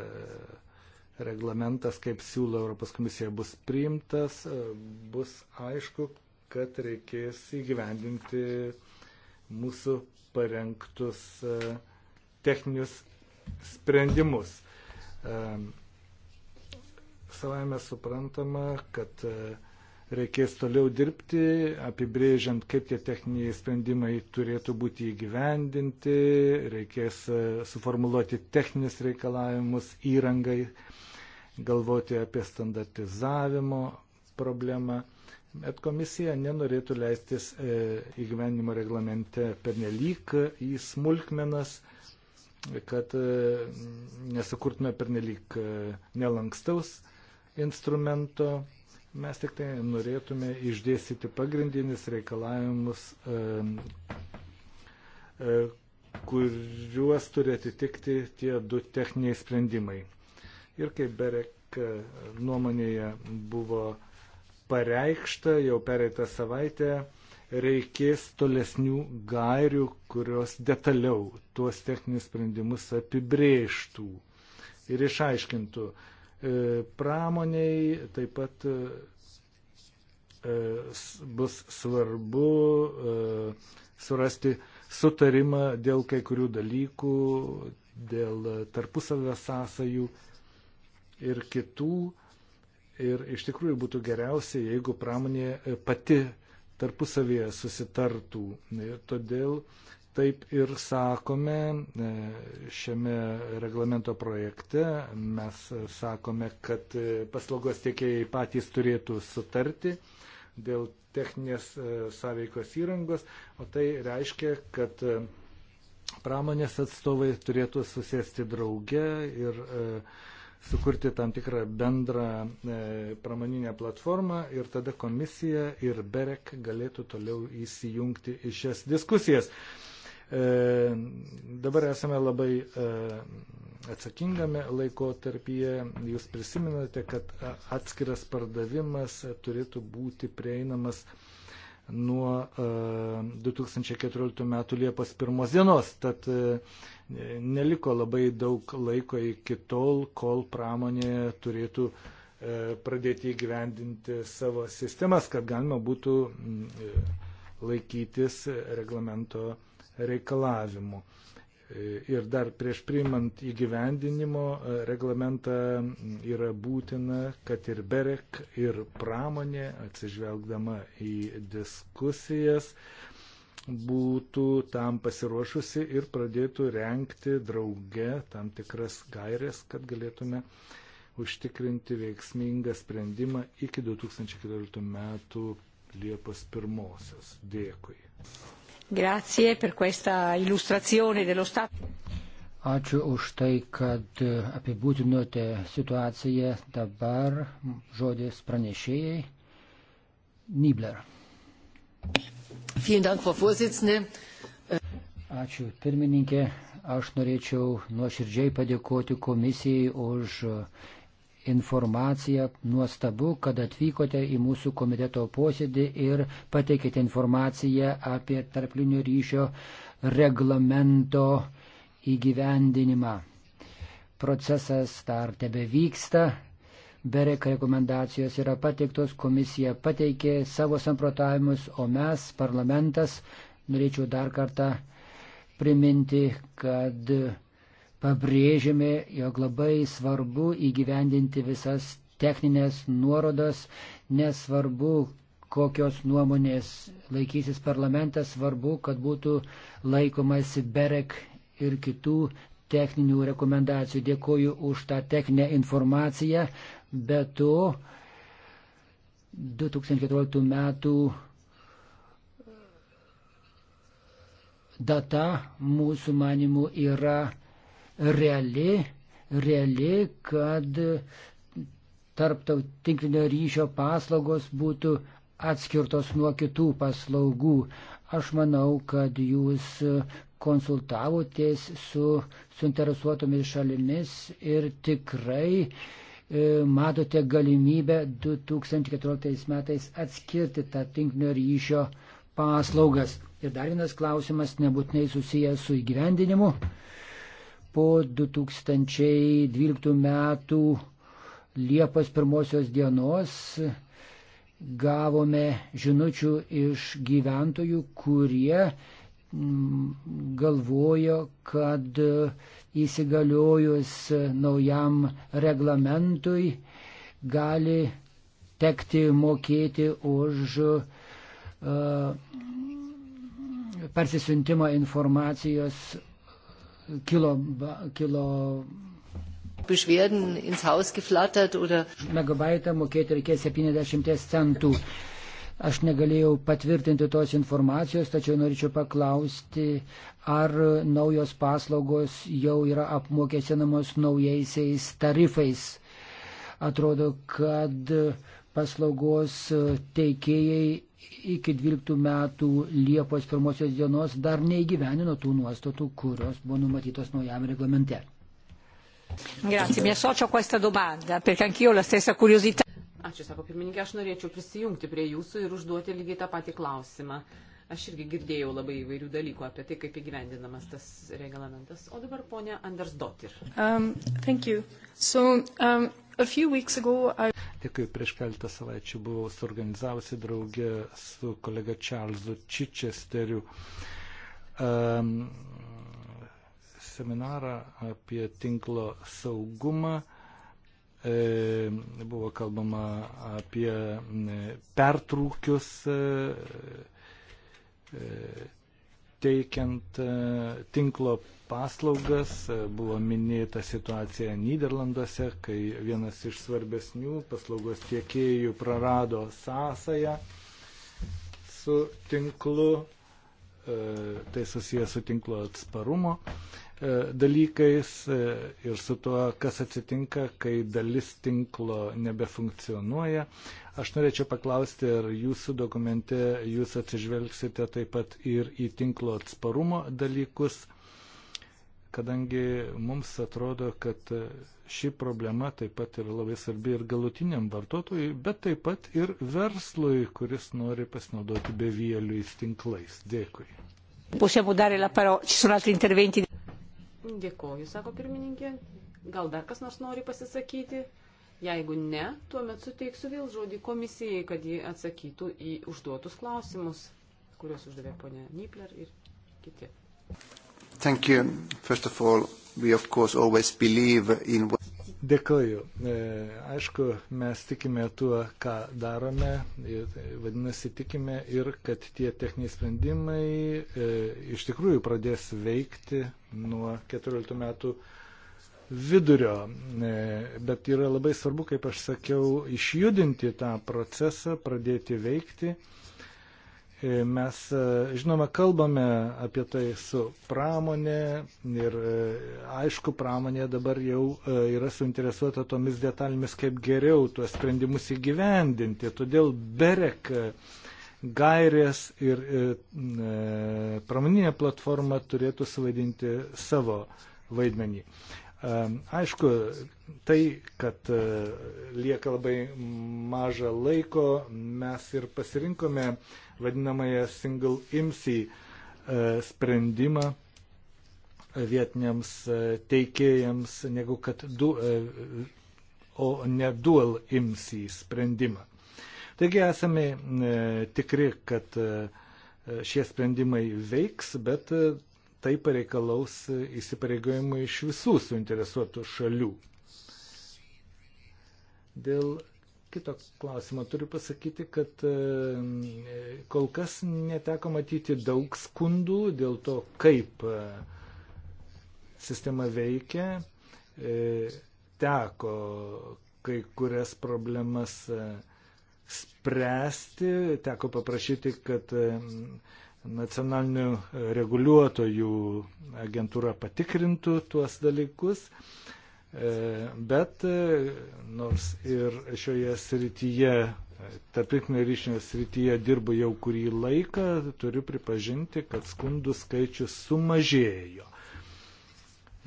reglamentas, kaip siūlo Europos komisija, bus priimtas, bus aišku, kad reikės įgyvendinti mūsų parengtus e, techninius sprendimus. E, Savame suprantama, kad e, reikės toliau dirbti, apibrėžiant, kaip tie techniniai sprendimai turėtų būti įgyvendinti, reikės suformuluoti techninius reikalavimus įrangai, galvoti apie standartizavimo problemą. Bet komisija nenorėtų leistis e, įgyvenimo reglamente pernelyg į smulkmenas, kad e, nesukurtume pernelyg e, nelankstaus instrumento. Mes tik tai norėtume išdėstyti pagrindinis reikalavimus, kuriuos turi atitikti tie du techniniai sprendimai. Ir kaip Berek nuomonėje buvo pareikšta jau pereitą savaitę, reikės tolesnių gairių, kurios detaliau tuos techninius sprendimus apibrėžtų ir išaiškintų e, pramoniai, taip pat e, e, bus svarbu surasti sutarimą dėl kai kurių dalykų, dėl tarpusavio sąsajų ir kitų ir iš tikrųjų būtų geriausia, jeigu pramonė e, pati tarpusavėje susitartų. Ir todėl taip ir sakome e, šiame reglamento projekte. Mes sakome, kad e, paslaugos tiekėjai patys turėtų sutarti dėl techninės sąveikos įrangos, o tai reiškia, kad pramonės atstovai turėtų susėsti drauge ir uh, sukurti tam tikrą bendrą e, pramoninę platformą ir tada komisija ir BEREK galėtų toliau įsijungti į šias diskusijas. E, dabar esame labai e, atsakingame laikotarpyje. Jūs prisiminate, kad atskiras pardavimas turėtų būti prieinamas nuo 2014 e, m. Liepos 1 dienos. Tad e, neliko labai daug laiko iki tol, kol pramonė turėtų e, pradėti įgyvendinti savo sistemas, kad galima būtų laikytis reglamento reikalavimų ir dar prieš priimant įgyvendinimo e, reglamentą yra būtina, kad ir BEREK, ir pramonė, atsižvelgdama į diskusijas, būtų tam pasiruošusi ir pradėtų renkti drauge tam tikras gairias, kad galėtume užtikrinti veiksmingą sprendimą iki 2014 metų Liepos pirmosios. Dėkui. Grazie per questa illustrazione dello Stato. Ačiū už tai, kad apibūdinote situaciją. Dabar žodis pranešėjai. Nibler. Ačiū pirmininkė. Aš norėčiau nuoširdžiai padėkoti komisijai už informaciją. Nuostabu, kad atvykote į mūsų komiteto posėdį ir pateikėte informaciją apie tarplinio ryšio reglamento įgyvendinimą. Procesas dar tebe vyksta. Berek rekomendacijos yra pateiktos, komisija pateikė savo samprotavimus, o mes, parlamentas, norėčiau dar kartą priminti, kad pabrėžėme, jog labai svarbu įgyvendinti visas techninės nuorodas, nesvarbu, kokios nuomonės laikysis parlamentas, svarbu, kad būtų laikomasi BEREK ir kitų techninių rekomendacijų. Dėkoju už tą techninę informaciją. Be to, 2014 metų data mūsų manimų yra reali, reali, kad tarptaut tinklinio ryšio paslaugos būtų atskirtos nuo kitų paslaugų. Aš manau, kad jūs konsultavotės su suinteresuotomis šalimis ir tikrai e, matote galimybę 2014 metais atskirti tą tinklinio ryšio paslaugas. Ir dar vienas klausimas, nebūtinai susijęs su įgyvendinimu po 2012 metų Liepos pirmosios dienos gavome žinučių iš gyventojų, kurie mm, galvojo, kad įsigaliojus naujam reglamentui gali tekti mokėti už uh, e, persisiuntimą informacijos kilo, kilo Beschwerden ins Haus geflattert oder. Megabaitą mokėti reikės 70 centų. Aš negalėjau patvirtinti tos informacijos, tačiau norėčiau paklausti, ar naujos paslaugos jau yra apmokėsinamos naujaisiais tarifais. Atrodo, kad paslaugos teikėjai iki 12 metų Liepos 1 dienos dar neįgyvenino tų nuostatų, kurios buvo numatytos naujam reglamente. Grazie, mi associo a questa domanda, perché anch'io la stessa curiosità. Ačiū, sako pirmininkė, aš norėčiau prisijungti prie jūsų ir užduoti lygiai tą patį klausimą. Aš irgi girdėjau labai įvairių dalykų apie tai, kaip įgyvendinamas tas reglamentas. O dabar ponia Anders Dotir. Um, thank you. So, um, I... Dėkui, prieš keletą savaičių buvau suorganizavusi draugė su kolega Čarlzu Čičesteriu um, seminarą apie tinklo saugumą. E, buvo kalbama apie e, pertrūkius. E, e, teikiant e, tinklo paslaugas. E, buvo minėta situacija Niderlanduose, kai vienas iš svarbesnių paslaugos tiekėjų prarado sąsają su tinklu. E, tai susijęs su tinklo atsparumo E, dalykais e, ir su tuo, kas atsitinka, kai dalis tinklo nebefunkcionuoja. Aš norėčiau paklausti, ar jūsų dokumente jūs atsižvelgsite taip pat ir į tinklo atsparumo dalykus, kadangi mums atrodo, kad ši problema taip pat yra labai svarbi ir galutiniam vartotojui, bet taip pat ir verslui, kuris nori pasinaudoti bevėliais tinklais. Dėkui. Possiamo dare la parola, ci sono altri interventi. Dėkoju, sako pirmininkė. Gal dar kas nors nori pasisakyti? Jeigu ne, tuomet suteiksiu vėl žodį komisijai, kad ji atsakytų į užduotus klausimus, kuriuos uždavė ponė Nipler ir kiti. Thank you. First of all, we of course always believe in Dėkoju. E, aišku, mes tikime tuo, ką darome, e, vadinasi, tikime ir, kad tie techniniai sprendimai e, iš tikrųjų pradės veikti nuo 14 metų vidurio, bet yra labai svarbu, kaip aš sakiau, išjudinti tą procesą, pradėti veikti. Mes e, žinoma kalbame apie tai su pramonė ir e, aišku, pramonė dabar jau e, yra suinteresuota tomis detalėmis, kaip geriau tuos sprendimus įgyvendinti. Todėl BEREK gairės ir pramoninė platforma turėtų suvaidinti savo vaidmenį. Aišku, tai, kad lieka labai maža laiko, mes ir pasirinkome vadinamąją single imsi e, sprendimą vietiniams e, teikėjams, negu kad du, e, o ne dual imsi sprendimą. Taigi esame tikri, kad šie sprendimai veiks, bet tai pareikalaus įsipareigojimų iš visų suinteresuotų šalių. Dėl kito klausimo turiu pasakyti, kad e, kol kas neteko matyti daug skundų dėl to, kaip e, sistema veikia. E, teko kai kurias problemas spręsti, teko paprašyti, kad nacionalinių reguliuotojų agentūra patikrintų tuos dalykus. E, bet e, nors ir šioje srityje, tarptautinio ryšinio srityje dirbu jau kurį laiką, turiu pripažinti, kad skundų skaičius sumažėjo.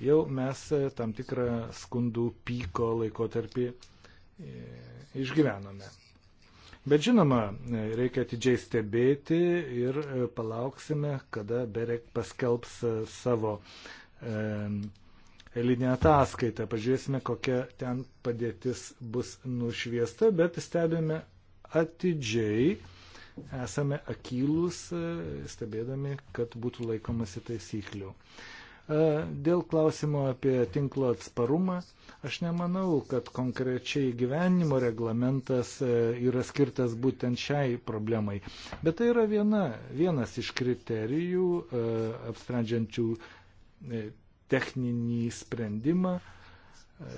Jau mes e, tam tikrą skundų pyko laikotarpį išgyvenome. Bet žinoma, reikia atidžiai stebėti ir palauksime, kada Berek paskelbs savo eilinę ataskaitą. Pažiūrėsime, kokia ten padėtis bus nušviesta, bet stebime atidžiai, esame akylus, e, stebėdami, kad būtų laikomasi taisyklių. E, dėl klausimo apie tinklo atsparumą, aš nemanau, kad konkrečiai gyvenimo reglamentas e, yra skirtas būtent šiai problemai. Bet tai yra viena, vienas iš kriterijų apsprendžiančių techninį sprendimą.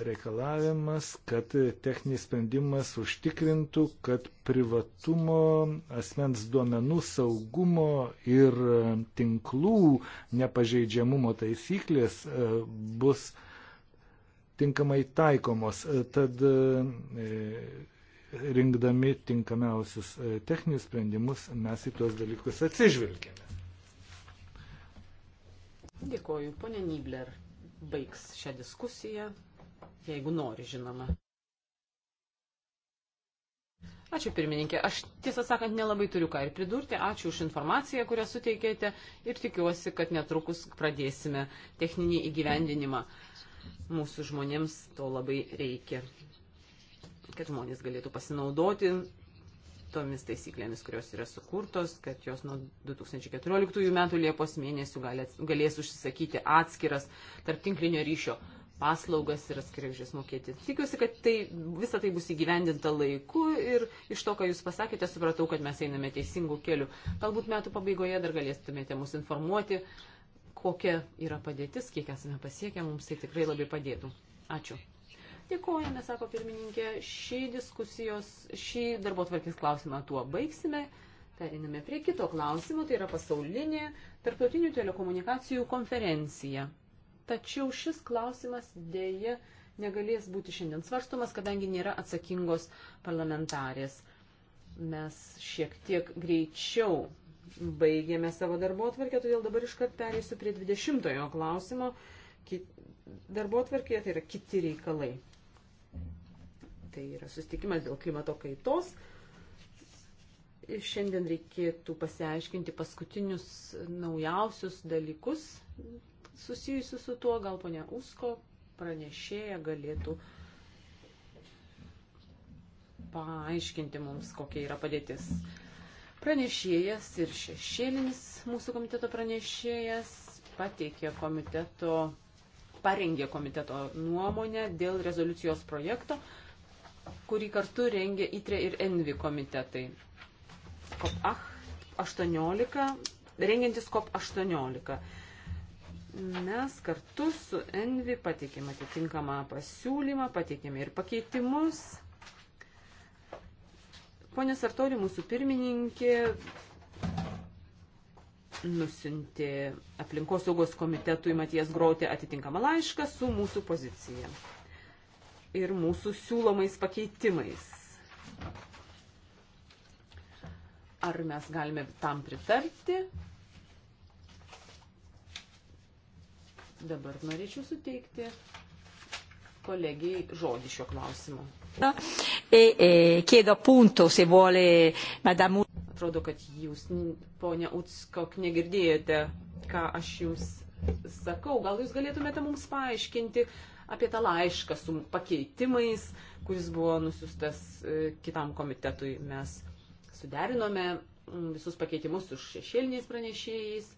Reikalavimas, kad techninis sprendimas užtikrintų, kad privatumo, asmens duomenų saugumo ir tinklų nepažeidžiamumo taisyklės e, bus tinkamai taikomos. E, tad e, rinkdami tinkamiausius techninius sprendimus mes į tuos dalykus atsižvelgėme. Dėkoju, ponė Nibler. Baigs šią diskusiją, jeigu nori, žinoma. Ačiū pirmininkė. Aš tiesą sakant nelabai turiu ką ir pridurti. Ačiū už informaciją, kurią suteikėte ir tikiuosi, kad netrukus pradėsime techninį įgyvendinimą. Mūsų žmonėms to labai reikia, kad žmonės galėtų pasinaudoti tomis taisyklėmis, kurios yra sukurtos, kad jos nuo 2014 metų Liepos mėnesių galės užsisakyti atskiras tarptinklinio ryšio paslaugas ir atskirai už jas mokėti. Tikiuosi, kad tai, visa tai bus įgyvendinta laiku ir iš to, ką Jūs pasakėte, supratau, kad mes einame teisingų kelių. Galbūt metų pabaigoje dar galėtumėte mus informuoti, kokia yra padėtis, kiek esame pasiekę, mums tai tikrai labai padėtų. Ačiū. Dėkojame, sako pirmininkė, šį diskusijos, šį darbo tvarkės klausimą tuo baigsime. Periname prie kito klausimo, tai yra pasaulinė tarptautinių telekomunikacijų konferencija. Tačiau šis klausimas dėje negalės būti šiandien svarstomas, kadangi nėra atsakingos parlamentarės. Mes šiek tiek greičiau baigėme savo darbo atvarkę, todėl dabar iškart perėsiu prie 20 klausimo. Darbo atvarkėje tai yra kiti reikalai. Tai yra sustikimas dėl klimato kaitos. Ir šiandien reikėtų pasiaiškinti paskutinius naujausius dalykus susijusius su tuo. Gal ponia Usko pranešėja galėtų paaiškinti mums, kokia yra padėtis. Pranešėjas ir šešėlinis mūsų komiteto pranešėjas pateikė komiteto parengė komiteto nuomonę dėl rezoliucijos projekto, kurį kartu rengia ITRE ir ENVI komitetai. COP 18, rengiantis COP 18. Mes kartu su ENVI pateikėme atitinkamą pasiūlymą, pateikėme ir pakeitimus. Pone Sartori, mūsų pirmininkė, nusinti aplinkosaugos komitetui Matijas Groti atitinkamą laišką su mūsų pozicija ir mūsų siūlomais pakeitimais. Ar mes galime tam pritarti? Dabar norėčiau suteikti kolegijai žodį šiuo klausimu. E, e, chiedo appunto se vuole madame atrodo, kad jūs, ponia Utskok, negirdėjote, ką aš jums sakau. Gal jūs galėtumėte mums paaiškinti, apie tą laišką su pakeitimais, kuris buvo nusiustas e, kitam komitetui. Mes suderinome mm, visus pakeitimus su šešėliniais pranešėjais,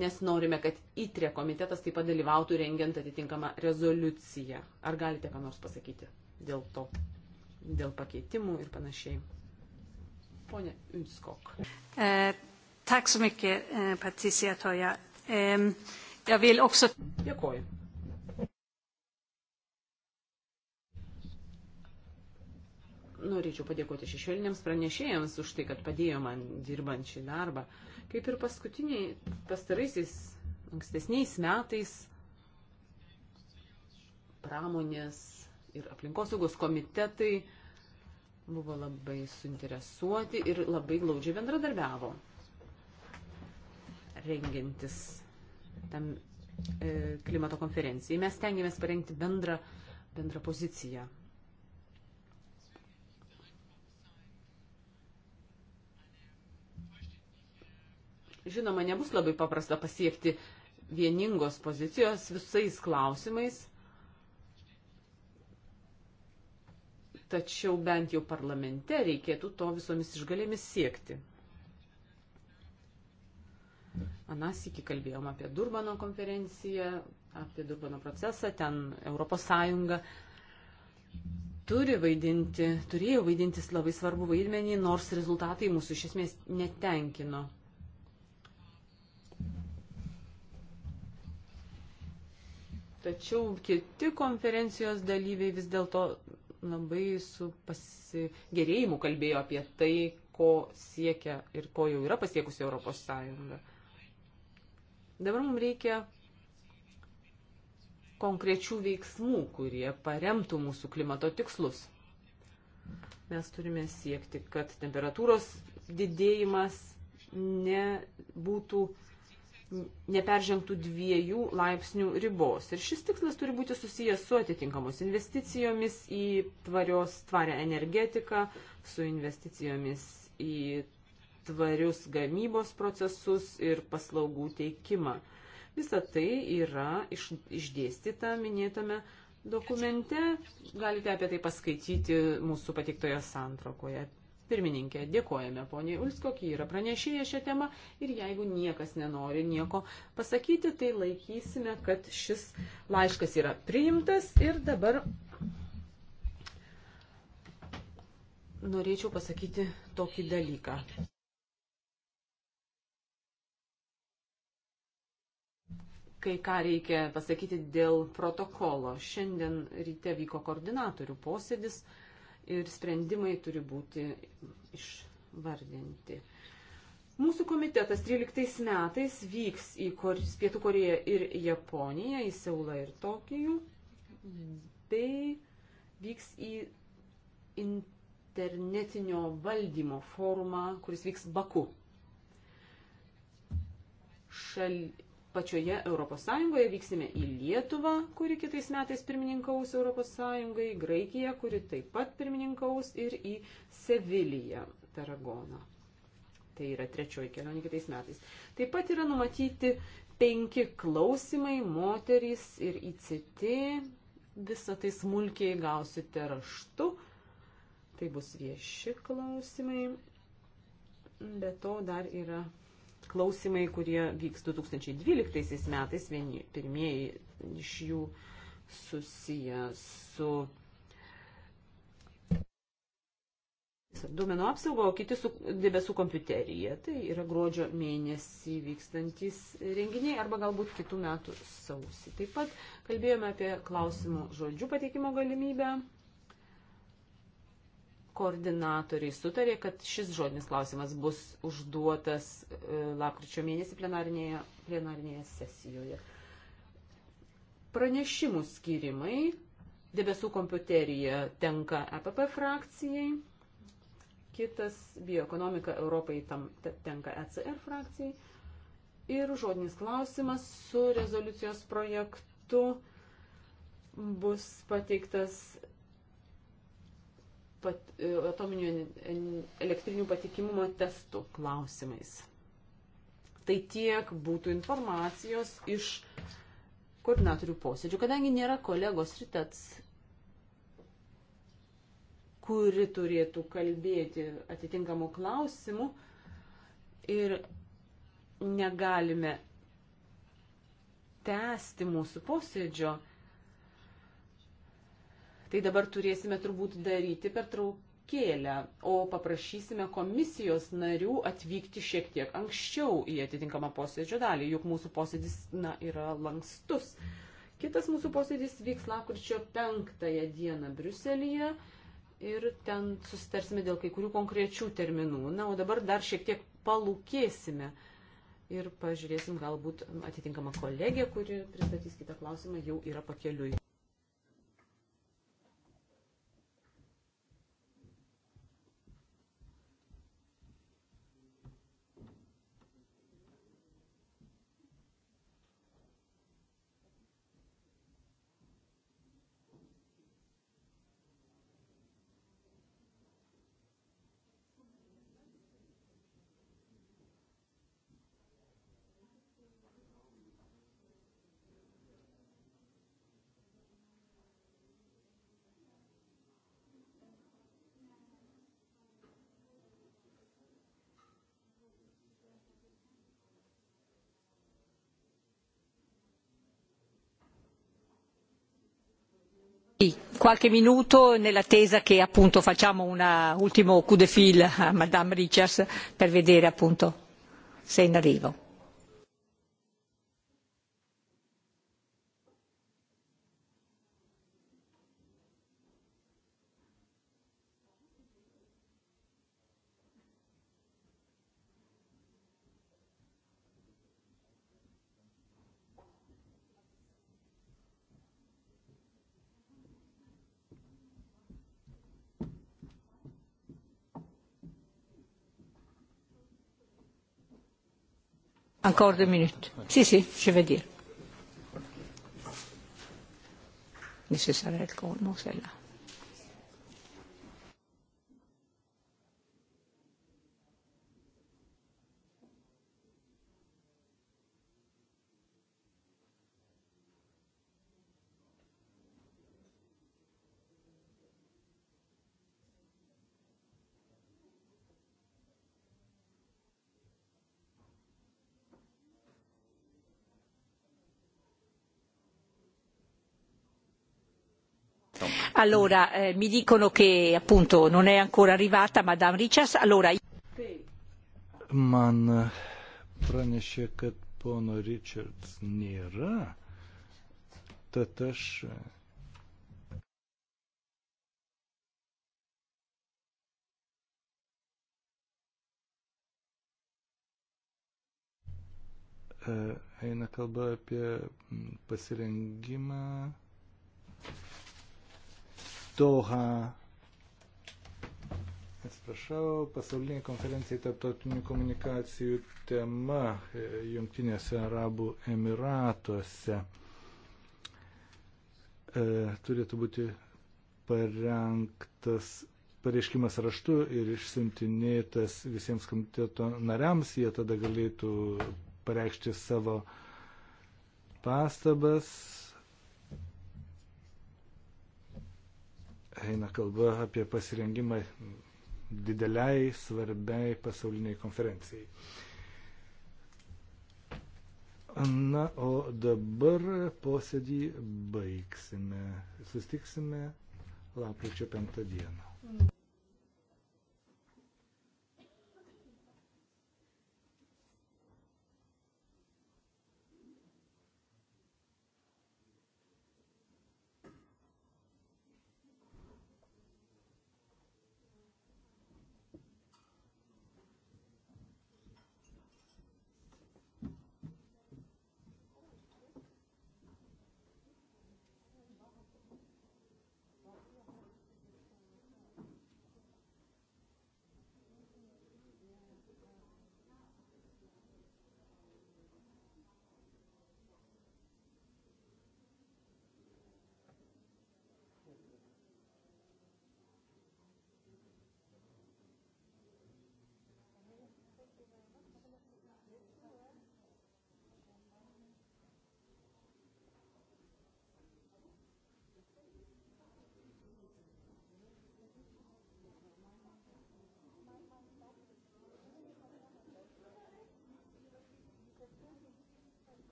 nes norime, kad įtrė komitetas taip pat dalyvautų rengiant atitinkamą rezoliuciją. Ar galite ką nors pasakyti dėl to, dėl pakeitimų ir panašiai? Pone Unskok. E, tak so mycket, eh, Patricia Toja. E, Jag vill också... Dėkoju. Norėčiau padėkoti šešėliniams pranešėjams už tai, kad padėjo man dirbant šį darbą. Kaip ir paskutiniai, pastaraisiais, ankstesniais metais pramonės ir aplinkosaugos komitetai buvo labai suinteresuoti ir labai glaudžiai bendradarbiavo rengintis tam e, klimato konferencijai. Mes tengiamės parengti bendrą, bendrą poziciją. Žinoma, nebus labai paprasta pasiekti vieningos pozicijos visais klausimais, tačiau bent jau parlamente reikėtų to visomis išgalėmis siekti. Anas iki kalbėjom apie Durbano konferenciją, apie Durbano procesą, ten ES turi vaidinti, turėjo vaidinti labai svarbu vaidmenį, nors rezultatai mūsų iš esmės netenkino. Tačiau kiti konferencijos dalyviai vis dėlto labai su pasigerėjimu kalbėjo apie tai, ko siekia ir ko jau yra pasiekusi Europos Sąjunga. Dabar mums reikia konkrečių veiksmų, kurie paremtų mūsų klimato tikslus. Mes turime siekti, kad temperatūros didėjimas nebūtų neperžengtų dviejų laipsnių ribos. Ir šis tikslas turi būti susijęs su atitinkamos investicijomis į tvarios, tvarę energetiką, su investicijomis į tvarius gamybos procesus ir paslaugų teikimą. Visa tai yra iš, išdėstyta minėtame dokumente. Galite apie tai paskaityti mūsų patiktoje santrokoje. Pirmininkė, dėkojame poniai Ulskokį, yra pranešėję šią temą ir jeigu niekas nenori nieko pasakyti, tai laikysime, kad šis laiškas yra priimtas ir dabar norėčiau pasakyti tokį dalyką. kai ką reikia pasakyti dėl protokolo. Šiandien ryte vyko koordinatorių posėdis ir sprendimai turi būti išvardinti. Mūsų komitetas 13 metais vyks į Pietų Koreją ir Japoniją, į Seulą ir Tokijų, bei vyks į internetinio valdymo forumą, kuris vyks Baku. Šal, pačioje ES, vyksime į Lietuvą, kuri kitais metais pirmininkaus ES, Graikiją, kuri taip pat pirmininkaus ir į Seviliją, Taragoną. Tai yra trečioji kelionė kitais metais. Taip pat yra numatyti penki klausimai, moterys ir ICT. Visą tai smulkiai gausite raštu. Tai bus vieši klausimai. Be to dar yra klausimai, kurie vyks 2012 metais, vieni pirmieji iš jų susiję su duomenų apsauga, o kiti su debesų kompiuterija. Tai yra gruodžio mėnesį vykstantis renginiai arba galbūt kitų metų sausį. Taip pat kalbėjome apie klausimų žodžių pateikimo galimybę koordinatoriai sutarė, kad šis žodinis klausimas bus užduotas e, lapkričio mėnesį plenarinėje, plenarinėje sesijoje. Pranešimų skirimai debesų kompiuterija tenka EPP frakcijai, kitas bioekonomika Europai tam tenka ECR frakcijai ir žodinis klausimas su rezoliucijos projektu bus pateiktas pat, e, atominių elektrinių patikimumo testų klausimais. Tai tiek būtų informacijos iš koordinatorių posėdžių, kadangi nėra kolegos rytats, kuri turėtų kalbėti atitinkamų klausimų ir negalime tęsti mūsų posėdžio Tai dabar turėsime turbūt daryti per traukėlę, o paprašysime komisijos narių atvykti šiek tiek anksčiau į atitinkamą posėdžio dalį, juk mūsų posėdis na, yra lankstus. Kitas mūsų posėdis vyks lapkričio 5 dieną Briuselėje ir ten susitarsime dėl kai kurių konkrečių terminų. Na, o dabar dar šiek tiek palūkėsime ir pažiūrėsim galbūt atitinkamą kolegę, kuri pristatys kitą klausimą, jau yra pakeliui. qualche minuto nell'attesa che appunto facciamo un ultimo coup de fil a madame richards per vedere appunto se è in arrivo. Encore deux minutes. Si, si, je vais dire. Monsieur Sarel, comment celle-là Allora, eh, mi dicono che appunto non è ancora arrivata Madame Richards. Allora... Man eh, pranešė, kad pono Richards nėra, tad aš eh, eina kalba apie mm, pasirengimą Doha. Atsiprašau, pasaulinė konferencija tarptautinių komunikacijų tema e, Junktinėse Arabų Emiratuose e, turėtų būti parengtas pareiškimas raštu ir išsiuntinėtas visiems komiteto nariams, jie tada galėtų pareikšti savo pastabas, eina kalba apie pasirengimą dideliai, svarbiai pasauliniai konferencijai. Na, o dabar posėdį baigsime. Sustiksime lapkričio penktą dieną.